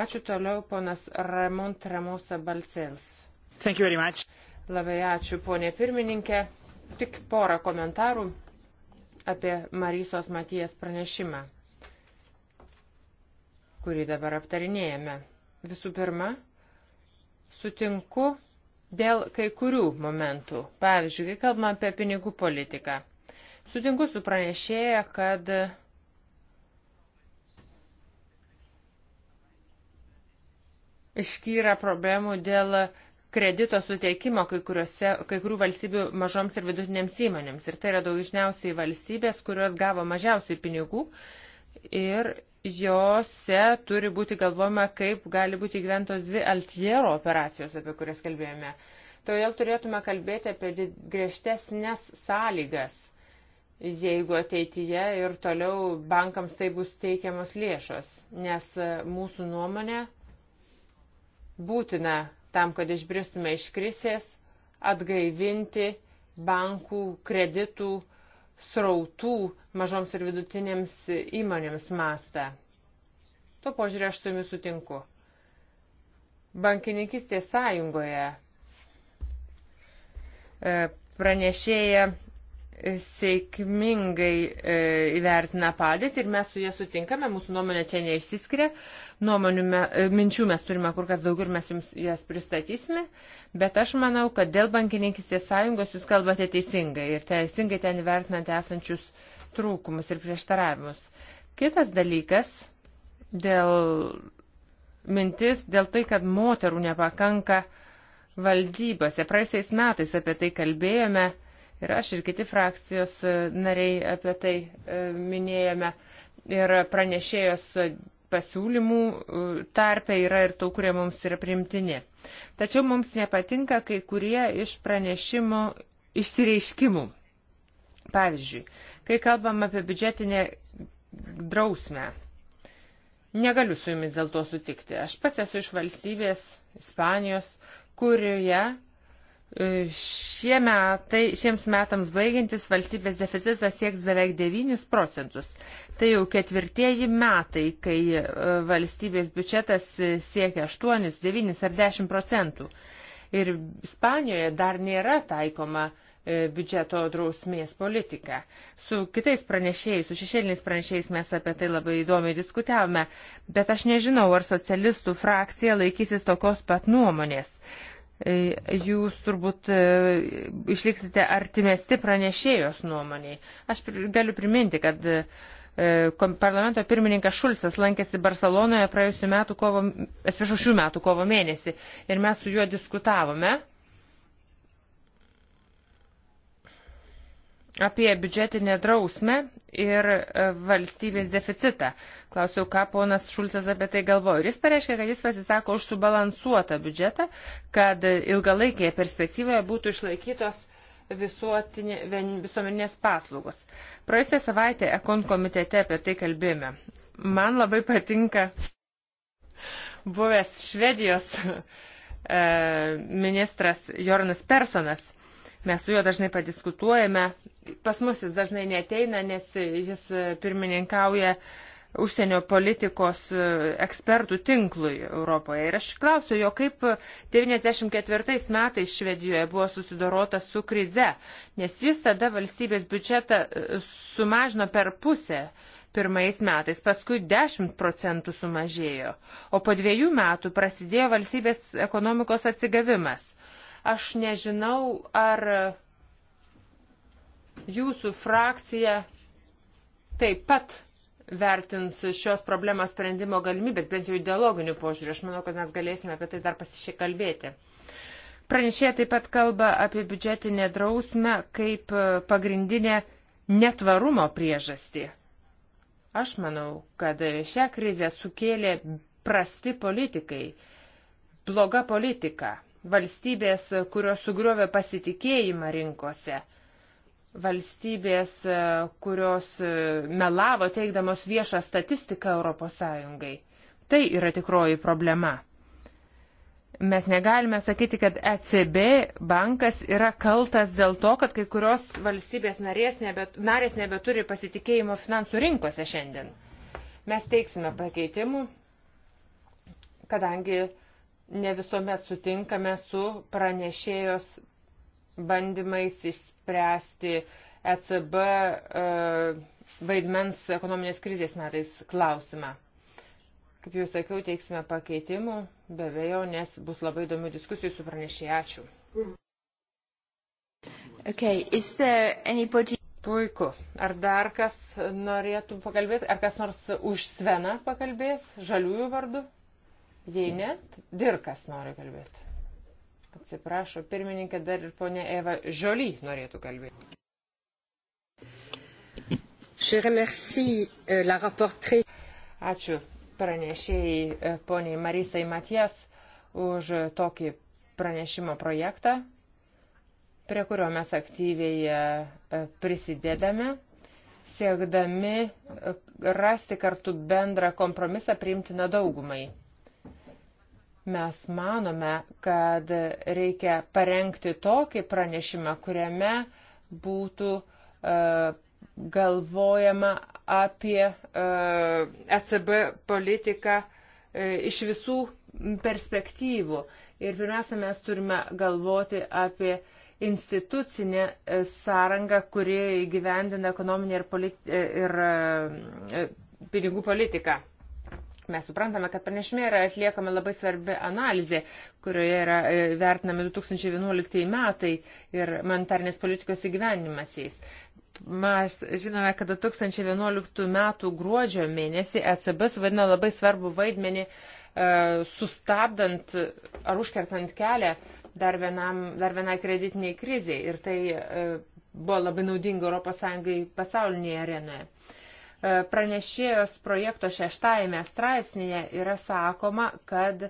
Ačiū toliau, ponas Ramon Tremosa Balcels. Labai ačiū, ponė pirmininkė. Tik porą komentarų apie Marysos Matijas pranešimą, kurį dabar aptarinėjame. Visų pirma, sutinku dėl kai kurių momentų. Pavyzdžiui, kai kalbame apie pinigų politiką. Sutinku su pranešėja, kad iškyra problemų dėl uh, kredito suteikimo kai, kuriuose, kai kurių valstybių mažoms ir vidutinėms įmonėms. Ir tai yra daugišniausiai valstybės, kurios gavo mažiausiai pinigų ir jose turi būti galvojama, kaip gali būti gyventos dvi altiero operacijos, apie kurias kalbėjome. Todėl turėtume kalbėti apie griežtesnės sąlygas, jeigu ateityje ir toliau bankams tai bus teikiamos lėšos, nes e, mūsų nuomonė būtina tam, kad išbristume iš krisės, atgaivinti bankų kreditų srautų mažoms ir vidutinėms įmonėms mastą. Tuo požiūrė aš su jumis sutinku. Bankininkistės sąjungoje e, pranešėja e, sėkmingai e, įvertina padėtį ir mes su jie sutinkame, mūsų nuomonė čia neišsiskiria nuomonių, me, e, minčių mes turime kur kas daugiau ir mes jums jas pristatysime, bet aš manau, kad dėl bankininkistės sąjungos jūs kalbate teisingai ir teisingai ten vertinate esančius trūkumus ir prieštaravimus. Kitas dalykas dėl mintis, dėl tai, kad moterų nepakanka valdybose. Praėjusiais metais apie tai kalbėjome ir aš ir kiti frakcijos e, nariai apie tai e, minėjome ir pranešėjos pasiūlymų e, tarpe yra ir tų, kurie mums yra primtini. Tačiau mums nepatinka kai kurie iš pranešimo išsireiškimų. Pavyzdžiui, kai kalbam apie biudžetinę drausmę, negaliu su jumis dėl to sutikti. Aš pats esu iš valstybės, Ispanijos, kurioje E, šie metai, šiems metams baigiantis valstybės deficitas sieks beveik 9 procentus. Tai jau ketvirtieji metai, kai e, valstybės biudžetas e, siekia 8, 9 ar 10 procentų. Ir Ispanijoje dar nėra taikoma biudžeto drausmės politiką. Su kitais pranešėjais, su šešėliniais pranešėjais mes apie tai labai įdomiai diskutavome, bet aš nežinau, ar socialistų frakcija laikysis tokios pat nuomonės. E, jūs turbūt e, išliksite artimesti pranešėjos nuomoniai. Aš galiu priminti, kad e, parlamento pirmininkas Šulcas lankėsi Barcelonoje praėjusiu metu kovo, atsiprašau, šių metų kovo mėnesį ir mes su juo diskutavome apie biudžetinę drausmę ir e, valstybės deficitą. Klausiau, ką ponas Šulcas apie tai galvoja. Ir jis pareiškia, kad jis pasisako už subalansuotą biudžetą, kad ilgalaikėje perspektyvoje būtų išlaikytos visuotinė, visuomeninės paslaugos. Praėjusią savaitę Ekon komitete apie tai kalbėjome. Man labai patinka buvęs Švedijos e, ministras Jornas Personas. Mes su juo dažnai padiskutuojame pas mus jis dažnai neteina, nes jis pirmininkauja užsienio politikos ekspertų tinklui Europoje. Ir aš klausiu jo, kaip 94 metais Švedijoje buvo susidorota su krize, nes jis tada valstybės biudžetą e, sumažino per pusę pirmais metais, paskui 10 procentų sumažėjo, o po dviejų metų prasidėjo valstybės ekonomikos atsigavimas. Aš nežinau, ar jūsų frakcija taip pat vertins šios problemos sprendimo galimybės, bent jau ideologinių požiūrių. Aš manau, kad mes galėsime apie tai dar pasikalbėti. Pranešė taip pat kalba apie biudžetinę drausmę kaip pagrindinę netvarumo priežastį. Aš manau, kad šią krizę sukėlė prasti politikai, bloga politika, valstybės, kurios sugriovė pasitikėjimą rinkose valstybės, e, kurios e, melavo teikdamos viešą statistiką ES. Tai yra tikroji problema. Mes negalime sakyti, kad ECB bankas yra kaltas dėl to, kad kai kurios valstybės narės, nebet, narės nebeturi pasitikėjimo finansų rinkose šiandien. Mes teiksime pakeitimų, kadangi ne visuomet sutinkame su pranešėjos bandymais išspręsti ECB e, vaidmens ekonominės krizės metais klausimą. Kaip jau sakiau, teiksime pakeitimų, be vėjo, nes bus labai įdomių diskusijų su pranešėjai. Ačiū. Okay, anybody... Puiku. Ar dar kas norėtų pakalbėti, ar kas nors už Sveną pakalbės, žaliųjų vardu? Jei ne, Dirkas nori kalbėti. Atsiprašau, pirmininkė dar ir ponė Eva Žioly norėtų kalbėti. Euh, Ačiū pranešėjai e, poniai Marisai Matijas už tokį pranešimo projektą, prie kurio mes aktyviai e, e, prisidedame, siekdami rasti kartu bendrą kompromisą priimtiną daugumai. Mes manome, kad reikia parengti tokį pranešimą, kuriame būtų uh, galvojama apie uh, e, ECB politiką uh, iš visų perspektyvų. Ir pirmiausia, mes turime galvoti apie institucinę sąrangą, kuri gyvendina ekonominę ir, politi ir pinigų politiką. Mes suprantame, kad pranešime yra atliekama labai svarbi analizė, kurioje yra e, vertinami 2011 metai ir monetarnės politikos įgyvenimas jais. Mes žinome, kad 2011 metų gruodžio mėnesį ECB suvaidino labai svarbu vaidmenį e, sustabdant ar užkertant kelią dar, vienam, dar vienai kreditiniai kriziai. Ir tai e, buvo labai naudinga ES pasaulinėje arenoje. Pranešėjos projekto šeštajame straipsnėje yra sakoma, kad e,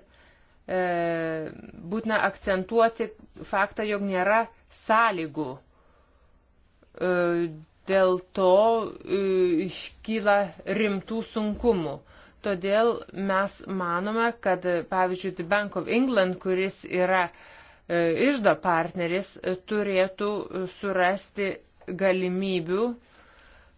būtina akcentuoti faktą, jog nėra sąlygų. E, dėl to e, iškyla rimtų sunkumų. Todėl mes manome, kad pavyzdžiui, The Bank of England, kuris yra išdo partneris, turėtų surasti galimybių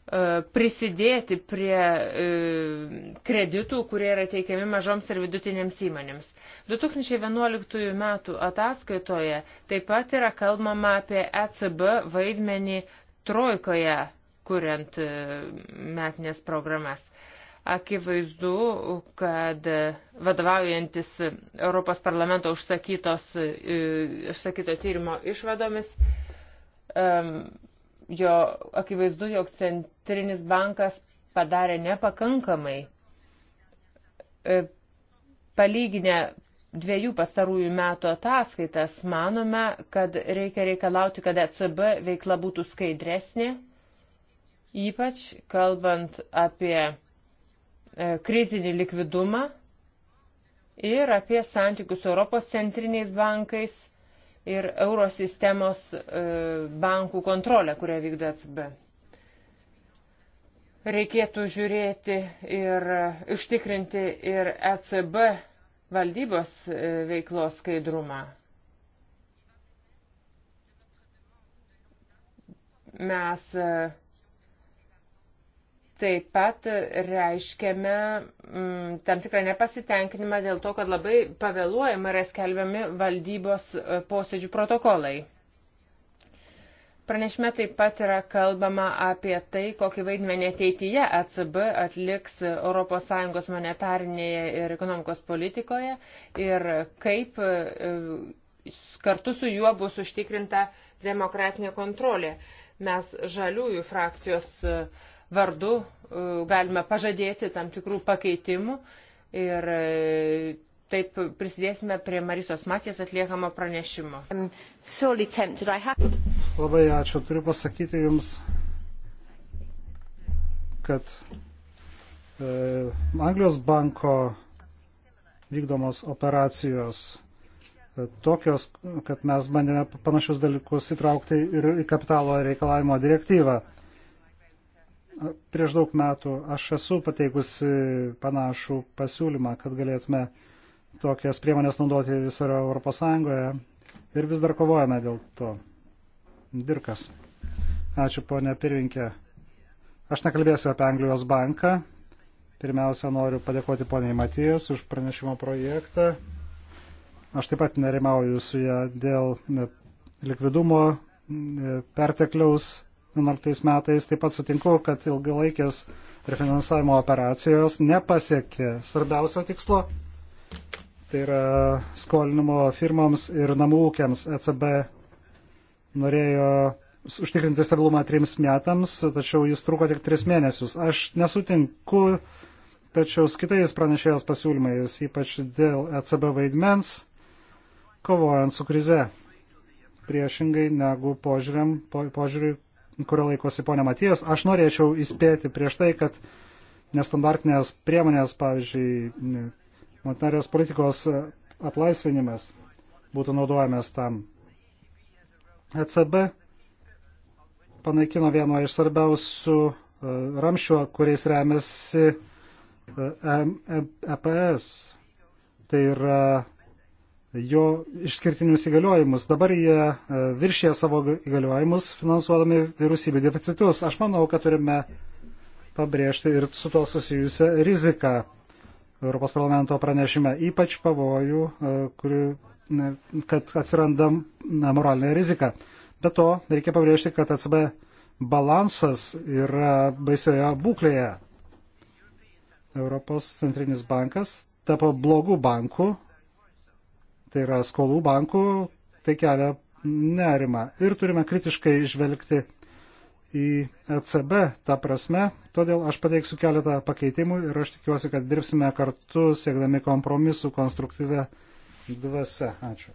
E, prisidėti prie e, kreditų, kurie yra teikiami mažoms ir vidutinėms įmonėms. 2011 m. ataskaitoje taip pat yra kalbama apie ECB vaidmenį trojkoje, kuriant e, metinės programas. Akivaizdu, kad vadovaujantis Europos parlamento užsakyto tyrimo išvadomis, jo akivaizdu, jog centrinis bankas padarė nepakankamai. E, palyginę dviejų pastarųjų metų ataskaitas manome, kad reikia reikalauti, kad ECB veikla būtų skaidresnė, ypač kalbant apie e, krizinį likvidumą ir apie santykius Europos centriniais bankais ir eurosistemos e, bankų kontrolę, kurią vykdo ECB. Reikėtų žiūrėti ir e, užtikrinti ir ECB valdybos e, veiklos skaidrumą. Mes uh, Taip pat reiškiame mm, tam tikrą nepasitenkinimą dėl to, kad labai pavėluojama yra skelbiami valdybos e, posėdžių protokolai. Pranešime taip pat yra kalbama apie tai, kokį vaidmenį ateityje ECB atliks ES monetarinėje ir ekonomikos politikoje ir kaip e, kartu su juo bus užtikrinta demokratinė kontrolė. Mes žaliųjų frakcijos uh, vardu e, galime pažadėti tam tikrų pakeitimų ir e, taip prisidėsime prie Marisos Matės atliekamo pranešimo. Um, Labai ačiū. Turiu pasakyti Jums, kad e, Anglijos banko vykdomos operacijos e, tokios, kad mes bandėme panašius dalykus įtraukti ir į kapitalo reikalavimo direktyvą prieš daug metų aš esu pateikusi panašų pasiūlymą, kad galėtume tokias priemonės naudoti visoje Europos Sąjungoje ir vis dar kovojame dėl to. Dirkas. Ačiū, ponė pirminkė. Aš nekalbėsiu apie Anglijos banką. Pirmiausia, noriu padėkoti poniai Matijas už pranešimo projektą. Aš taip pat nerimauju su ją dėl likvidumo e, pertekliaus 2011 metais. Taip pat sutinku, kad ilgalaikės refinansavimo operacijos nepasiekė svarbiausio tikslo. Tai yra skolinimo firmoms ir namų ūkiams. ECB norėjo užtikrinti stabilumą trims metams, tačiau jis truko tik tris mėnesius. Aš nesutinku, tačiau su kitais pranešėjos pasiūlymais, ypač dėl ECB vaidmens, kovojant su krize priešingai negu požiūriam, po, požiūriui, kurio laikosi ponia Matijas, aš norėčiau įspėti prieš tai, kad nestandartinės priemonės, pavyzdžiui, monetarijos politikos atlaisvinimas būtų naudojamas tam. ECB panaikino vieno iš svarbiausių e, ramščių, kuriais remiasi EPS. E tai yra jo išskirtinius įgaliojimus. Dabar jie e, viršė savo įgaliojimus finansuodami vyriausybių deficitus. Aš manau, kad turime pabrėžti ir su to susijusią riziką Europos parlamento pranešime, ypač pavojų, e, kuri, kad atsiranda moralinė rizika. Be to, reikia pabrėžti, kad ECB balansas yra baisioje būklėje. Europos centrinis bankas tapo blogų bankų tai yra skolų bankų, tai kelia nerima. Ir turime kritiškai žvelgti į ECB tą prasme, todėl aš pateiksiu keletą pakeitimų ir aš tikiuosi, kad dirbsime kartu siekdami kompromisų konstruktyvę dvasę. Ačiū.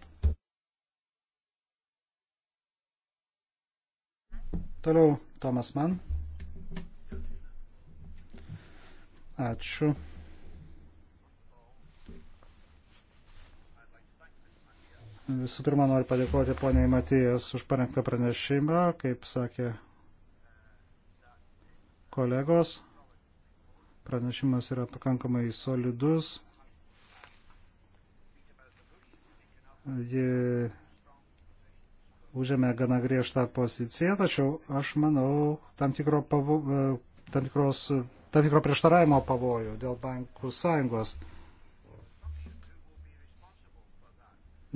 Toliau Tomas Man. Ačiū. Visų pirma, noriu padėkoti poniai Matijas už parengtą pranešimą, kaip sakė kolegos. Pranešimas yra pakankamai solidus. Ji užėmė gana griežtą poziciją, tačiau aš manau tam, tikro pavo, tam, tikros, tam tikro prieštaravimo pavojų dėl bankų sąjungos.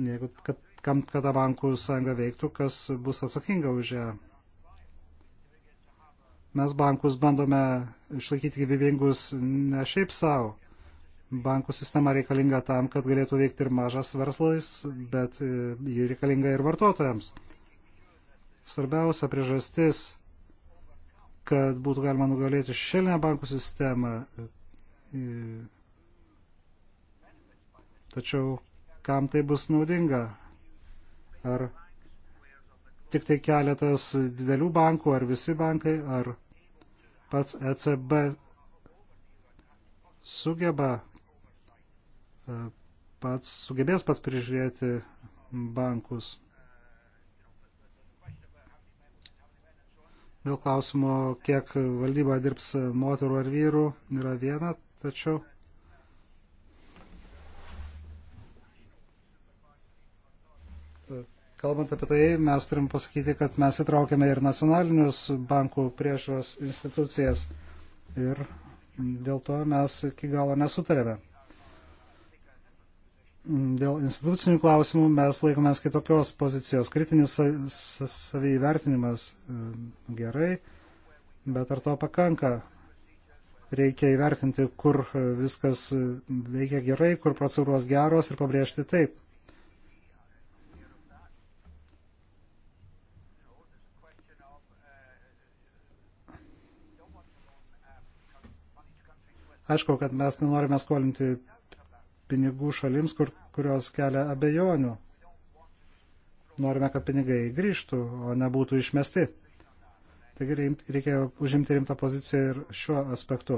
jeigu, kad, kam, kad ta bankų sąjunga veiktų, kas bus atsakinga už ją. Mes bankus bandome išlaikyti gyvybingus ne šiaip savo. Bankų sistema reikalinga tam, kad galėtų veikti ir mažas verslais, bet e, ji reikalinga ir vartotojams. Svarbiausia priežastis, kad būtų galima nugalėti šešėlinę bankų sistemą, e, tačiau kam tai bus naudinga. Ar tik tai keletas didelių bankų, ar visi bankai, ar pats ECB sugeba e, pats, sugebės pats prižiūrėti bankus. Dėl klausimo, kiek valdyba dirbs moterų ar vyrų, yra viena, tačiau Kalbant apie tai, mes turim pasakyti, kad mes įtraukėme ir nacionalinius bankų priežiūros institucijas ir dėl to mes iki galo nesutarėme. Dėl institucinių klausimų mes laikomės kitokios pozicijos. Kritinis savyvertinimas e, gerai, bet ar to pakanka? Reikia įvertinti, kur e, viskas e, veikia gerai, kur procedūros geros ir pabrėžti taip Aišku, kad mes nenorime skolinti pinigų šalims, kur, kurios kelia abejonių. Norime, kad pinigai grįžtų, o nebūtų išmesti. Taigi reikia užimti rimtą poziciją ir šiuo aspektu.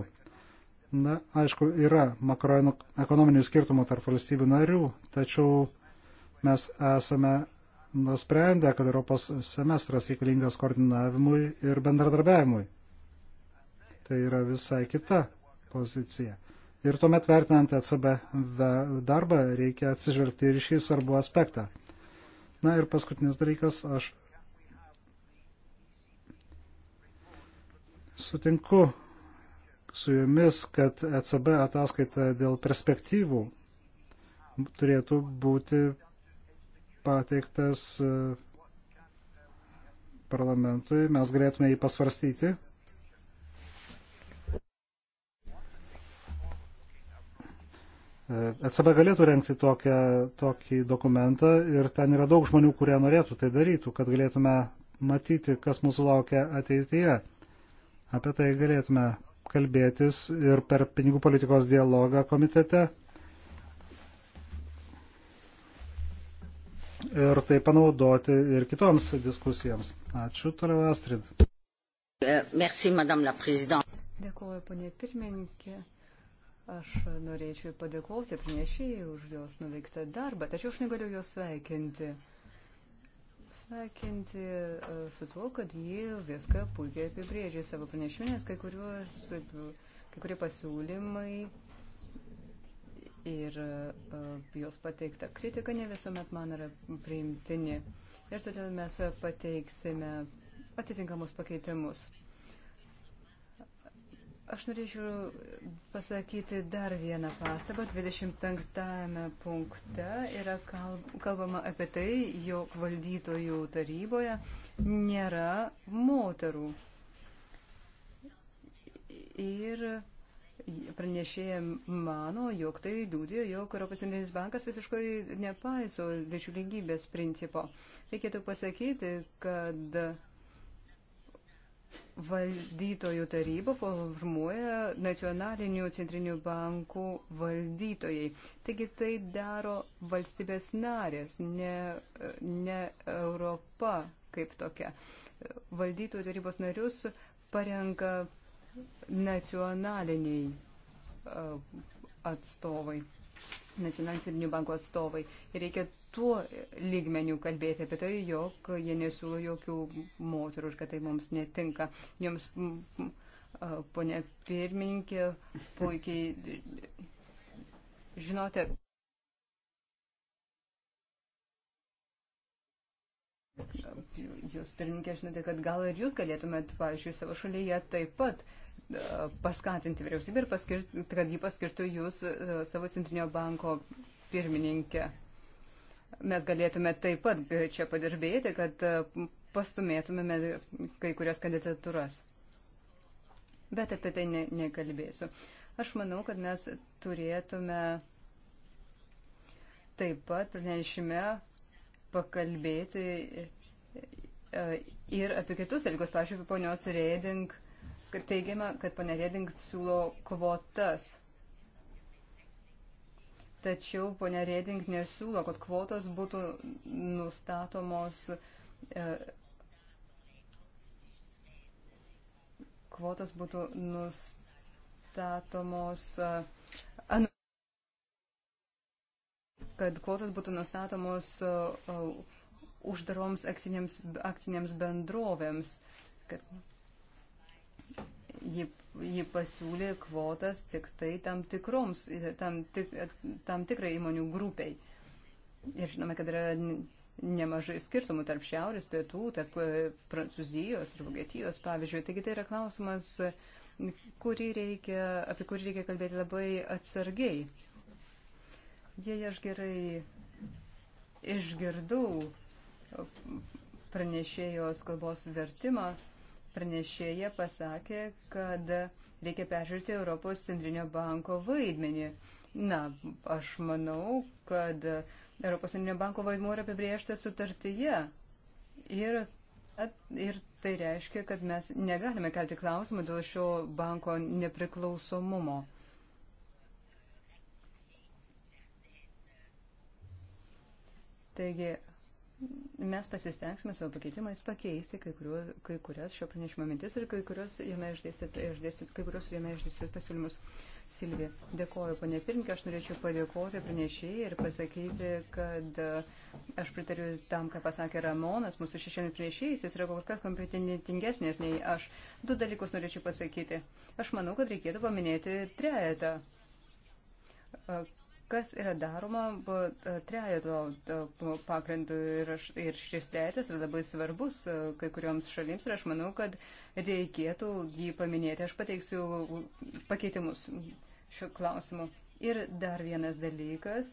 Na, aišku, yra makroekonominių skirtumų tarp valstybių narių, tačiau mes esame nusprendę, kad Europos semestras reikalingas koordinavimui ir bendradarbiavimui. Tai yra visai kita poziciją. Ir tuomet vertinant ECB darbą reikia atsižvelgti ir šį svarbų aspektą. Na ir paskutinis dalykas, aš sutinku su jumis, kad ECB ataskaita dėl perspektyvų turėtų būti pateiktas e, parlamentui, mes galėtume jį pasvarstyti ECB galėtų renkti tokią, tokį dokumentą ir ten yra daug žmonių, kurie norėtų tai darytų, kad galėtume matyti, kas mūsų laukia ateityje. Apie tai galėtume kalbėtis ir per pinigų politikos dialogą komitete. Ir tai panaudoti ir kitoms diskusijoms. Ačiū, toliau Astrid. Merci, Dėkuoju, ponė pirmininkė. Aš norėčiau padėkoti pranešėjai už jos nuveiktą darbą, tačiau aš negaliu jos sveikinti. Sveikinti e, su tuo, kad jie viską puikiai apibrėžė savo pranešimės, kai, kuriuos, kai kurie pasiūlymai ir e, jos pateikta kritika ne visuomet man yra priimtini. Ir todėl mes pateiksime atitinkamus pakeitimus. Aš norėčiau pasakyti dar vieną pastabą. 25 punkte yra kalbama apie tai, jog valdytojų taryboje nėra moterų. Ir pranešėja mano, jog tai liūdėjo, jog Europos Centrinis bankas visiškai nepaiso lyčių lygybės principo. Reikėtų pasakyti, kad valdytojų tarybą formuoja nacionalinių centrinių bankų valdytojai. Taigi tai daro valstybės narės, ne, ne Europa kaip tokia. Valdytojų tarybos narius parenka nacionaliniai atstovai nacionalinių bankų atstovai. Ir reikia tuo lygmeniu kalbėti apie tai, jog jie nesiūlo jokių moterų ir kad tai mums netinka. Jums, ponė pirmininkė, puikiai žinote. Jūs pirmininkė, žinote, kad gal ir jūs galėtumėt, pavyzdžiui, savo šalyje taip pat uh, paskatinti vyriausybę ir paskirti, kad jį paskirtų jūs e, savo centrinio banko pirmininkę. Mes galėtume taip pat e, čia padirbėti, kad e, pastumėtumėme kai kurias kandidatūras. Bet apie tai ne, nekalbėsiu. Aš manau, kad mes turėtume taip pat pranešime pakalbėti ir apie kitus dalykus, pavyzdžiui, ponios Reiding uh, kad teigiama, kad ponė Reding siūlo kvotas. Tačiau ponė Reding nesiūlo, kad kvotos būtų nustatomos. E, kvotos būtų nustatomos. E, kad kvotos būtų nustatomos e, uždaroms akcinėms, akcinėms bendrovėms. Kad, ji, ji pasiūlė kvotas tik tai tam tikroms, tam, tik, tam tikrai įmonių grupiai. Ir žinome, kad yra nemažai skirtumų tarp šiaurės, pietų, tarp e, Prancūzijos ir Vokietijos, pavyzdžiui. Taigi tai yra klausimas, kurį reikia, apie kurį reikia kalbėti labai atsargiai. Jei aš gerai išgirdau pranešėjos kalbos vertimą, pranešėja pasakė, kad reikia peržiūrėti Europos centrinio banko vaidmenį. Na, aš manau, kad Europos centrinio banko vaidmuo yra apibrieštas sutartyje. Ir, at, ir tai reiškia, kad mes negalime kelti klausimų dėl šio banko nepriklausomumo. Taigi mes pasistengsime savo pakeitimais pakeisti kai, kuriuo, kai kurias šio pranešimo mintis ir kai kurios jame išdėstytus pasiūlymus. Silvi, dėkoju, ponė Pirmke, aš norėčiau padėkoti pranešėjai ir pasakyti, kad e, aš pritariu tam, ką pasakė Ramonas, mūsų šešėlinis pranešėjas, jis yra kol kas kompetentingesnės nei aš. Du dalykus norėčiau pasakyti. Aš manau, kad reikėtų paminėti trejetą e, kas yra daroma e, trejato e, pagrindu ir, ir šis trejatas yra labai svarbus e, kai kurioms šalims ir aš manau, kad reikėtų jį paminėti. Aš pateiksiu pakeitimus šiuo klausimu. Ir dar vienas dalykas.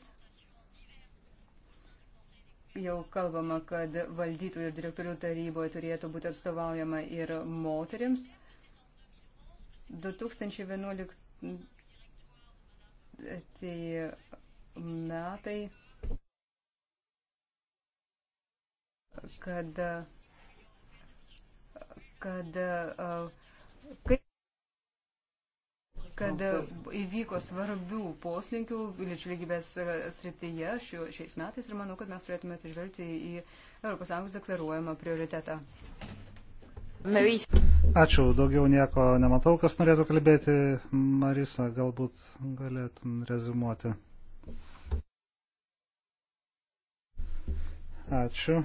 Jau kalbama, kad valdytojų ir direktorių taryboje turėtų būti atstovaujama ir moterims. 2011 tai metai, kad, kad, kaip, kad įvyko svarbių poslinkių lyčių lygybės srityje šiu, šiais metais ir manau, kad mes turėtume atsižvelgti į ES deklaruojamą prioritetą. Ačiū, daugiau nieko nematau, kas norėtų kalbėti. Marisa, galbūt galėtum rezumuoti. Ačiū.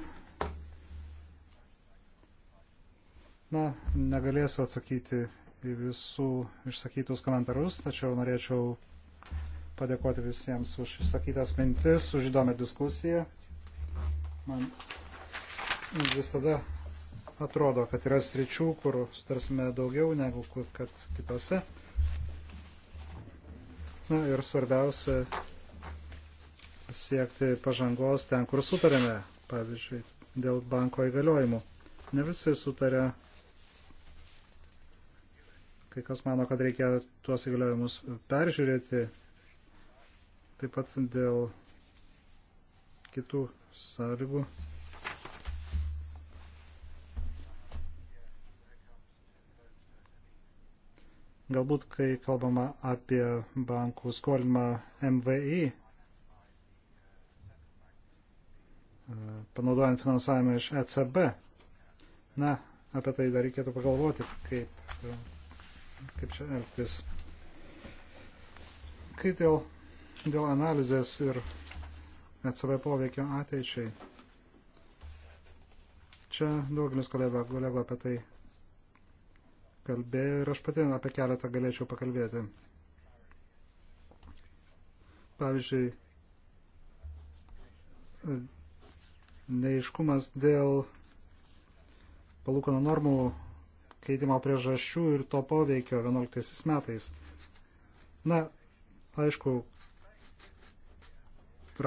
Na, negalėsiu atsakyti į visų išsakytus komentarus, tačiau norėčiau padėkoti visiems už išsakytas mintis, už įdomią diskusiją. Man visada atrodo, kad yra sričių, kur sutarsime daugiau negu kad kitose. Na ir svarbiausia siekti pažangos ten, kur sutarėme, pavyzdžiui, dėl banko įgaliojimų. Ne visi sutarė, kai kas mano, kad reikia tuos įgaliojimus peržiūrėti, taip pat dėl kitų sąlygų. Galbūt, kai kalbama apie bankų skolimą MVI, panaudojant finansavimą iš ECB. Na, apie tai dar reikėtų pagalvoti, kaip, kaip čia elgtis. Kai dėl, dėl analizės ir ECB poveikio ateičiai. Čia daugelis kolegų, kolegų apie tai kalbėjo ir aš pati apie keletą galėčiau pakalbėti. Pavyzdžiui, neiškumas dėl palūkanų normų keitimo priežasčių ir to poveikio 11 metais. Na, aišku,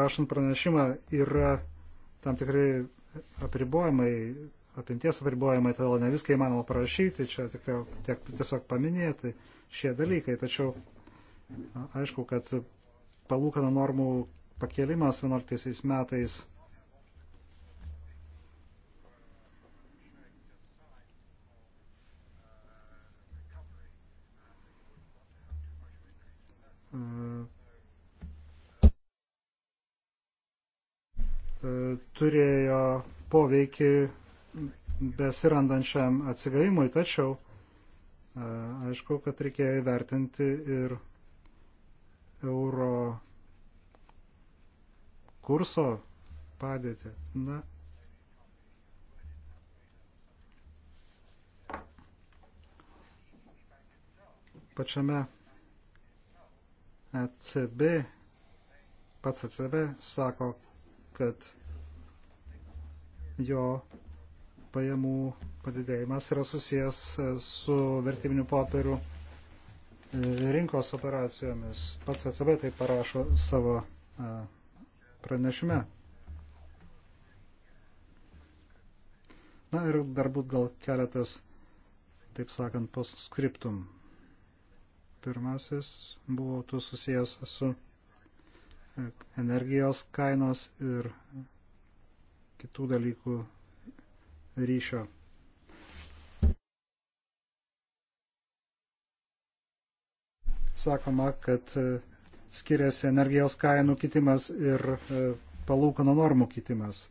rašant pranešimą yra tam tikrai apribojimai, apimties apribojimai, todėl ne viską įmanoma parašyti, čia tik, tiek tiesiog paminėti šie dalykai, tačiau aišku, kad palūkanų normų pakėlimas 11 metais turėjo poveikį besirandančiam atsigavimui, tačiau e, aišku, kad reikėjo įvertinti ir euro kurso padėtį. Na, pačiame ECB, pats ECB sako, kad jo pajamų padidėjimas yra susijęs e, su vertybinių popierių e, rinkos operacijomis. Pats ECB tai parašo savo e, pranešime. Na ir darbūt gal keletas, taip sakant, postscriptum. Pirmasis buvo tu susijęs su energijos kainos ir kitų dalykų ryšio. Sakoma, kad e, skiriasi energijos kainų kitimas ir e, palūkanų normų kitimas.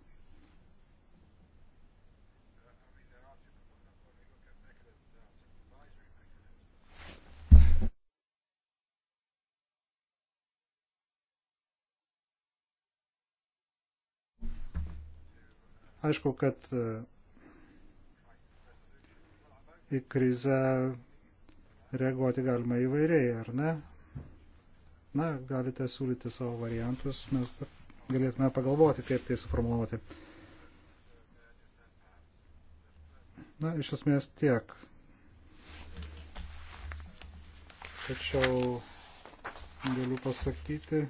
Aišku, kad e, į krizę reaguoti galima įvairiai, ar ne? Na, galite siūlyti savo variantus, mes galėtume pagalvoti, kaip tai suformuoluoti. Na, iš esmės tiek. Tačiau galiu pasakyti,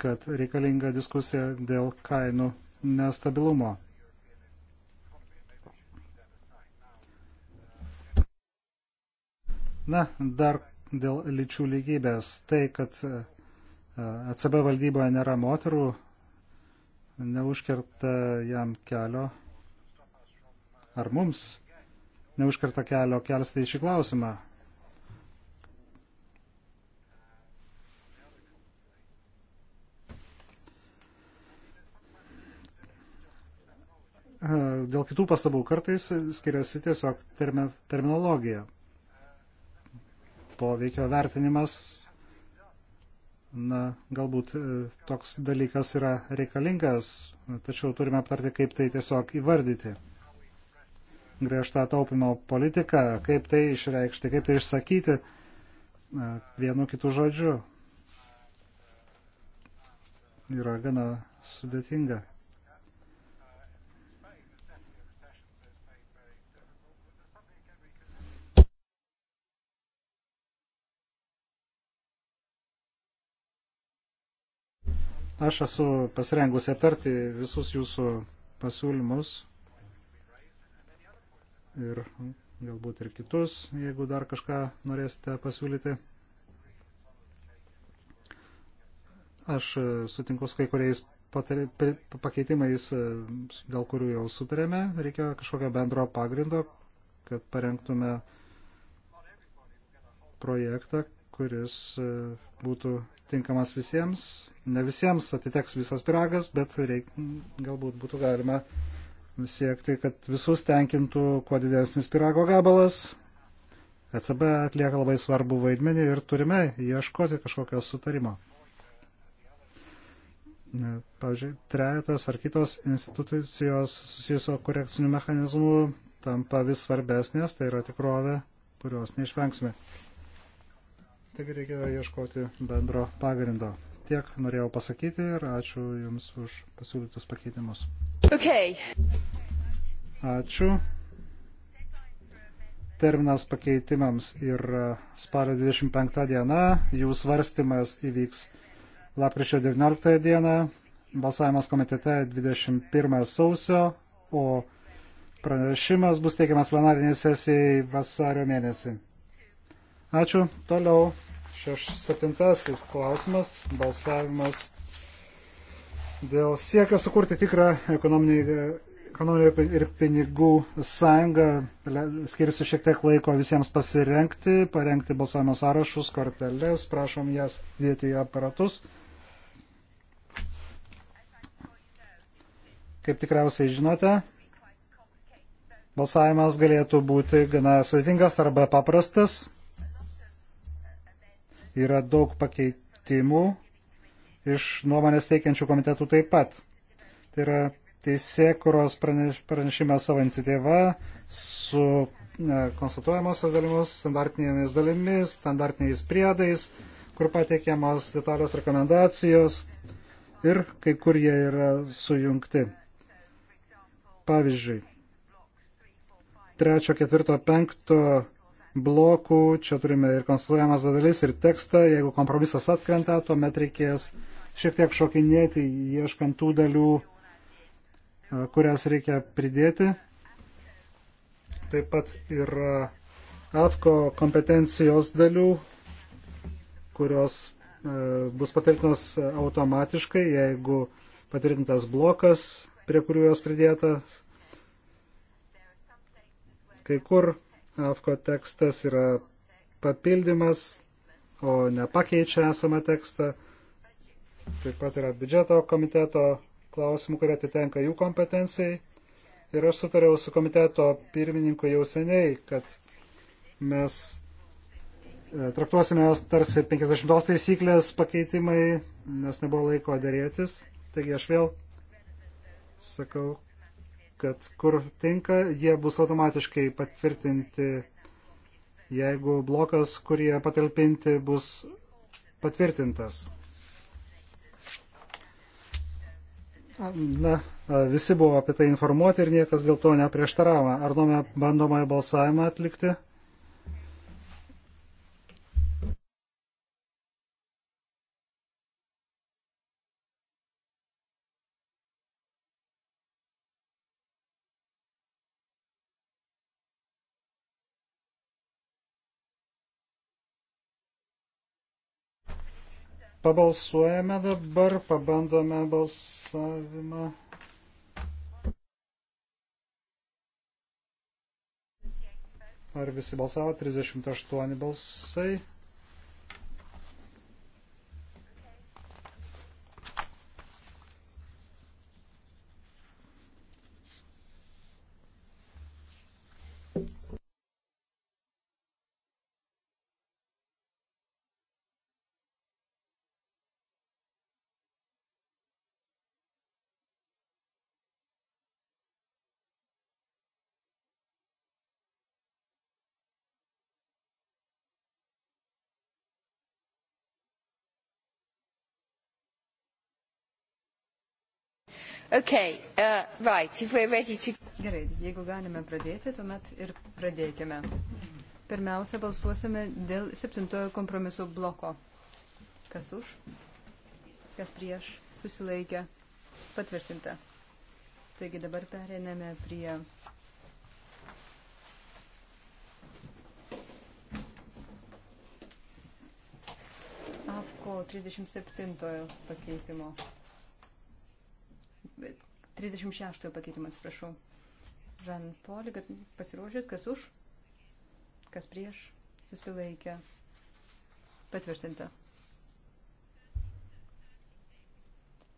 kad reikalinga diskusija dėl kainų nestabilumo. Na, dar dėl lyčių lygybės. Tai, kad ECB valdyboje nėra moterų, neužkerta jam kelio, ar mums neužkerta kelio kelsti į šį klausimą. E, dėl kitų pastabų kartais skiriasi tiesiog termi, terminologija. Poveikio vertinimas, na, galbūt e, toks dalykas yra reikalingas, tačiau turime aptarti, kaip tai tiesiog įvardyti. Griežta taupimo politika, kaip tai išreikšti, kaip tai išsakyti e, vienu kitu žodžiu. Yra gana sudėtinga. Aš esu pasirengusi aptarti visus jūsų pasiūlymus ir galbūt ir kitus, jeigu dar kažką norėsite pasiūlyti. Aš e, sutinku su kai kuriais patari, pakeitimais, e, dėl kurių jau sutarėme. Reikia kažkokio bendro pagrindo, kad parengtume projektą, kuris e, būtų tinkamas visiems. Ne visiems atiteks visas piragas, bet reik, galbūt būtų galima siekti, kad visus tenkintų kuo didesnis pirago gabalas. ECB atlieka labai svarbu vaidmenį ir turime ieškoti kažkokio sutarimo. E, pavyzdžiui, trejetas ar kitos institucijos susijusio korekcinių mechanizmų tampa vis svarbesnės, tai yra tikrovė, kurios neišvengsime. Taigi reikia ieškoti bendro pagrindo. Tiek norėjau pasakyti ir ačiū Jums už pasiūlytus pakeitimus. Okay. Ačiū. Terminas pakeitimams yra spalio 25 diena, jų svarstymas įvyks lapkričio 19 dieną, balsavimas komitete 21 sausio, o pranešimas bus teikiamas plenariniai sesijai vasario mėnesį. Ačiū. Toliau. Šeš, septintasis klausimas. Balsavimas dėl siekio sukurti tikrą ekonominį ir pinigų sąjungą. Skirsiu šiek tiek laiko visiems pasirenkti, parengti balsavimo sąrašus, korteles, prašom jas dėti į aparatus. Kaip tikriausiai žinote, balsavimas galėtų būti gana sudėtingas arba paprastas yra daug pakeitimų iš nuomonės teikiančių komitetų taip pat. Tai yra teisėkuros pranešimas savo iniciatyva su e, konstatuojamosios dalimis, standartinėmis dalimis, standartiniais priedais, kur pateikiamos detalios rekomendacijos ir kai kur jie yra sujungti. Pavyzdžiui, 3, 4, 5 blokų, čia turime ir konstruojamas dalis, ir tekstą, jeigu kompromisas atkrenta, tuomet reikės šiek tiek šokinėti, ieškant tų dalių, e, kurias reikia pridėti. Taip pat yra e, AFKO kompetencijos dalių, kurios e, bus patvirtinos automatiškai, jeigu patvirtintas blokas, prie kurių jos pridėta. Kai kur AFKO tekstas yra papildymas, o nepakeičia esamą tekstą. Taip pat yra biudžeto komiteto klausimų, kurie atitenka jų kompetencijai. Ir aš sutariau su komiteto pirmininku jau seniai, kad mes e, traktuosime jos tarsi 50 taisyklės pakeitimai, nes nebuvo laiko dėrėtis. Taigi aš vėl sakau, kad kur tinka, jie bus automatiškai patvirtinti, jeigu blokas, kurie patalpinti, bus patvirtintas. Na, visi buvo apie tai informuoti ir niekas dėl to neprieštaravo. Ar nuome bandomąją balsavimą atlikti? Pabalsuojame dabar, pabandome balsavimą. Ar visi balsavo? 38 balsai. Okay, uh, right, if we're ready to... Gerai, jeigu galime pradėti, tuomet ir pradėkime. Pirmiausia, balsuosime dėl septintojo kompromiso bloko. Kas už? Kas prieš? Susilaikė? Patvirtinta. Taigi dabar perėmėme prie AFKO 37 pakeitimo. 36 pakeitimas, prašau. Žan Poli, kad pasiruošęs, kas už, kas prieš, susilaikė. Patvirtinta.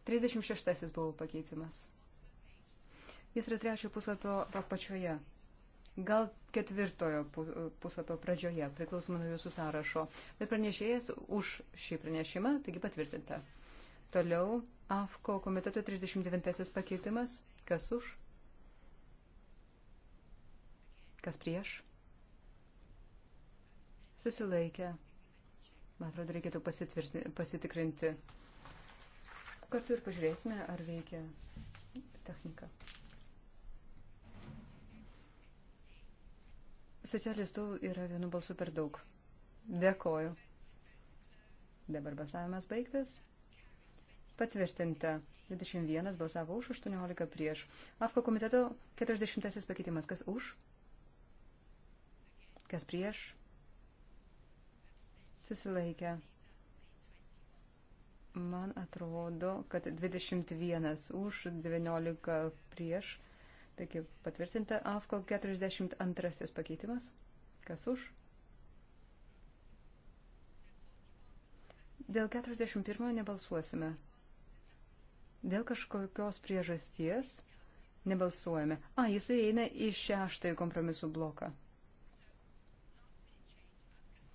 36 buvo pakeitimas. Jis yra trečio puslapio apačioje. Gal ketvirtojo puslapio pradžioje, priklausomai nuo jūsų sąrašo. Bet pranešėjas už šį pranešimą, taigi patvirtinta. Toliau AFKO komiteto 39 pakeitimas. Kas už? Kas prieš? Susilaikę. Man atrodo, reikėtų pasitikrinti. Kartu ir pažiūrėsime, ar veikia technika. Socialistų yra vienu balsu per daug. Dėkoju. Dabar balsavimas baigtas. Patvirtinta. 21 balsavo už, 18 prieš. AFKO komiteto 40 pakeitimas. Kas už? Kas prieš? Susilaikė. Man atrodo, kad 21 už, 19 prieš. Taigi patvirtinta AFKO 42 pakeitimas. Kas už? Dėl 41 nebalsuosime dėl kažkokios priežasties nebalsuojame. A, jisai eina į šeštąjį kompromisų bloką.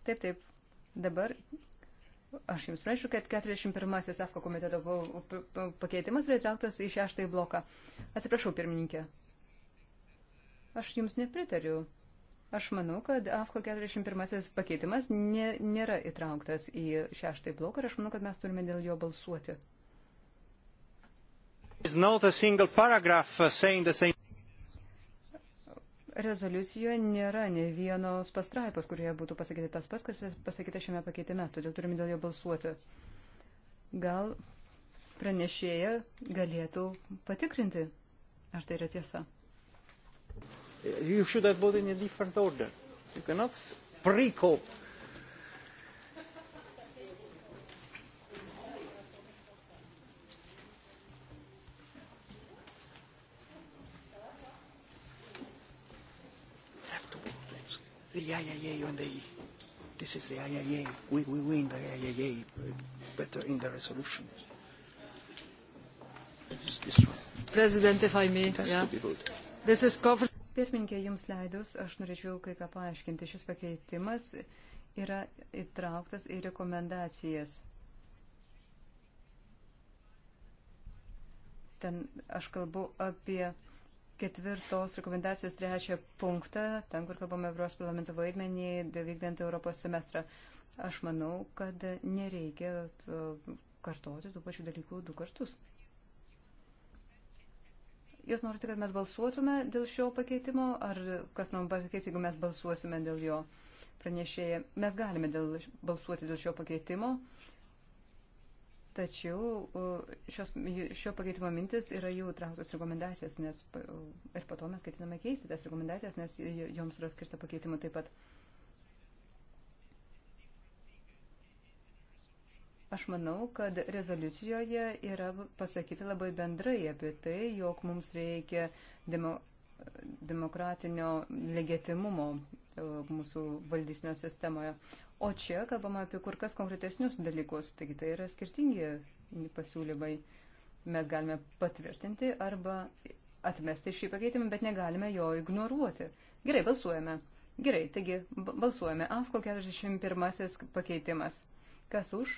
Taip, taip. Dabar aš jums prašau, kad 41-asis AFKO komiteto pakeitimas yra įtrauktas į šeštąjį bloką. Atsiprašau, pirmininkė. Aš jums nepritariu. Aš manau, kad AFKO 41 pakeitimas nė, nėra įtrauktas į šeštąjį bloką ir aš manau, kad mes turime dėl jo balsuoti. Uh, Rezoliucijoje nėra ne vienos pastraipos, kurioje būtų pasakyti tas pas, kas pasakyta šiame pakeitime, todėl turime dėl jo balsuoti. Gal pranešėja galėtų patikrinti, ar tai yra tiesa. You should have voted in a different order. You cannot pre-cope IIA on the this is the IIA. We, we win the IIA better in the resolution. This, this one. President, if I may, yeah. this is covered. Pirmininkė, jums leidus, aš norėčiau kai ką paaiškinti. Šis pakeitimas yra įtrauktas į rekomendacijas. Ten aš kalbu apie ketvirtos rekomendacijos trečią punktą, ten, kur kalbame Europos parlamento vaidmenį, vykdant Europos semestrą. Aš manau, kad nereikia uh, kartoti tų pačių dalykų du kartus. Jūs norite, kad mes balsuotume dėl šio pakeitimo, ar kas nors pakeis, jeigu mes balsuosime dėl jo pranešėje? Mes galime dėl, balsuoti dėl šio pakeitimo. Tačiau šios, šio pakeitimo mintis yra jau trauktos rekomendacijos, nes ir po to mes ketiname keisti tas rekomendacijas, nes joms yra skirta pakeitimo taip pat. Aš manau, kad rezoliucijoje yra pasakyti labai bendrai apie tai, jog mums reikia demo, demokratinio legitimumo mūsų valdysnio sistemoje. O čia kalbama apie kur kas konkretesnius dalykus, taigi tai yra skirtingi pasiūlymai. Mes galime patvirtinti arba atmesti šį pakeitimą, bet negalime jo ignoruoti. Gerai, balsuojame. Gerai, taigi balsuojame. AFKO 41 pakeitimas. Kas už?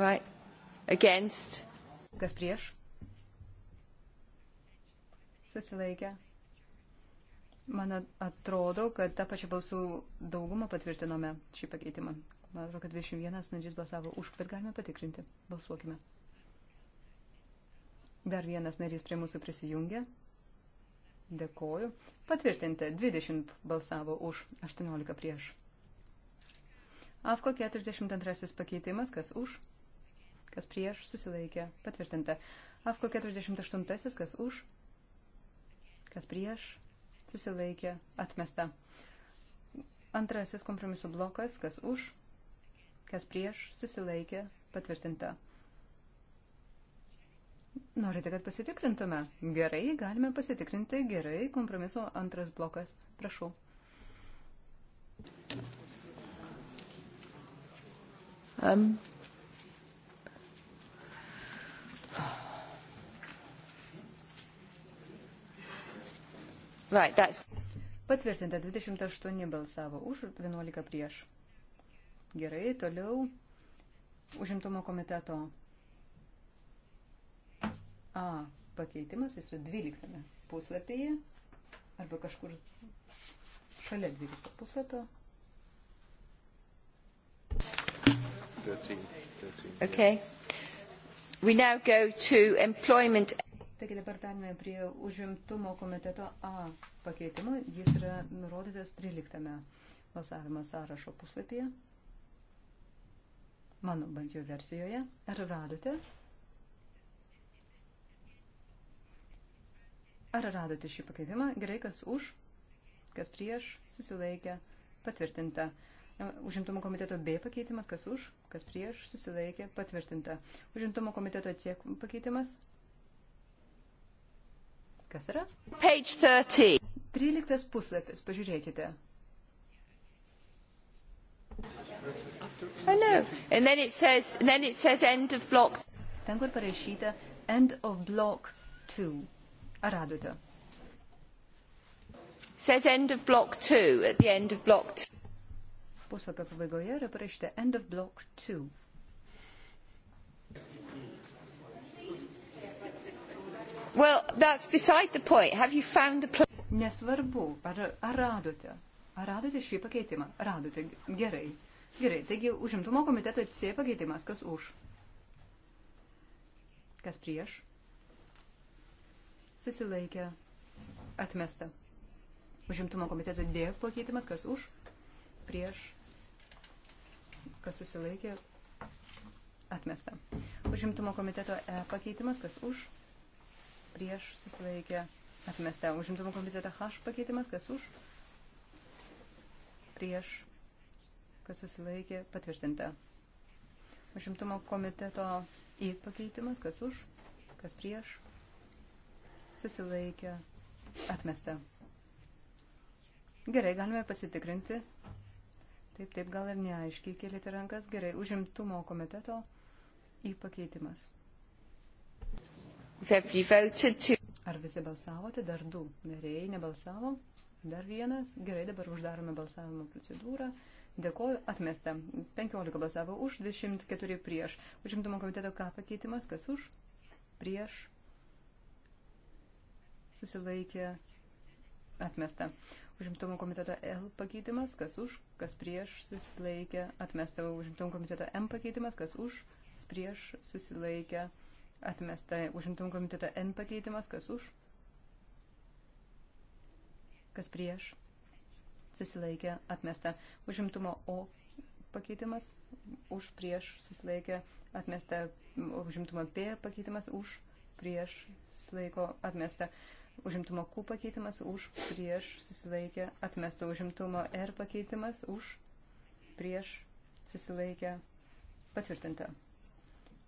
Right. Against Kas prieš? Susilaikę. Man atrodo, kad tą pačią balsų daugumą patvirtinome šį pakeitimą. Man atrodo, kad 21 nadžys balsavo už, bet galime patikrinti. Balsuokime. Dar vienas narys prie mūsų prisijungė. Dėkoju. Patvirtinti. 20 balsavo už, 18 prieš. AFKO 42 pakeitimas, kas už? kas prieš, susilaikė, patvirtinta. Afko 48, kas už, kas prieš, susilaikė, atmesta. Antrasis kompromisų blokas, kas už, kas prieš, susilaikė, patvirtinta. Norite, kad pasitikrintume? Gerai, galime pasitikrinti. Gerai, kompromiso antras blokas. Prašau. Um, Right, that's... Patvirtinta 28 balsavo už, 11 prieš. Gerai, toliau užimtumo komiteto A pakeitimas, jis yra 12 puslapyje arba kažkur šalia 12 puslapio. 13, 13, okay. Yeah. Taigi dabar perėmėme prie užimtumo komiteto A pakeitimų. Jis yra nurodytas 13 balsavimo sąrašo puslapyje. Mano bent jau versijoje. Ar radote? Ar radote šį pakeitimą? Gerai, kas už, kas prieš, susilaikė, patvirtinta. Užimtumo komiteto B pakeitimas, kas už, kas prieš, susilaikė, patvirtinta. Užimtumo komiteto tiek pakeitimas. Kas yra? Page 30. 13 puslapis, pažiūrėkite. Hello. And then it says, then it says end of block. Ten, kur parašyta end of block 2. Ar radote? Says end of block 2 at the end of block 2 puslapio pabaigoje yra parašyta End of Block 2. Well, that's beside the point. Have you found the place? Nesvarbu, ar, ar radote. Ar radote šį pakeitimą? Radote. Gerai. Gerai, taigi užimtumo komiteto C pakeitimas. Kas už? Kas prieš? Susilaikė. Atmesta. Užimtumo komiteto D pakeitimas. Kas už? Prieš kas susilaikė, atmesta. Užimtumo komiteto E pakeitimas, kas už, prieš susilaikė, atmesta. Užimtumo komiteto H pakeitimas, kas už, prieš, kas susilaikė, patvirtinta. Užimtumo komiteto I pakeitimas, kas už, kas prieš, susilaikė, atmesta. Gerai, galime pasitikrinti Taip, taip, gal ir neaiškiai kėlėte rankas. Gerai, užimtumo komiteto į pakeitimas. Ar visi balsavote? Dar du nariai nebalsavo. Dar vienas. Gerai, dabar uždarome balsavimo procedūrą. Dėkoju, atmesta. 15 balsavo už, 24 prieš. Užimtumo komiteto ką pakeitimas? Kas už? Prieš. Susilaikė. Atmesta užimtumo komiteto L pakeitimas, kas už, kas prieš susilaikė, atmesta užimtumo komiteto M pakeitimas, kas už, kas prieš susilaikė, atmesta užimtumo komiteto N pakeitimas, kas už, kas prieš susilaikė, atmesta užimtumo O pakeitimas, už prieš susilaikė, atmesta užimtumo P pakeitimas, už prieš susilaiko atmesta. Uh, Užimtumo Q pakeitimas už, prieš, susilaikė, atmesta užimtumo R pakeitimas už, prieš, susilaikė, patvirtinta.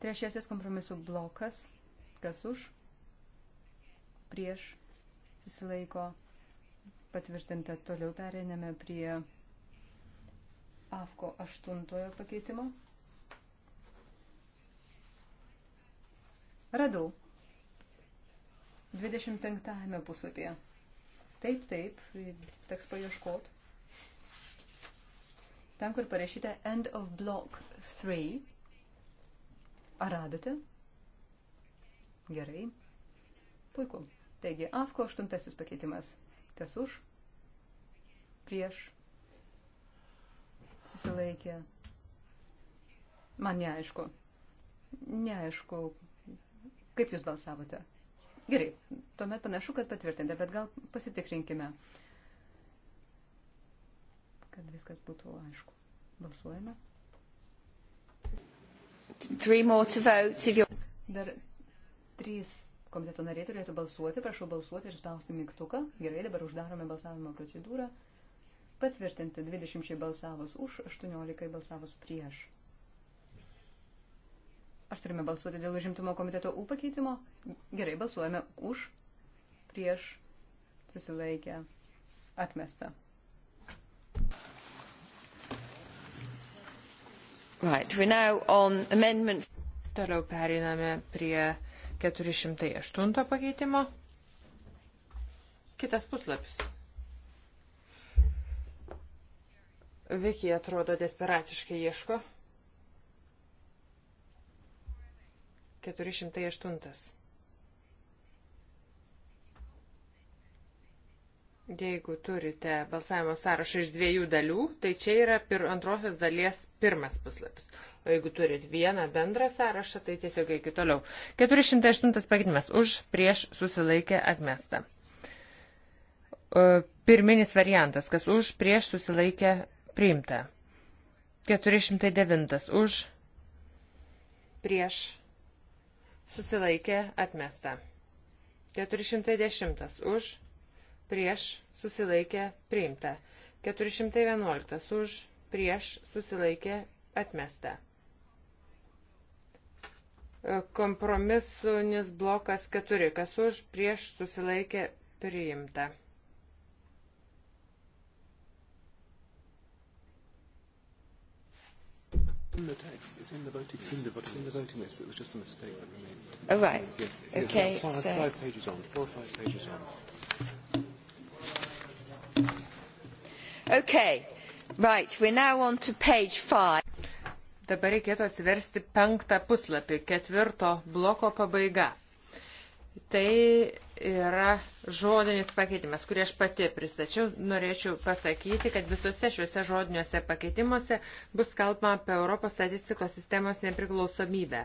Trečiasis kompromisų blokas, kas už, prieš, susilaiko, patvirtinta. Toliau pereiname prie AFKO aštuntojo pakeitimo. Radau. 25 puslapyje. Taip, taip, teks paieškot. Ten, kur parašyta End of Block 3. Ar radote? Gerai. Puiku. Taigi, AFKO aštuntasis pakeitimas. Kas už? Prieš. Susilaikė. Man neaišku. Neaišku, kaip jūs balsavote. Gerai, tuomet panašu, kad patvirtinta, bet gal pasitikrinkime, kad viskas būtų aišku. Balsuojame. Vote, Dar trys komiteto nariai turėtų balsuoti. Prašau balsuoti ir spausti mygtuką. Gerai, dabar uždarome balsavimo procedūrą. Patvirtinti 20 balsavus už, 18 balsavus prieš. Aš turime balsuoti dėl užimtumo komiteto U pakeitimo. Gerai, balsuojame už, prieš, susilaikę, atmesta. Right, we're now on amendment. Toliau pereiname prie 408 pakeitimo. Kitas puslapis. Viki atrodo desperatiškai ieško. 408. Jeigu turite balsavimo sąrašą iš dviejų dalių, tai čia yra pir, antrosios dalies pirmas puslapis. O jeigu turit vieną bendrą sąrašą, tai tiesiog eikit toliau. 408 pagrindimas už, prieš, susilaikė, atmesta. Pirminis variantas, kas už, prieš, susilaikė, priimta. 409 už, prieš, susilaikė atmesta. 410 už, prieš susilaikė priimta. 411 už, prieš susilaikė atmesta. E, Kompromisunis blokas 4, kas už, prieš susilaikė priimta. In the text, it's in the voting, it's in the, it's in the voting list. It was just a mistake that remained. Oh, right. Yes. yes. Okay. Yeah, five, so five pages on. Four or five pages on. Okay. Right. We're now on to page five. Dabar reikėtų atsiversti penktą puslapį, ketvirto bloko pabaiga. Tai yra žodinis pakeitimas, kurį aš pati pristačiau. Norėčiau pasakyti, kad visose šiuose žodiniuose pakeitimuose bus kalbama apie Europos statistikos sistemos nepriklausomybę.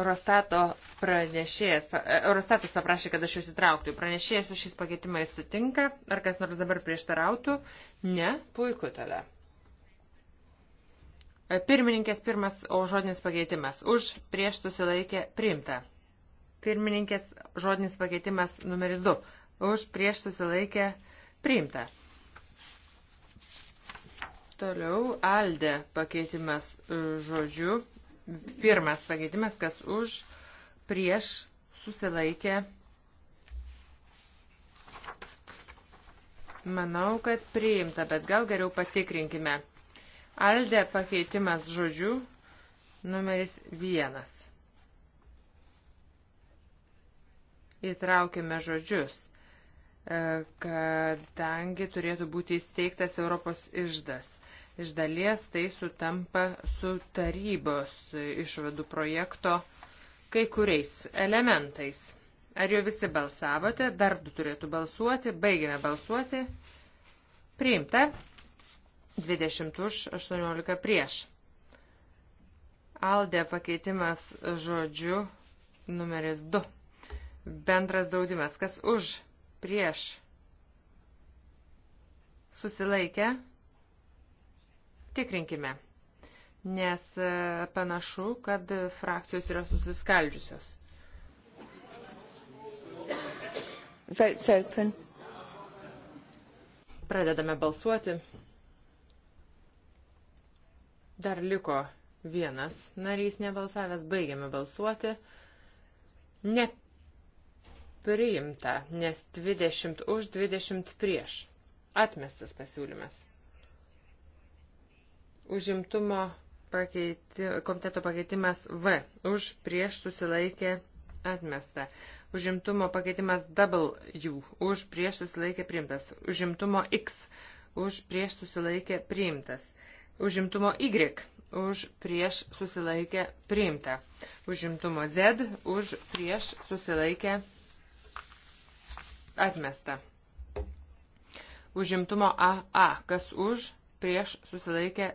Eurostato pranešėjas, e, Eurostatas paprašė, kad aš jūs įtrauktų. Pranešėjas su šiais pakeitimais sutinka, ar kas nors dabar prieštarautų? Ne, puiku tada. Pirmininkės pirmas, o žodinis pakeitimas. Už prieš susilaikė priimta. Pirmininkės žodinis pakeitimas numeris 2. Už prieš susilaikė priimta. Toliau Aldė pakeitimas e, žodžiu. Pirmas pakeitimas, kas už prieš susilaikė. Manau, kad priimta, bet gal geriau patikrinkime. Aldė pakeitimas žodžių numeris vienas. Įtraukime žodžius, e, kadangi turėtų būti įsteigtas Europos išdas. Iš dalies tai sutampa su tarybos išvadų projekto kai kuriais elementais. Ar jau visi balsavote? Dar du turėtų balsuoti. Baigėme balsuoti. Priimta. 20 už, 18 prieš. Aldė pakeitimas žodžiu numeris 2. Bendras draudimas. Kas už? Prieš. Susilaikę. Tikrinkime. Nes e, panašu, kad frakcijos yra susiskaldžiusios. Votes open. Pradedame balsuoti. Dar liko vienas narys nebalsavęs, baigiame balsuoti. Nepriimta, nes 20 už 20 prieš. Atmestas pasiūlymas. Užimtumo pakeiti, komiteto pakeitimas V. Už prieš susilaikė atmesta. Užimtumo pakeitimas W. Už prieš susilaikė priimtas. Užimtumo X. Už prieš susilaikė priimtas Užimtumo Y už prieš susilaikę priimta. Užimtumo Z už prieš susilaikę atmesta. Užimtumo AA, kas už prieš susilaikę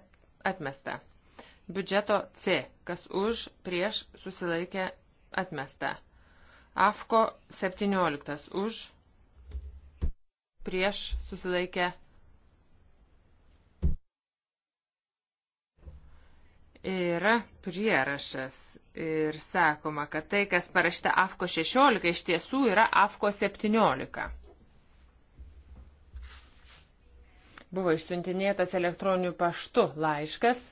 atmesta. Biudžeto C, kas už prieš susilaikę atmesta. AFKO 17 už prieš susilaikę yra prierašas ir sakoma, kad tai, kas parašyta AFKO 16, iš tiesų yra AFKO 17. Buvo išsiuntinėtas elektroniniu paštu laiškas.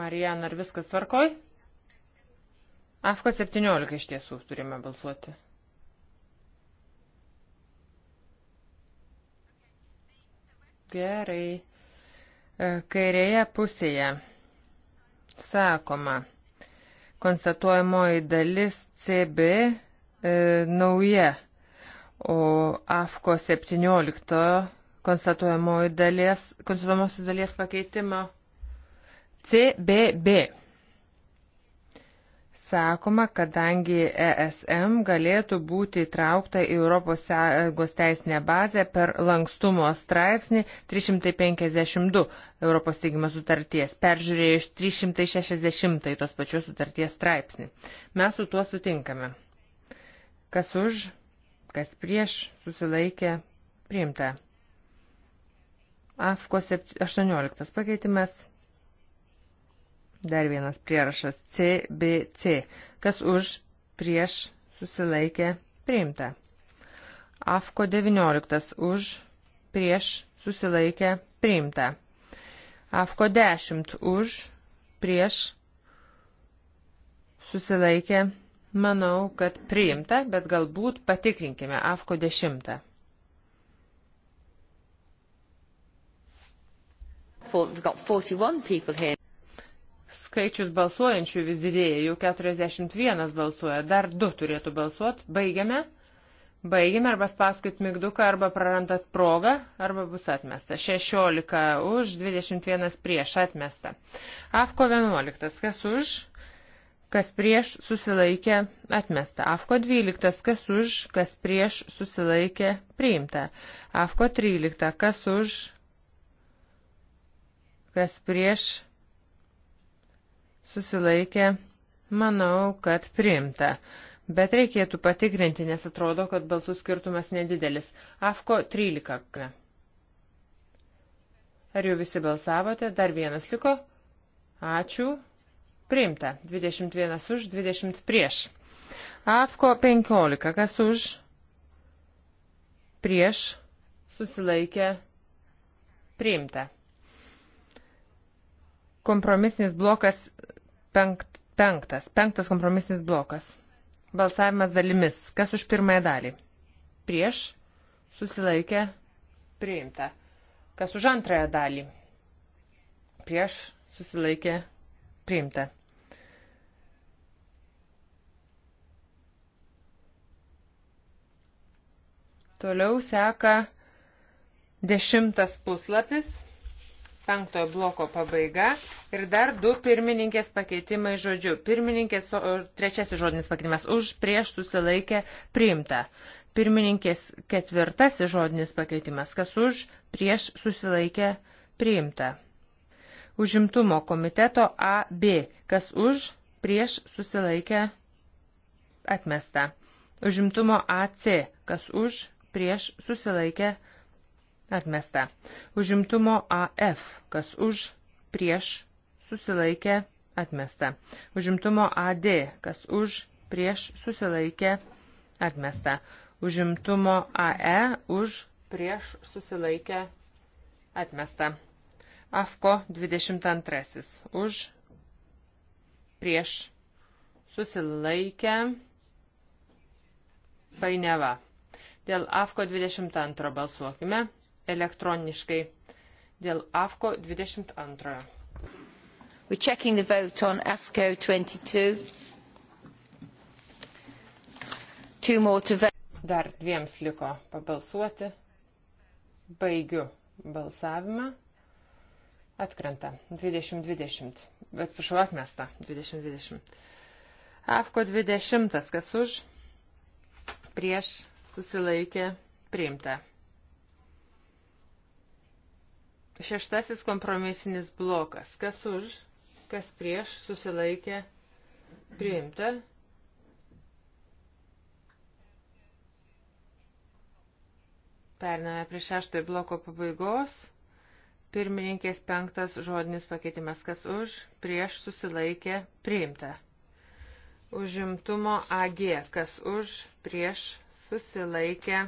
Marijan, ar viskas tvarkoj? AFKO 17 iš tiesų turime balsuoti. Gerai. E, kairėje pusėje sakoma, konstatuojamoji dalis CB e, nauja, o AFKO 17 konstatuojamoji dalies, konstatuojamosios dalies pakeitimo CBB sakoma, kadangi ESM galėtų būti įtraukta į ES teisinę bazę per lankstumo straipsnį 352 Europos steigimo sutarties, peržiūrėjus 360 tos pačios sutarties straipsnį. Mes su tuo sutinkame. Kas už, kas prieš susilaikė, priimta. AFKO 18 pakeitimas Dar vienas prierašas CBC. Kas už prieš susilaikė priimta. AFKO 19 už prieš susilaikė priimta. AFKO 10 už prieš susilaikė. Manau, kad priimta, bet galbūt patikrinkime AFKO 10. We've got 41 people here. Skaičius balsuojančių vis didėja, jau 41 balsuoja, dar 2 turėtų balsuoti, baigiame. Baigiame arba spauskit mygduką, arba prarandat progą, arba bus atmesta. 16 už, 21 prieš atmesta. Afko 11, kas už, kas prieš susilaikė atmesta. Afko 12, kas už, kas prieš susilaikė priimta. Afko 13, kas už, kas prieš susilaikė susilaikė, manau, kad priimta. Bet reikėtų patikrinti, nes atrodo, kad balsų skirtumas nedidelis. AFKO 13. Ar jau visi balsavote? Dar vienas liko. Ačiū. Priimta. 21 už, 20 prieš. AFKO 15. Kas už? Prieš. Susilaikė. Priimta kompromisinis blokas Penkt, penktas. Penktas kompromisinis blokas. Balsavimas dalimis. Kas už pirmąją dalį? Prieš. Susilaikė. Priimta. Kas už antrąją dalį? Prieš. Susilaikė. Priimta. Toliau seka dešimtas puslapis penktojo bloko pabaiga ir dar du pirmininkės pakeitimai žodžiu. Pirmininkės, trečiasis žodinis pakeitimas už prieš susilaikę priimta. Pirmininkės ketvirtasis žodinis pakeitimas, kas už prieš susilaikę priimta. Užimtumo komiteto AB, kas už prieš susilaikę atmesta. Užimtumo AC, kas už prieš susilaikę atmesta Atmesta. Užimtumo AF. Kas už, prieš, susilaikė, atmesta. Užimtumo AD. Kas už, prieš, susilaikė, atmesta. Užimtumo AE. Už, prieš, susilaikė, atmesta. AFKO 22. Už, prieš, susilaikė, painiava. Dėl AFKO 22 balsuokime elektroniškai dėl AFCO 22. We're checking the vote on AFCO 22. Two more to vote. Dar dviems liko pabalsuoti. Baigiu balsavimą. Atkrenta. 2020. Atsiprašau, atmesta. 2020. AFCO 20. Kas už? Prieš susilaikė. Priimta. Šeštasis kompromisinis blokas. Kas už, kas prieš susilaikė priimta. Pername prie šeštojo bloko pabaigos. Pirmininkės penktas žodinis pakeitimas. Kas už, prieš susilaikė priimta. Užimtumo AG. Kas už, prieš susilaikė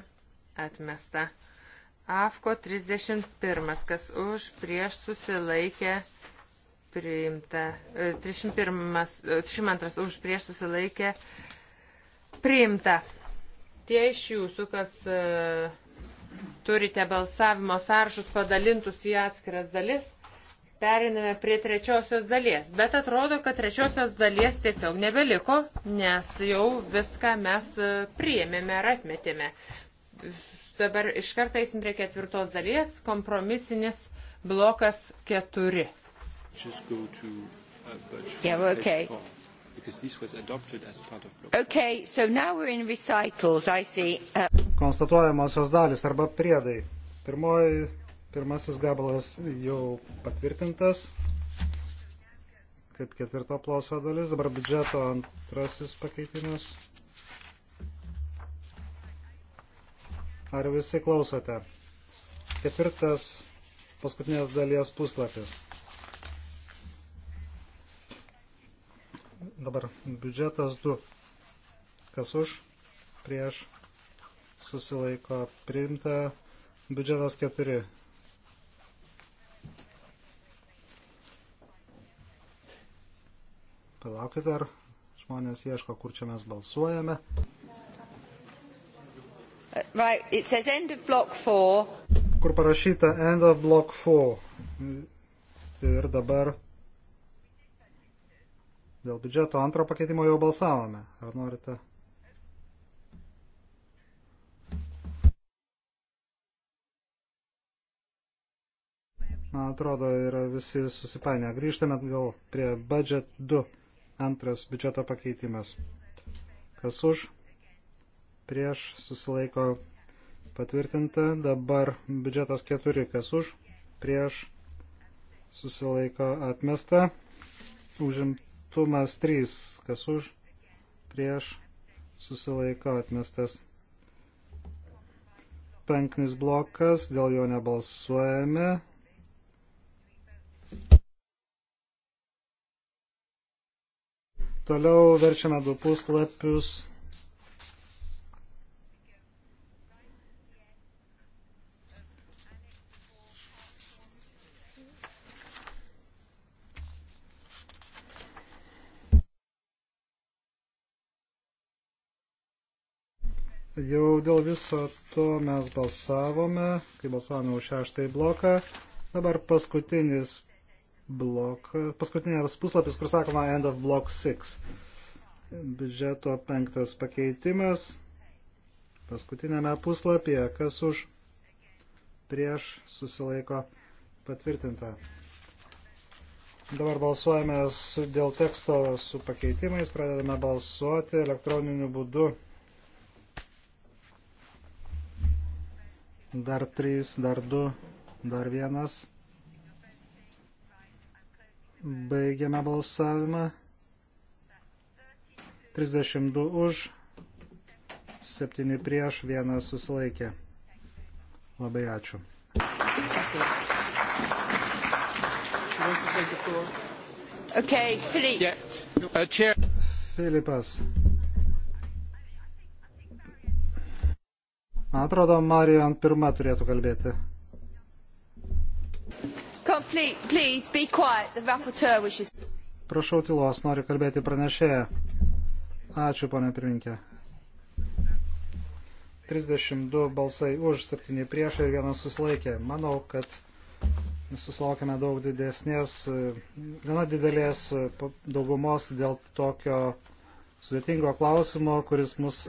atmesta. AFKO 31, kas už prieš susilaikę priimta. 31, e, 32 e, už prieš susilaikę priimta. Tie iš jūsų, kas uh, turite balsavimo sąrašus padalintus į atskiras dalis, periname prie trečiosios dalies. Bet atrodo, kad trečiosios dalies tiesiog nebeliko, nes jau viską mes priėmėme ir atmetėme dabar iš karto eisim prie ketvirtos dalies, kompromisinis blokas keturi. Uh, yeah, okay. Okay, so now we're in recitals, I see. Uh... Konstatuojamosios dalis arba priedai. Pirmoji, pirmasis gabalas jau patvirtintas, kaip ketvirto ploso dalis, dabar biudžeto antrasis pakeitimas, Ar visi klausote? Ketvirtas paskutinės dalies puslapis. Dabar biudžetas 2. Kas už? Prieš susilaiko priimta. Biudžetas 4. Palaukit dar, žmonės ieško, kur čia mes balsuojame. Uh, right, it says end of block 4. Kur parašyta end of block 4. Ir dabar dėl biudžeto antro pakeitimo jau balsavome. Ar norite? Man atrodo, yra visi susipainę. Grįžtame atgal prie budget 2, antras biudžeto pakeitimas. Kas už? prieš susilaiko patvirtinta. Dabar biudžetas 4, kas už, prieš susilaiko atmesta. Užimtumas 3, kas už, prieš susilaiko atmestas. Penknis blokas, dėl jo nebalsuojame. Toliau verčiame du puslapius Jau dėl viso to mes balsavome, kai balsavome už šeštąjį bloką. Dabar paskutinis blok, paskutinės puslapis, kur sakoma end of block 6. Biudžeto penktas pakeitimas. Paskutinėme puslapyje, kas už prieš susilaiko patvirtinta. Dabar balsuojame su, dėl teksto su pakeitimais, pradedame balsuoti elektroniniu būdu. Dar trys, dar du, dar vienas. Baigiame balsavimą. 32 už, 7 prieš, 1 susilaikė. Labai ačiū. Okay, Philippe. Yeah. Uh, Filipas. Man atrodo, Marijan pirma turėtų kalbėti. Prašau tylos, noriu kalbėti pranešėją. Ačiū, ponė pirminkė. 32 balsai už, 7 prieš ir vienas susilaikė. Manau, kad susilaukėme daug didesnės, gana didelės daugumos dėl tokio sudėtingo klausimo, kuris mus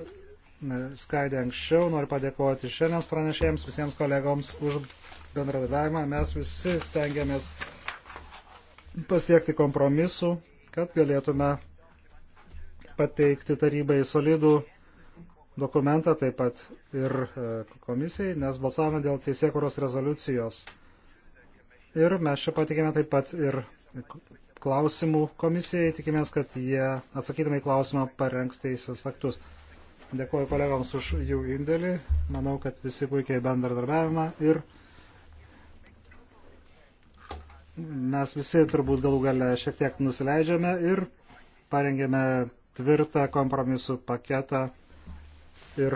skaidė anksčiau. Noriu padėkoti šiandiems pranešėjams, visiems kolegoms už bendradarbiavimą. Mes visi stengiamės pasiekti kompromisų, kad galėtume pateikti tarybai solidų dokumentą, taip pat ir e, komisijai, nes balsavome dėl teisėkuros rezoliucijos. Ir mes čia patikėme taip pat ir klausimų komisijai, tikimės, kad jie atsakydami į klausimą parengs teisės aktus. Dėkuoju kolegoms už jų indėlį. Manau, kad visi puikiai bendradarbiavimą ir mes visi turbūt galų gale šiek tiek nusileidžiame ir parengėme tvirtą kompromisų paketą. Ir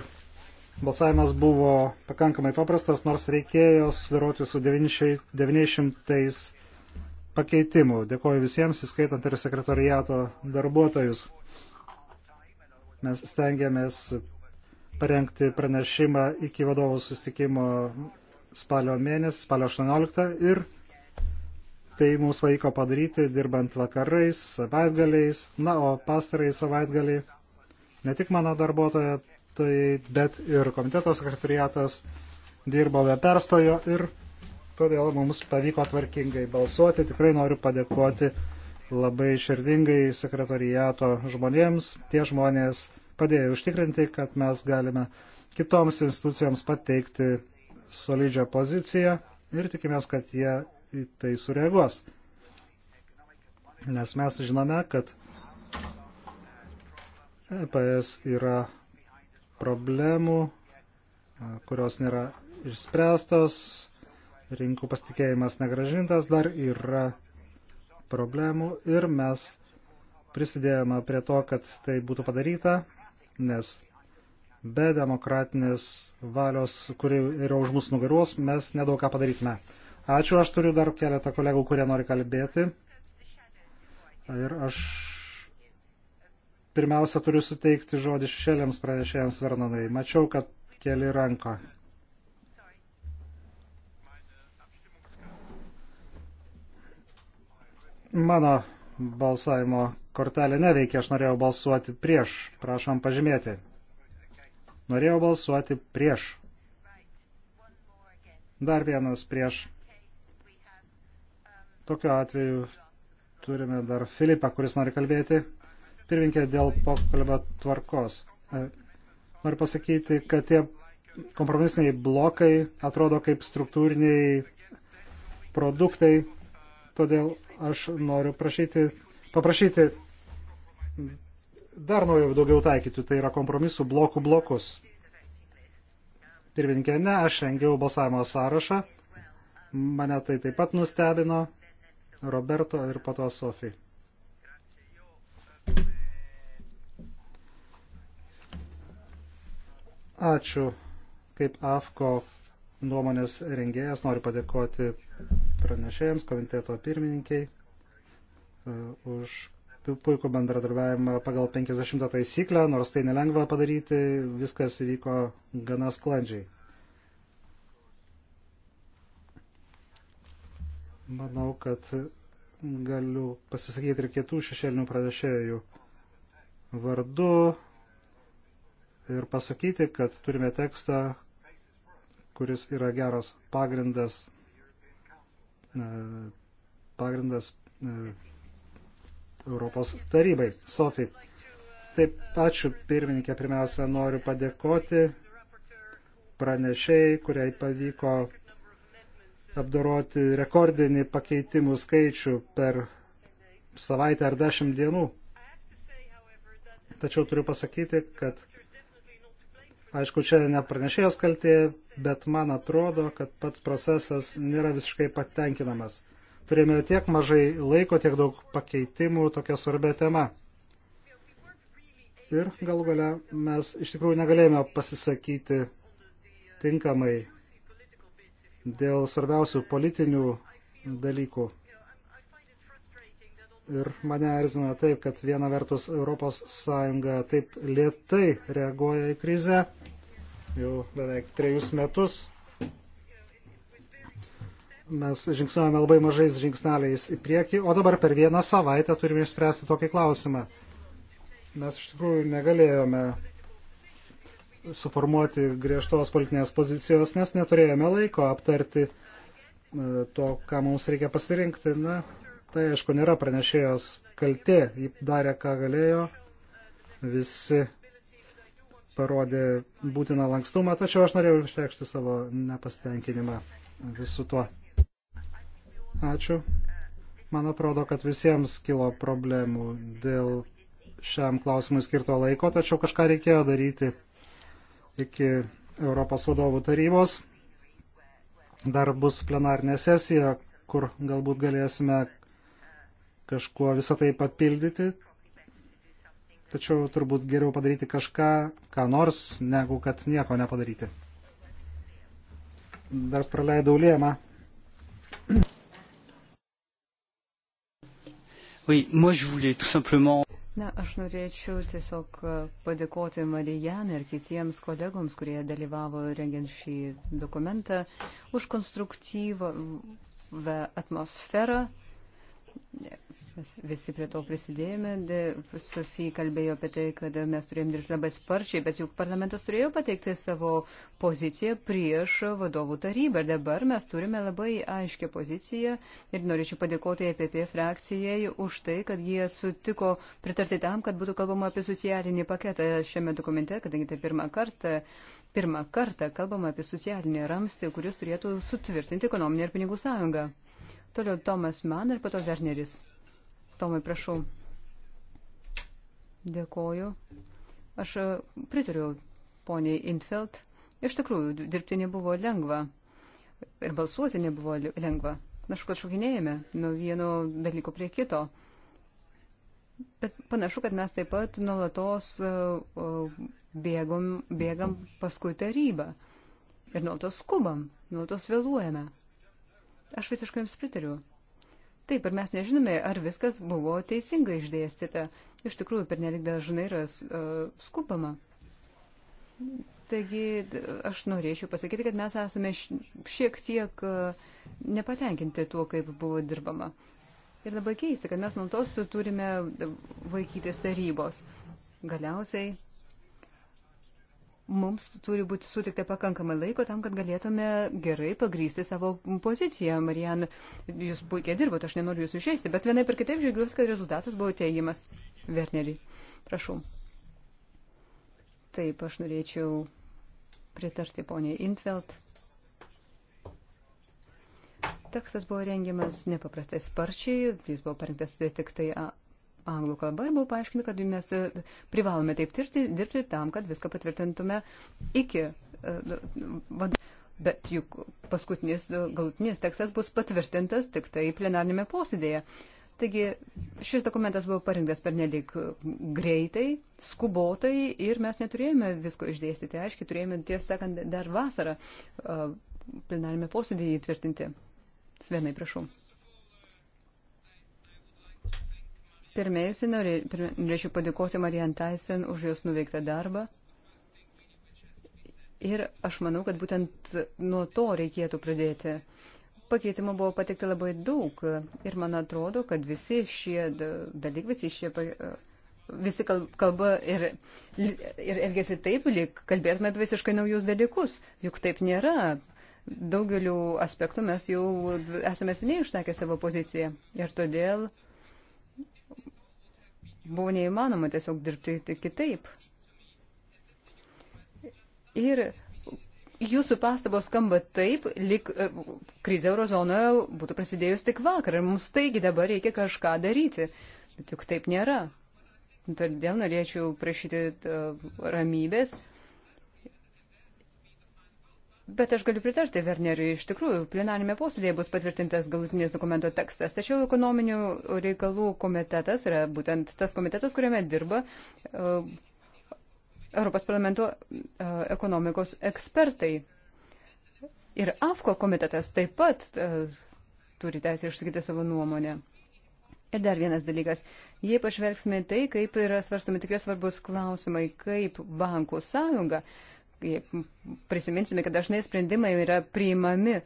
balsavimas buvo pakankamai paprastas, nors reikėjo susidaroti su 900 pakeitimų. Dėkuoju visiems, įskaitant ir sekretoriato darbuotojus. Mes stengiamės parengti pranešimą iki vadovų sustikimo spalio mėnesį, spalio 18 ir tai mums pavyko padaryti dirbant vakarais, savaitgaliais, na, o pastarai savaitgaliai ne tik mano darbuotoja, tai bet ir komiteto sekretariatas dirbo be perstojo ir todėl mums pavyko tvarkingai balsuoti. Tikrai noriu padėkoti labai širdingai sekretariato žmonėms. Tie žmonės padėjo užtikrinti, kad mes galime kitoms institucijoms pateikti solidžią poziciją ir tikimės, kad jie į tai sureaguos. Nes mes žinome, kad EPS yra problemų, kurios nėra išspręstos, rinkų pasitikėjimas negražintas, dar yra problemų ir mes prisidėjome prie to, kad tai būtų padaryta, nes be demokratinės valios, kuri yra už mūsų nugaros, mes nedaug ką padarytume. Ačiū, aš turiu dar keletą kolegų, kurie nori kalbėti. Ir aš pirmiausia turiu suteikti žodį šešėliams pranešėjams Vernonai. Mačiau, kad keli ranką. Mano balsavimo kortelė neveikia, aš norėjau balsuoti prieš. Prašom pažymėti. Norėjau balsuoti prieš. Dar vienas prieš. Tokiu atveju turime dar Filipą, kuris nori kalbėti. Pirminkė dėl pokalbio tvarkos. E, noriu pasakyti, kad tie kompromisiniai blokai atrodo kaip struktūriniai produktai Todėl aš noriu prašyti, paprašyti dar noriu daugiau taikyti, tai yra kompromisų blokų blokus. Pirmininkė, ne, aš rengiau balsavimo sąrašą. Mane tai taip pat nustebino Roberto ir po to Sofija. Ačiū. Kaip AFKO nuomonės rengėjas noriu padėkoti pranešėjams, komiteto pirmininkiai e, už puikų bendradarbiavimą pagal 50 taisyklę, nors tai nelengva padaryti, viskas įvyko gana sklandžiai. Manau, kad galiu pasisakyti ir kitų šešėlinių pranešėjų vardu ir pasakyti, kad turime tekstą, kuris yra geras pagrindas E, pagrindas e, Europos tarybai. Sofija. Taip, ačiū pirmininkė. Pirmiausia, noriu padėkoti pranešėjai, kuriai pavyko apdoroti rekordinį pakeitimų skaičių per savaitę ar dešimt dienų. Tačiau turiu pasakyti, kad Aišku, čia ne pranešėjos kaltė, bet man atrodo, kad pats procesas nėra visiškai patenkinamas. Turėjome tiek mažai laiko, tiek daug pakeitimų, tokia svarbia tema. Ir galų gale mes iš tikrųjų negalėjome pasisakyti tinkamai dėl svarbiausių politinių dalykų. Ir mane erzina taip, kad viena vertus ES taip lietai reaguoja į krizę, jau beveik trejus metus. Mes žingsniuojame labai mažais žingsneliais į priekį, o dabar per vieną savaitę turime išspręsti tokį klausimą. Mes iš tikrųjų negalėjome suformuoti griežtos politinės pozicijos, nes neturėjome laiko aptarti e, to, ką mums reikia pasirinkti. Na, Tai, aišku, nėra pranešėjos kaltė, ji darė, ką galėjo, visi parodė būtiną lankstumą, tačiau aš norėjau išreikšti savo nepasitenkinimą visu tuo. Ačiū. Man atrodo, kad visiems kilo problemų dėl šiam klausimui skirto laiko, tačiau kažką reikėjo daryti iki Europos vadovų tarybos. Dar bus plenarinė sesija, kur galbūt galėsime kažkuo visą tai papildyti, tačiau turbūt geriau padaryti kažką, ką nors, negu kad nieko nepadaryti. Dar praleidau lėmą. Oui, moi je voulais tout simplement Na, aš norėčiau tiesiog padėkoti Marijanai ir kitiems kolegoms, kurie dalyvavo rengiant šį dokumentą, už konstruktyvą atmosferą. Mes visi prie to prisidėjome. De, Sofija kalbėjo apie tai, kad mes turėjom dirbti labai sparčiai, bet juk parlamentas turėjo pateikti savo poziciją prieš vadovų tarybą. Ir dabar mes turime labai aiškę poziciją ir norėčiau padėkoti EPP frakcijai už tai, kad jie sutiko pritarti tam, kad būtų kalbama apie socialinį paketą šiame dokumente, kadangi tai pirmą kartą. Pirmą kartą kalbama apie socialinį ramstį, kuris turėtų sutvirtinti ekonominę ir pinigų sąjungą. Toliau Tomas Man ir pato Werneris. Tomai, prašau. Dėkoju. Aš e, pritariu poniai Intfeld. Iš tikrųjų, dirbti nebuvo lengva. Ir balsuoti nebuvo lengva. Našu, kad šokinėjame nuo vieno dalyko prie kito. Bet panašu, kad mes taip pat nuolatos e, e, bėgom, bėgam paskui tarybą. Ir nuolatos skubam, nuolatos vėluojame. Aš visiškai jums pritariu. Taip, ir mes nežinome, ar viskas buvo teisingai išdėstyta. Iš tikrųjų, per nelik dažnai yra uh, e, skupama. Taigi, aš norėčiau pasakyti, kad mes esame šiek tiek uh, nepatenkinti tuo, kaip buvo dirbama. Ir labai keista, kad mes nuolatos turime vaikytis tarybos. Galiausiai mums turi būti sutikta pakankamai laiko tam, kad galėtume gerai pagrysti savo poziciją. Marijan, jūs puikiai dirbot, aš nenoriu jūsų išėsti, bet vienaip ir kitaip žiūrėjus, kad rezultatas buvo teigiamas. Vernerį, prašau. Taip, aš norėčiau pritarti poniai Intfeld. Tekstas buvo rengiamas nepaprastai sparčiai, jis buvo parengtas tik tai anglų kalba ir buvo paaiškinta, kad mes e, privalome taip tirti, dirbti tam, kad viską patvirtintume iki e, nu, vadovų. Bet juk paskutinis e, galutinis tekstas bus patvirtintas tik tai plenarnėme posėdėje. Taigi šis dokumentas buvo parinktas per nelik greitai, skubotai ir mes neturėjome visko išdėstyti. Aiškiai, turėjome, tiesą sakant, dar vasarą plenarime posėdėje įtvirtinti. Svenai, prašau. Pirmiausia, norėčiau padėkoti Marijan Taisen už jos nuveiktą darbą. Ir aš manau, kad būtent nuo to reikėtų pradėti. Pakeitimų buvo patikta labai daug ir man atrodo, kad visi šie dalykai, visi šie visi kalba ir, ir elgesi taip, lyg kalbėtume apie visiškai naujus dalykus. Juk taip nėra. Daugeliu aspektų mes jau esame seniai išsakę savo poziciją. Ir todėl buvo neįmanoma tiesiog dirbti tai kitaip. Ir jūsų pastabos skamba taip, lik e, krizė eurozonoje būtų prasidėjus tik vakar ir mums taigi dabar reikia kažką daryti. Bet juk taip nėra. Todėl norėčiau prašyti e, ramybės Bet aš galiu pritarti Werneriui, iš tikrųjų, plenarime posėdėje bus patvirtintas galutinės dokumento tekstas, tačiau ekonominių reikalų komitetas yra būtent tas komitetas, kuriame dirba uh, Europos parlamento uh, ekonomikos ekspertai. Ir AFKO komitetas taip pat uh, turi teisę išsakyti savo nuomonę. Ir dar vienas dalykas. Jei pažvelgsime tai, kaip yra svarstomi tokie svarbus klausimai, kaip bankų sąjunga, uh, prisiminsime, kad dažnai sprendimai yra priimami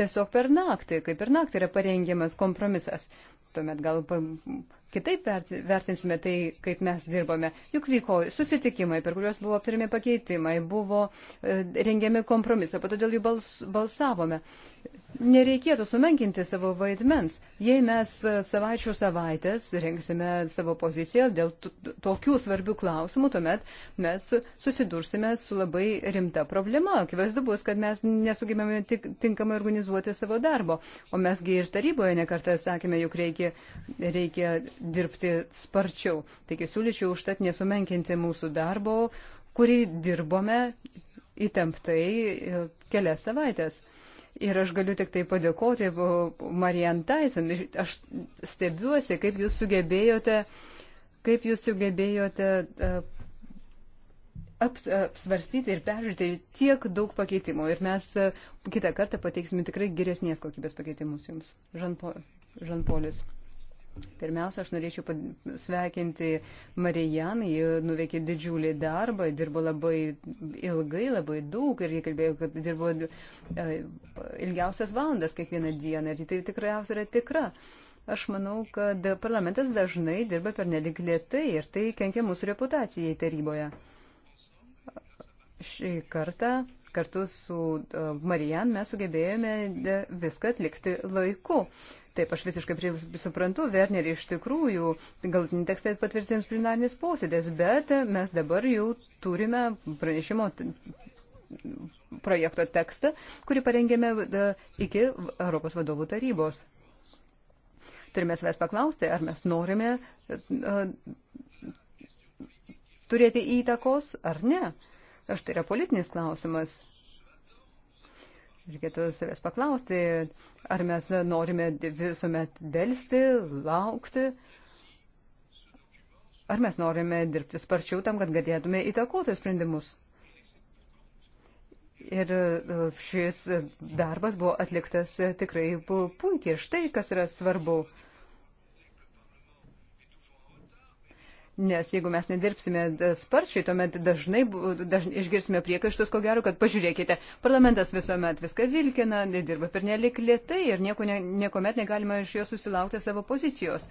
tiesiog per naktį, kaip per naktį yra parengiamas kompromisas. Tuomet gal kitaip vertinsime tai, kaip mes dirbame. Juk vyko susitikimai, per kuriuos buvo aptarimi pakeitimai, buvo e, rengiami kompromisai, pat todėl jų bals, balsavome. Nereikėtų sumenkinti savo vaidmens. Jei mes e, savaičių savaitės rengsime savo poziciją dėl tokių svarbių klausimų, tuomet mes susidursime su labai rimta problema. Akivaizdu bus, kad mes nesugebėme tik, tinkamai organizuoti savo darbo. O mesgi ir taryboje nekartą sakėme, jog reikia, reikia dirbti sparčiau. Taigi siūlyčiau užtat nesumenkinti mūsų darbo, kurį dirbome įtemptai e, kelias savaitės. Ir aš galiu tik tai padėkoti e, Marian Tyson. Aš stebiuosi, kaip jūs sugebėjote, kaip jūs sugebėjote e, aps, apsvarstyti ir peržiūrėti tiek daug pakeitimų. Ir mes kitą kartą pateiksime tikrai geresnės kokybės pakeitimus jums. Žanpolis. Pirmiausia, aš norėčiau sveikinti Marijaną, ji nuveikė didžiulį darbą, dirbo labai ilgai, labai daug ir ji kalbėjo, kad dirbo e, ilgiausias valandas kiekvieną dieną ir tai tikriausiai yra tikra. Aš manau, kad parlamentas dažnai dirba per nedik lietai ir tai kenkia mūsų reputacijai taryboje. Šį kartą kartu su e, Marijan mes sugebėjome e, viską atlikti laiku. Taip, aš visiškai prie, suprantu, Wernerį iš tikrųjų galutinį tekstą patvirtins plenarinis posėdės, bet mes dabar jau turime pranešimo projekto tekstą, kurį parengėme iki Europos vadovų tarybos. Turime savęs paklausti, ar mes norime turėti įtakos ar ne. Aš tai yra politinis klausimas. Reikėtų savęs paklausti, ar mes norime visuomet dėlsti, laukti, ar mes norime dirbti sparčiau tam, kad galėtume įtakoti sprendimus. Ir e, šis darbas buvo atliktas e, tikrai puikiai. Štai kas yra svarbu. Nes jeigu mes nedirbsime e, sparčiai, tuomet dažnai, dažnai išgirsime priekaištus, ko gero, kad pažiūrėkite, parlamentas visuomet viską vilkina, dirba per nelik lietai ir nieko, ne, niekuomet negalima iš jo susilaukti savo pozicijos.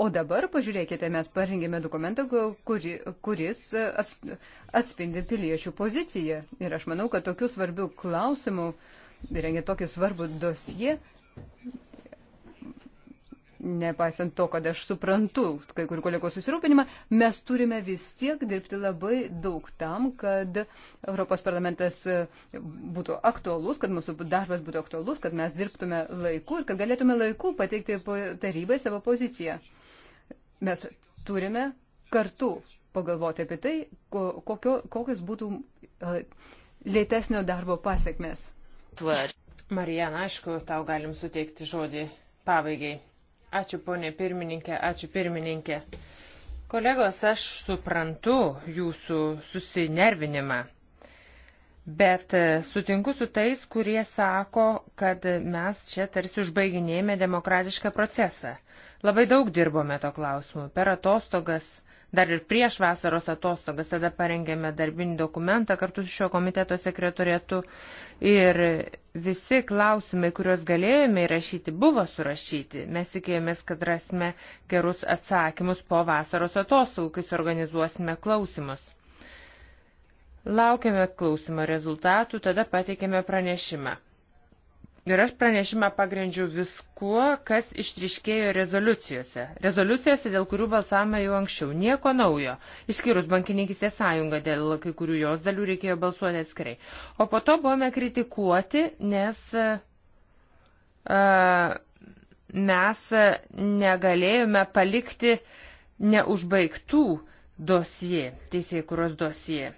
O dabar, pažiūrėkite, mes parengėme dokumentą, kuri, kuris e, atspindi piliečių poziciją. Ir aš manau, kad tokių svarbių klausimų, rengia tokį svarbų dosiją, nepaisant to, kad aš suprantu kai kurių kolegos susirūpinimą, mes turime vis tiek dirbti labai daug tam, kad Europos parlamentas būtų aktualus, kad mūsų darbas būtų aktualus, kad mes dirbtume laiku ir kad galėtume laiku pateikti tarybai savo poziciją. Mes turime kartu pagalvoti apie tai, kokio, kokios būtų lėtesnio darbo pasiekmes. Marijana, aišku, tau galim suteikti žodį pabaigai. Ačiū, ponė pirmininkė, ačiū pirmininkė. Kolegos, aš suprantu jūsų susinervinimą, bet e, sutinku su tais, kurie sako, kad mes čia tarsi užbaiginėjame demokratišką procesą. Labai daug dirbome to klausimu per atostogas dar ir prieš vasaros atostogas, tada parengėme darbinį dokumentą kartu su šio komiteto sekretorietu ir visi klausimai, kuriuos galėjome įrašyti, buvo surašyti. Mes tikėjomės, kad rasime gerus atsakymus po vasaros atostogų, kai suorganizuosime klausimus. Laukiame klausimo rezultatų, tada pateikėme pranešimą. Ir aš pranešimą pagrindžiu viskuo, kas ištriškėjo rezoliucijose. Rezoliucijose, dėl kurių balsavome jau anksčiau. Nieko naujo. Išskyrus bankininkistės sąjungą, dėl kai kurių jos dalių reikėjo balsuoti atskirai. O po to buvome kritikuoti, nes uh, mes negalėjome palikti neužbaigtų dosie, teisėjų kuros dosie.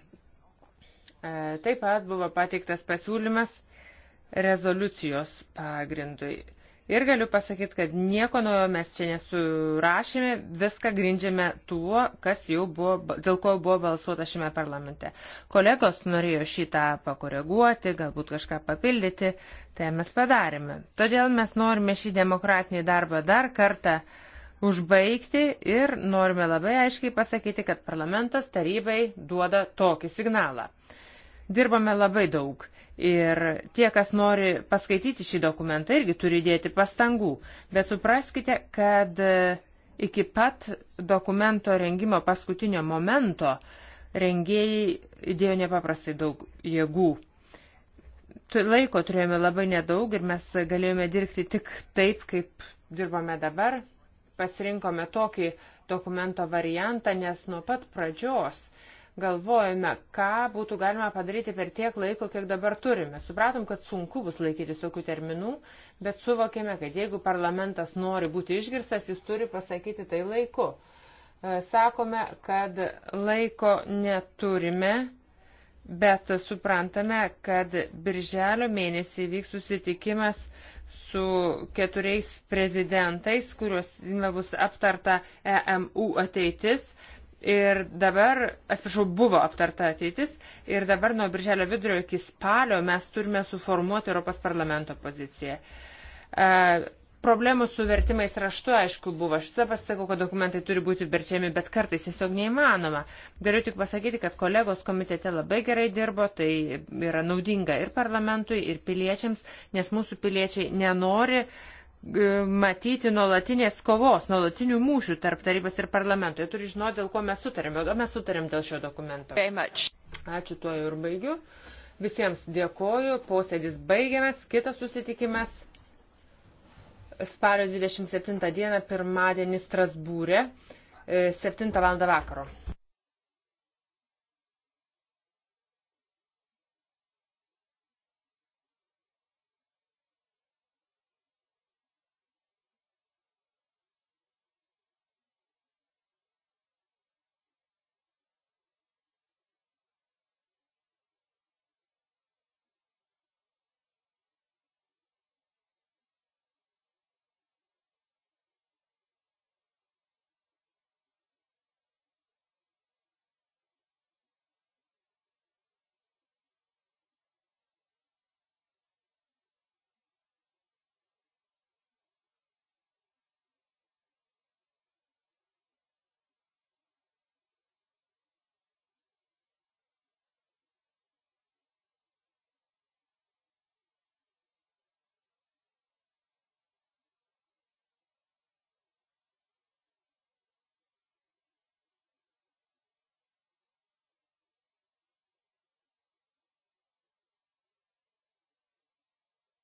Taip pat buvo pateiktas pasiūlymas rezoliucijos pagrindui. Ir galiu pasakyti, kad nieko naujo mes čia nesurašėme, viską grindžiame tuo, kas jau buvo, dėl ko buvo balsuota šiame parlamente. Kolegos norėjo šitą pakoreguoti, galbūt kažką papildyti, tai mes padarėme. Todėl mes norime šį demokratinį darbą dar kartą užbaigti ir norime labai aiškiai pasakyti, kad parlamentas tarybai duoda tokį signalą. Dirbame labai daug Ir tie, kas nori paskaityti šį dokumentą, irgi turi dėti pastangų. Bet supraskite, kad e, iki pat dokumento rengimo paskutinio momento rengėjai įdėjo nepaprastai daug jėgų. Laiko turėjome labai nedaug ir mes galėjome dirbti tik taip, kaip dirbame dabar. Pasirinkome tokį dokumento variantą, nes nuo pat pradžios galvojame, ką būtų galima padaryti per tiek laiko, kiek dabar turime. Supratom, kad sunku bus laikytis tokių terminų, bet suvokėme, kad jeigu parlamentas nori būti išgirstas, jis turi pasakyti tai laiku. E, sakome, kad laiko neturime, bet suprantame, kad birželio mėnesį vyks susitikimas su keturiais prezidentais, kuriuos bus aptarta EMU ateitis Ir dabar, atsiprašau, buvo aptarta ateitis ir dabar nuo birželio vidurio iki spalio mes turime suformuoti Europos parlamento poziciją. Uh, problemų su vertimais raštu, aišku, buvo. Aš visą pasakau, kad dokumentai turi būti verčiami, bet kartais tiesiog neįmanoma. Galiu tik pasakyti, kad kolegos komitete labai gerai dirbo, tai yra naudinga ir parlamentui, ir piliečiams, nes mūsų piliečiai nenori uh, E, matyti nuolatinės kovos, nuolatinių mūšių tarp tarybos ir parlamento. Jie turi žinoti, dėl ko mes sutarėm. O mes sutarėm dėl šio dokumento. Ačiū tuo ir baigiu. Visiems dėkoju. Posėdis baigiamas. Kitas susitikimas spario 27 dieną, pirmadienį Strasbūrė, 7 e, val. vakaro.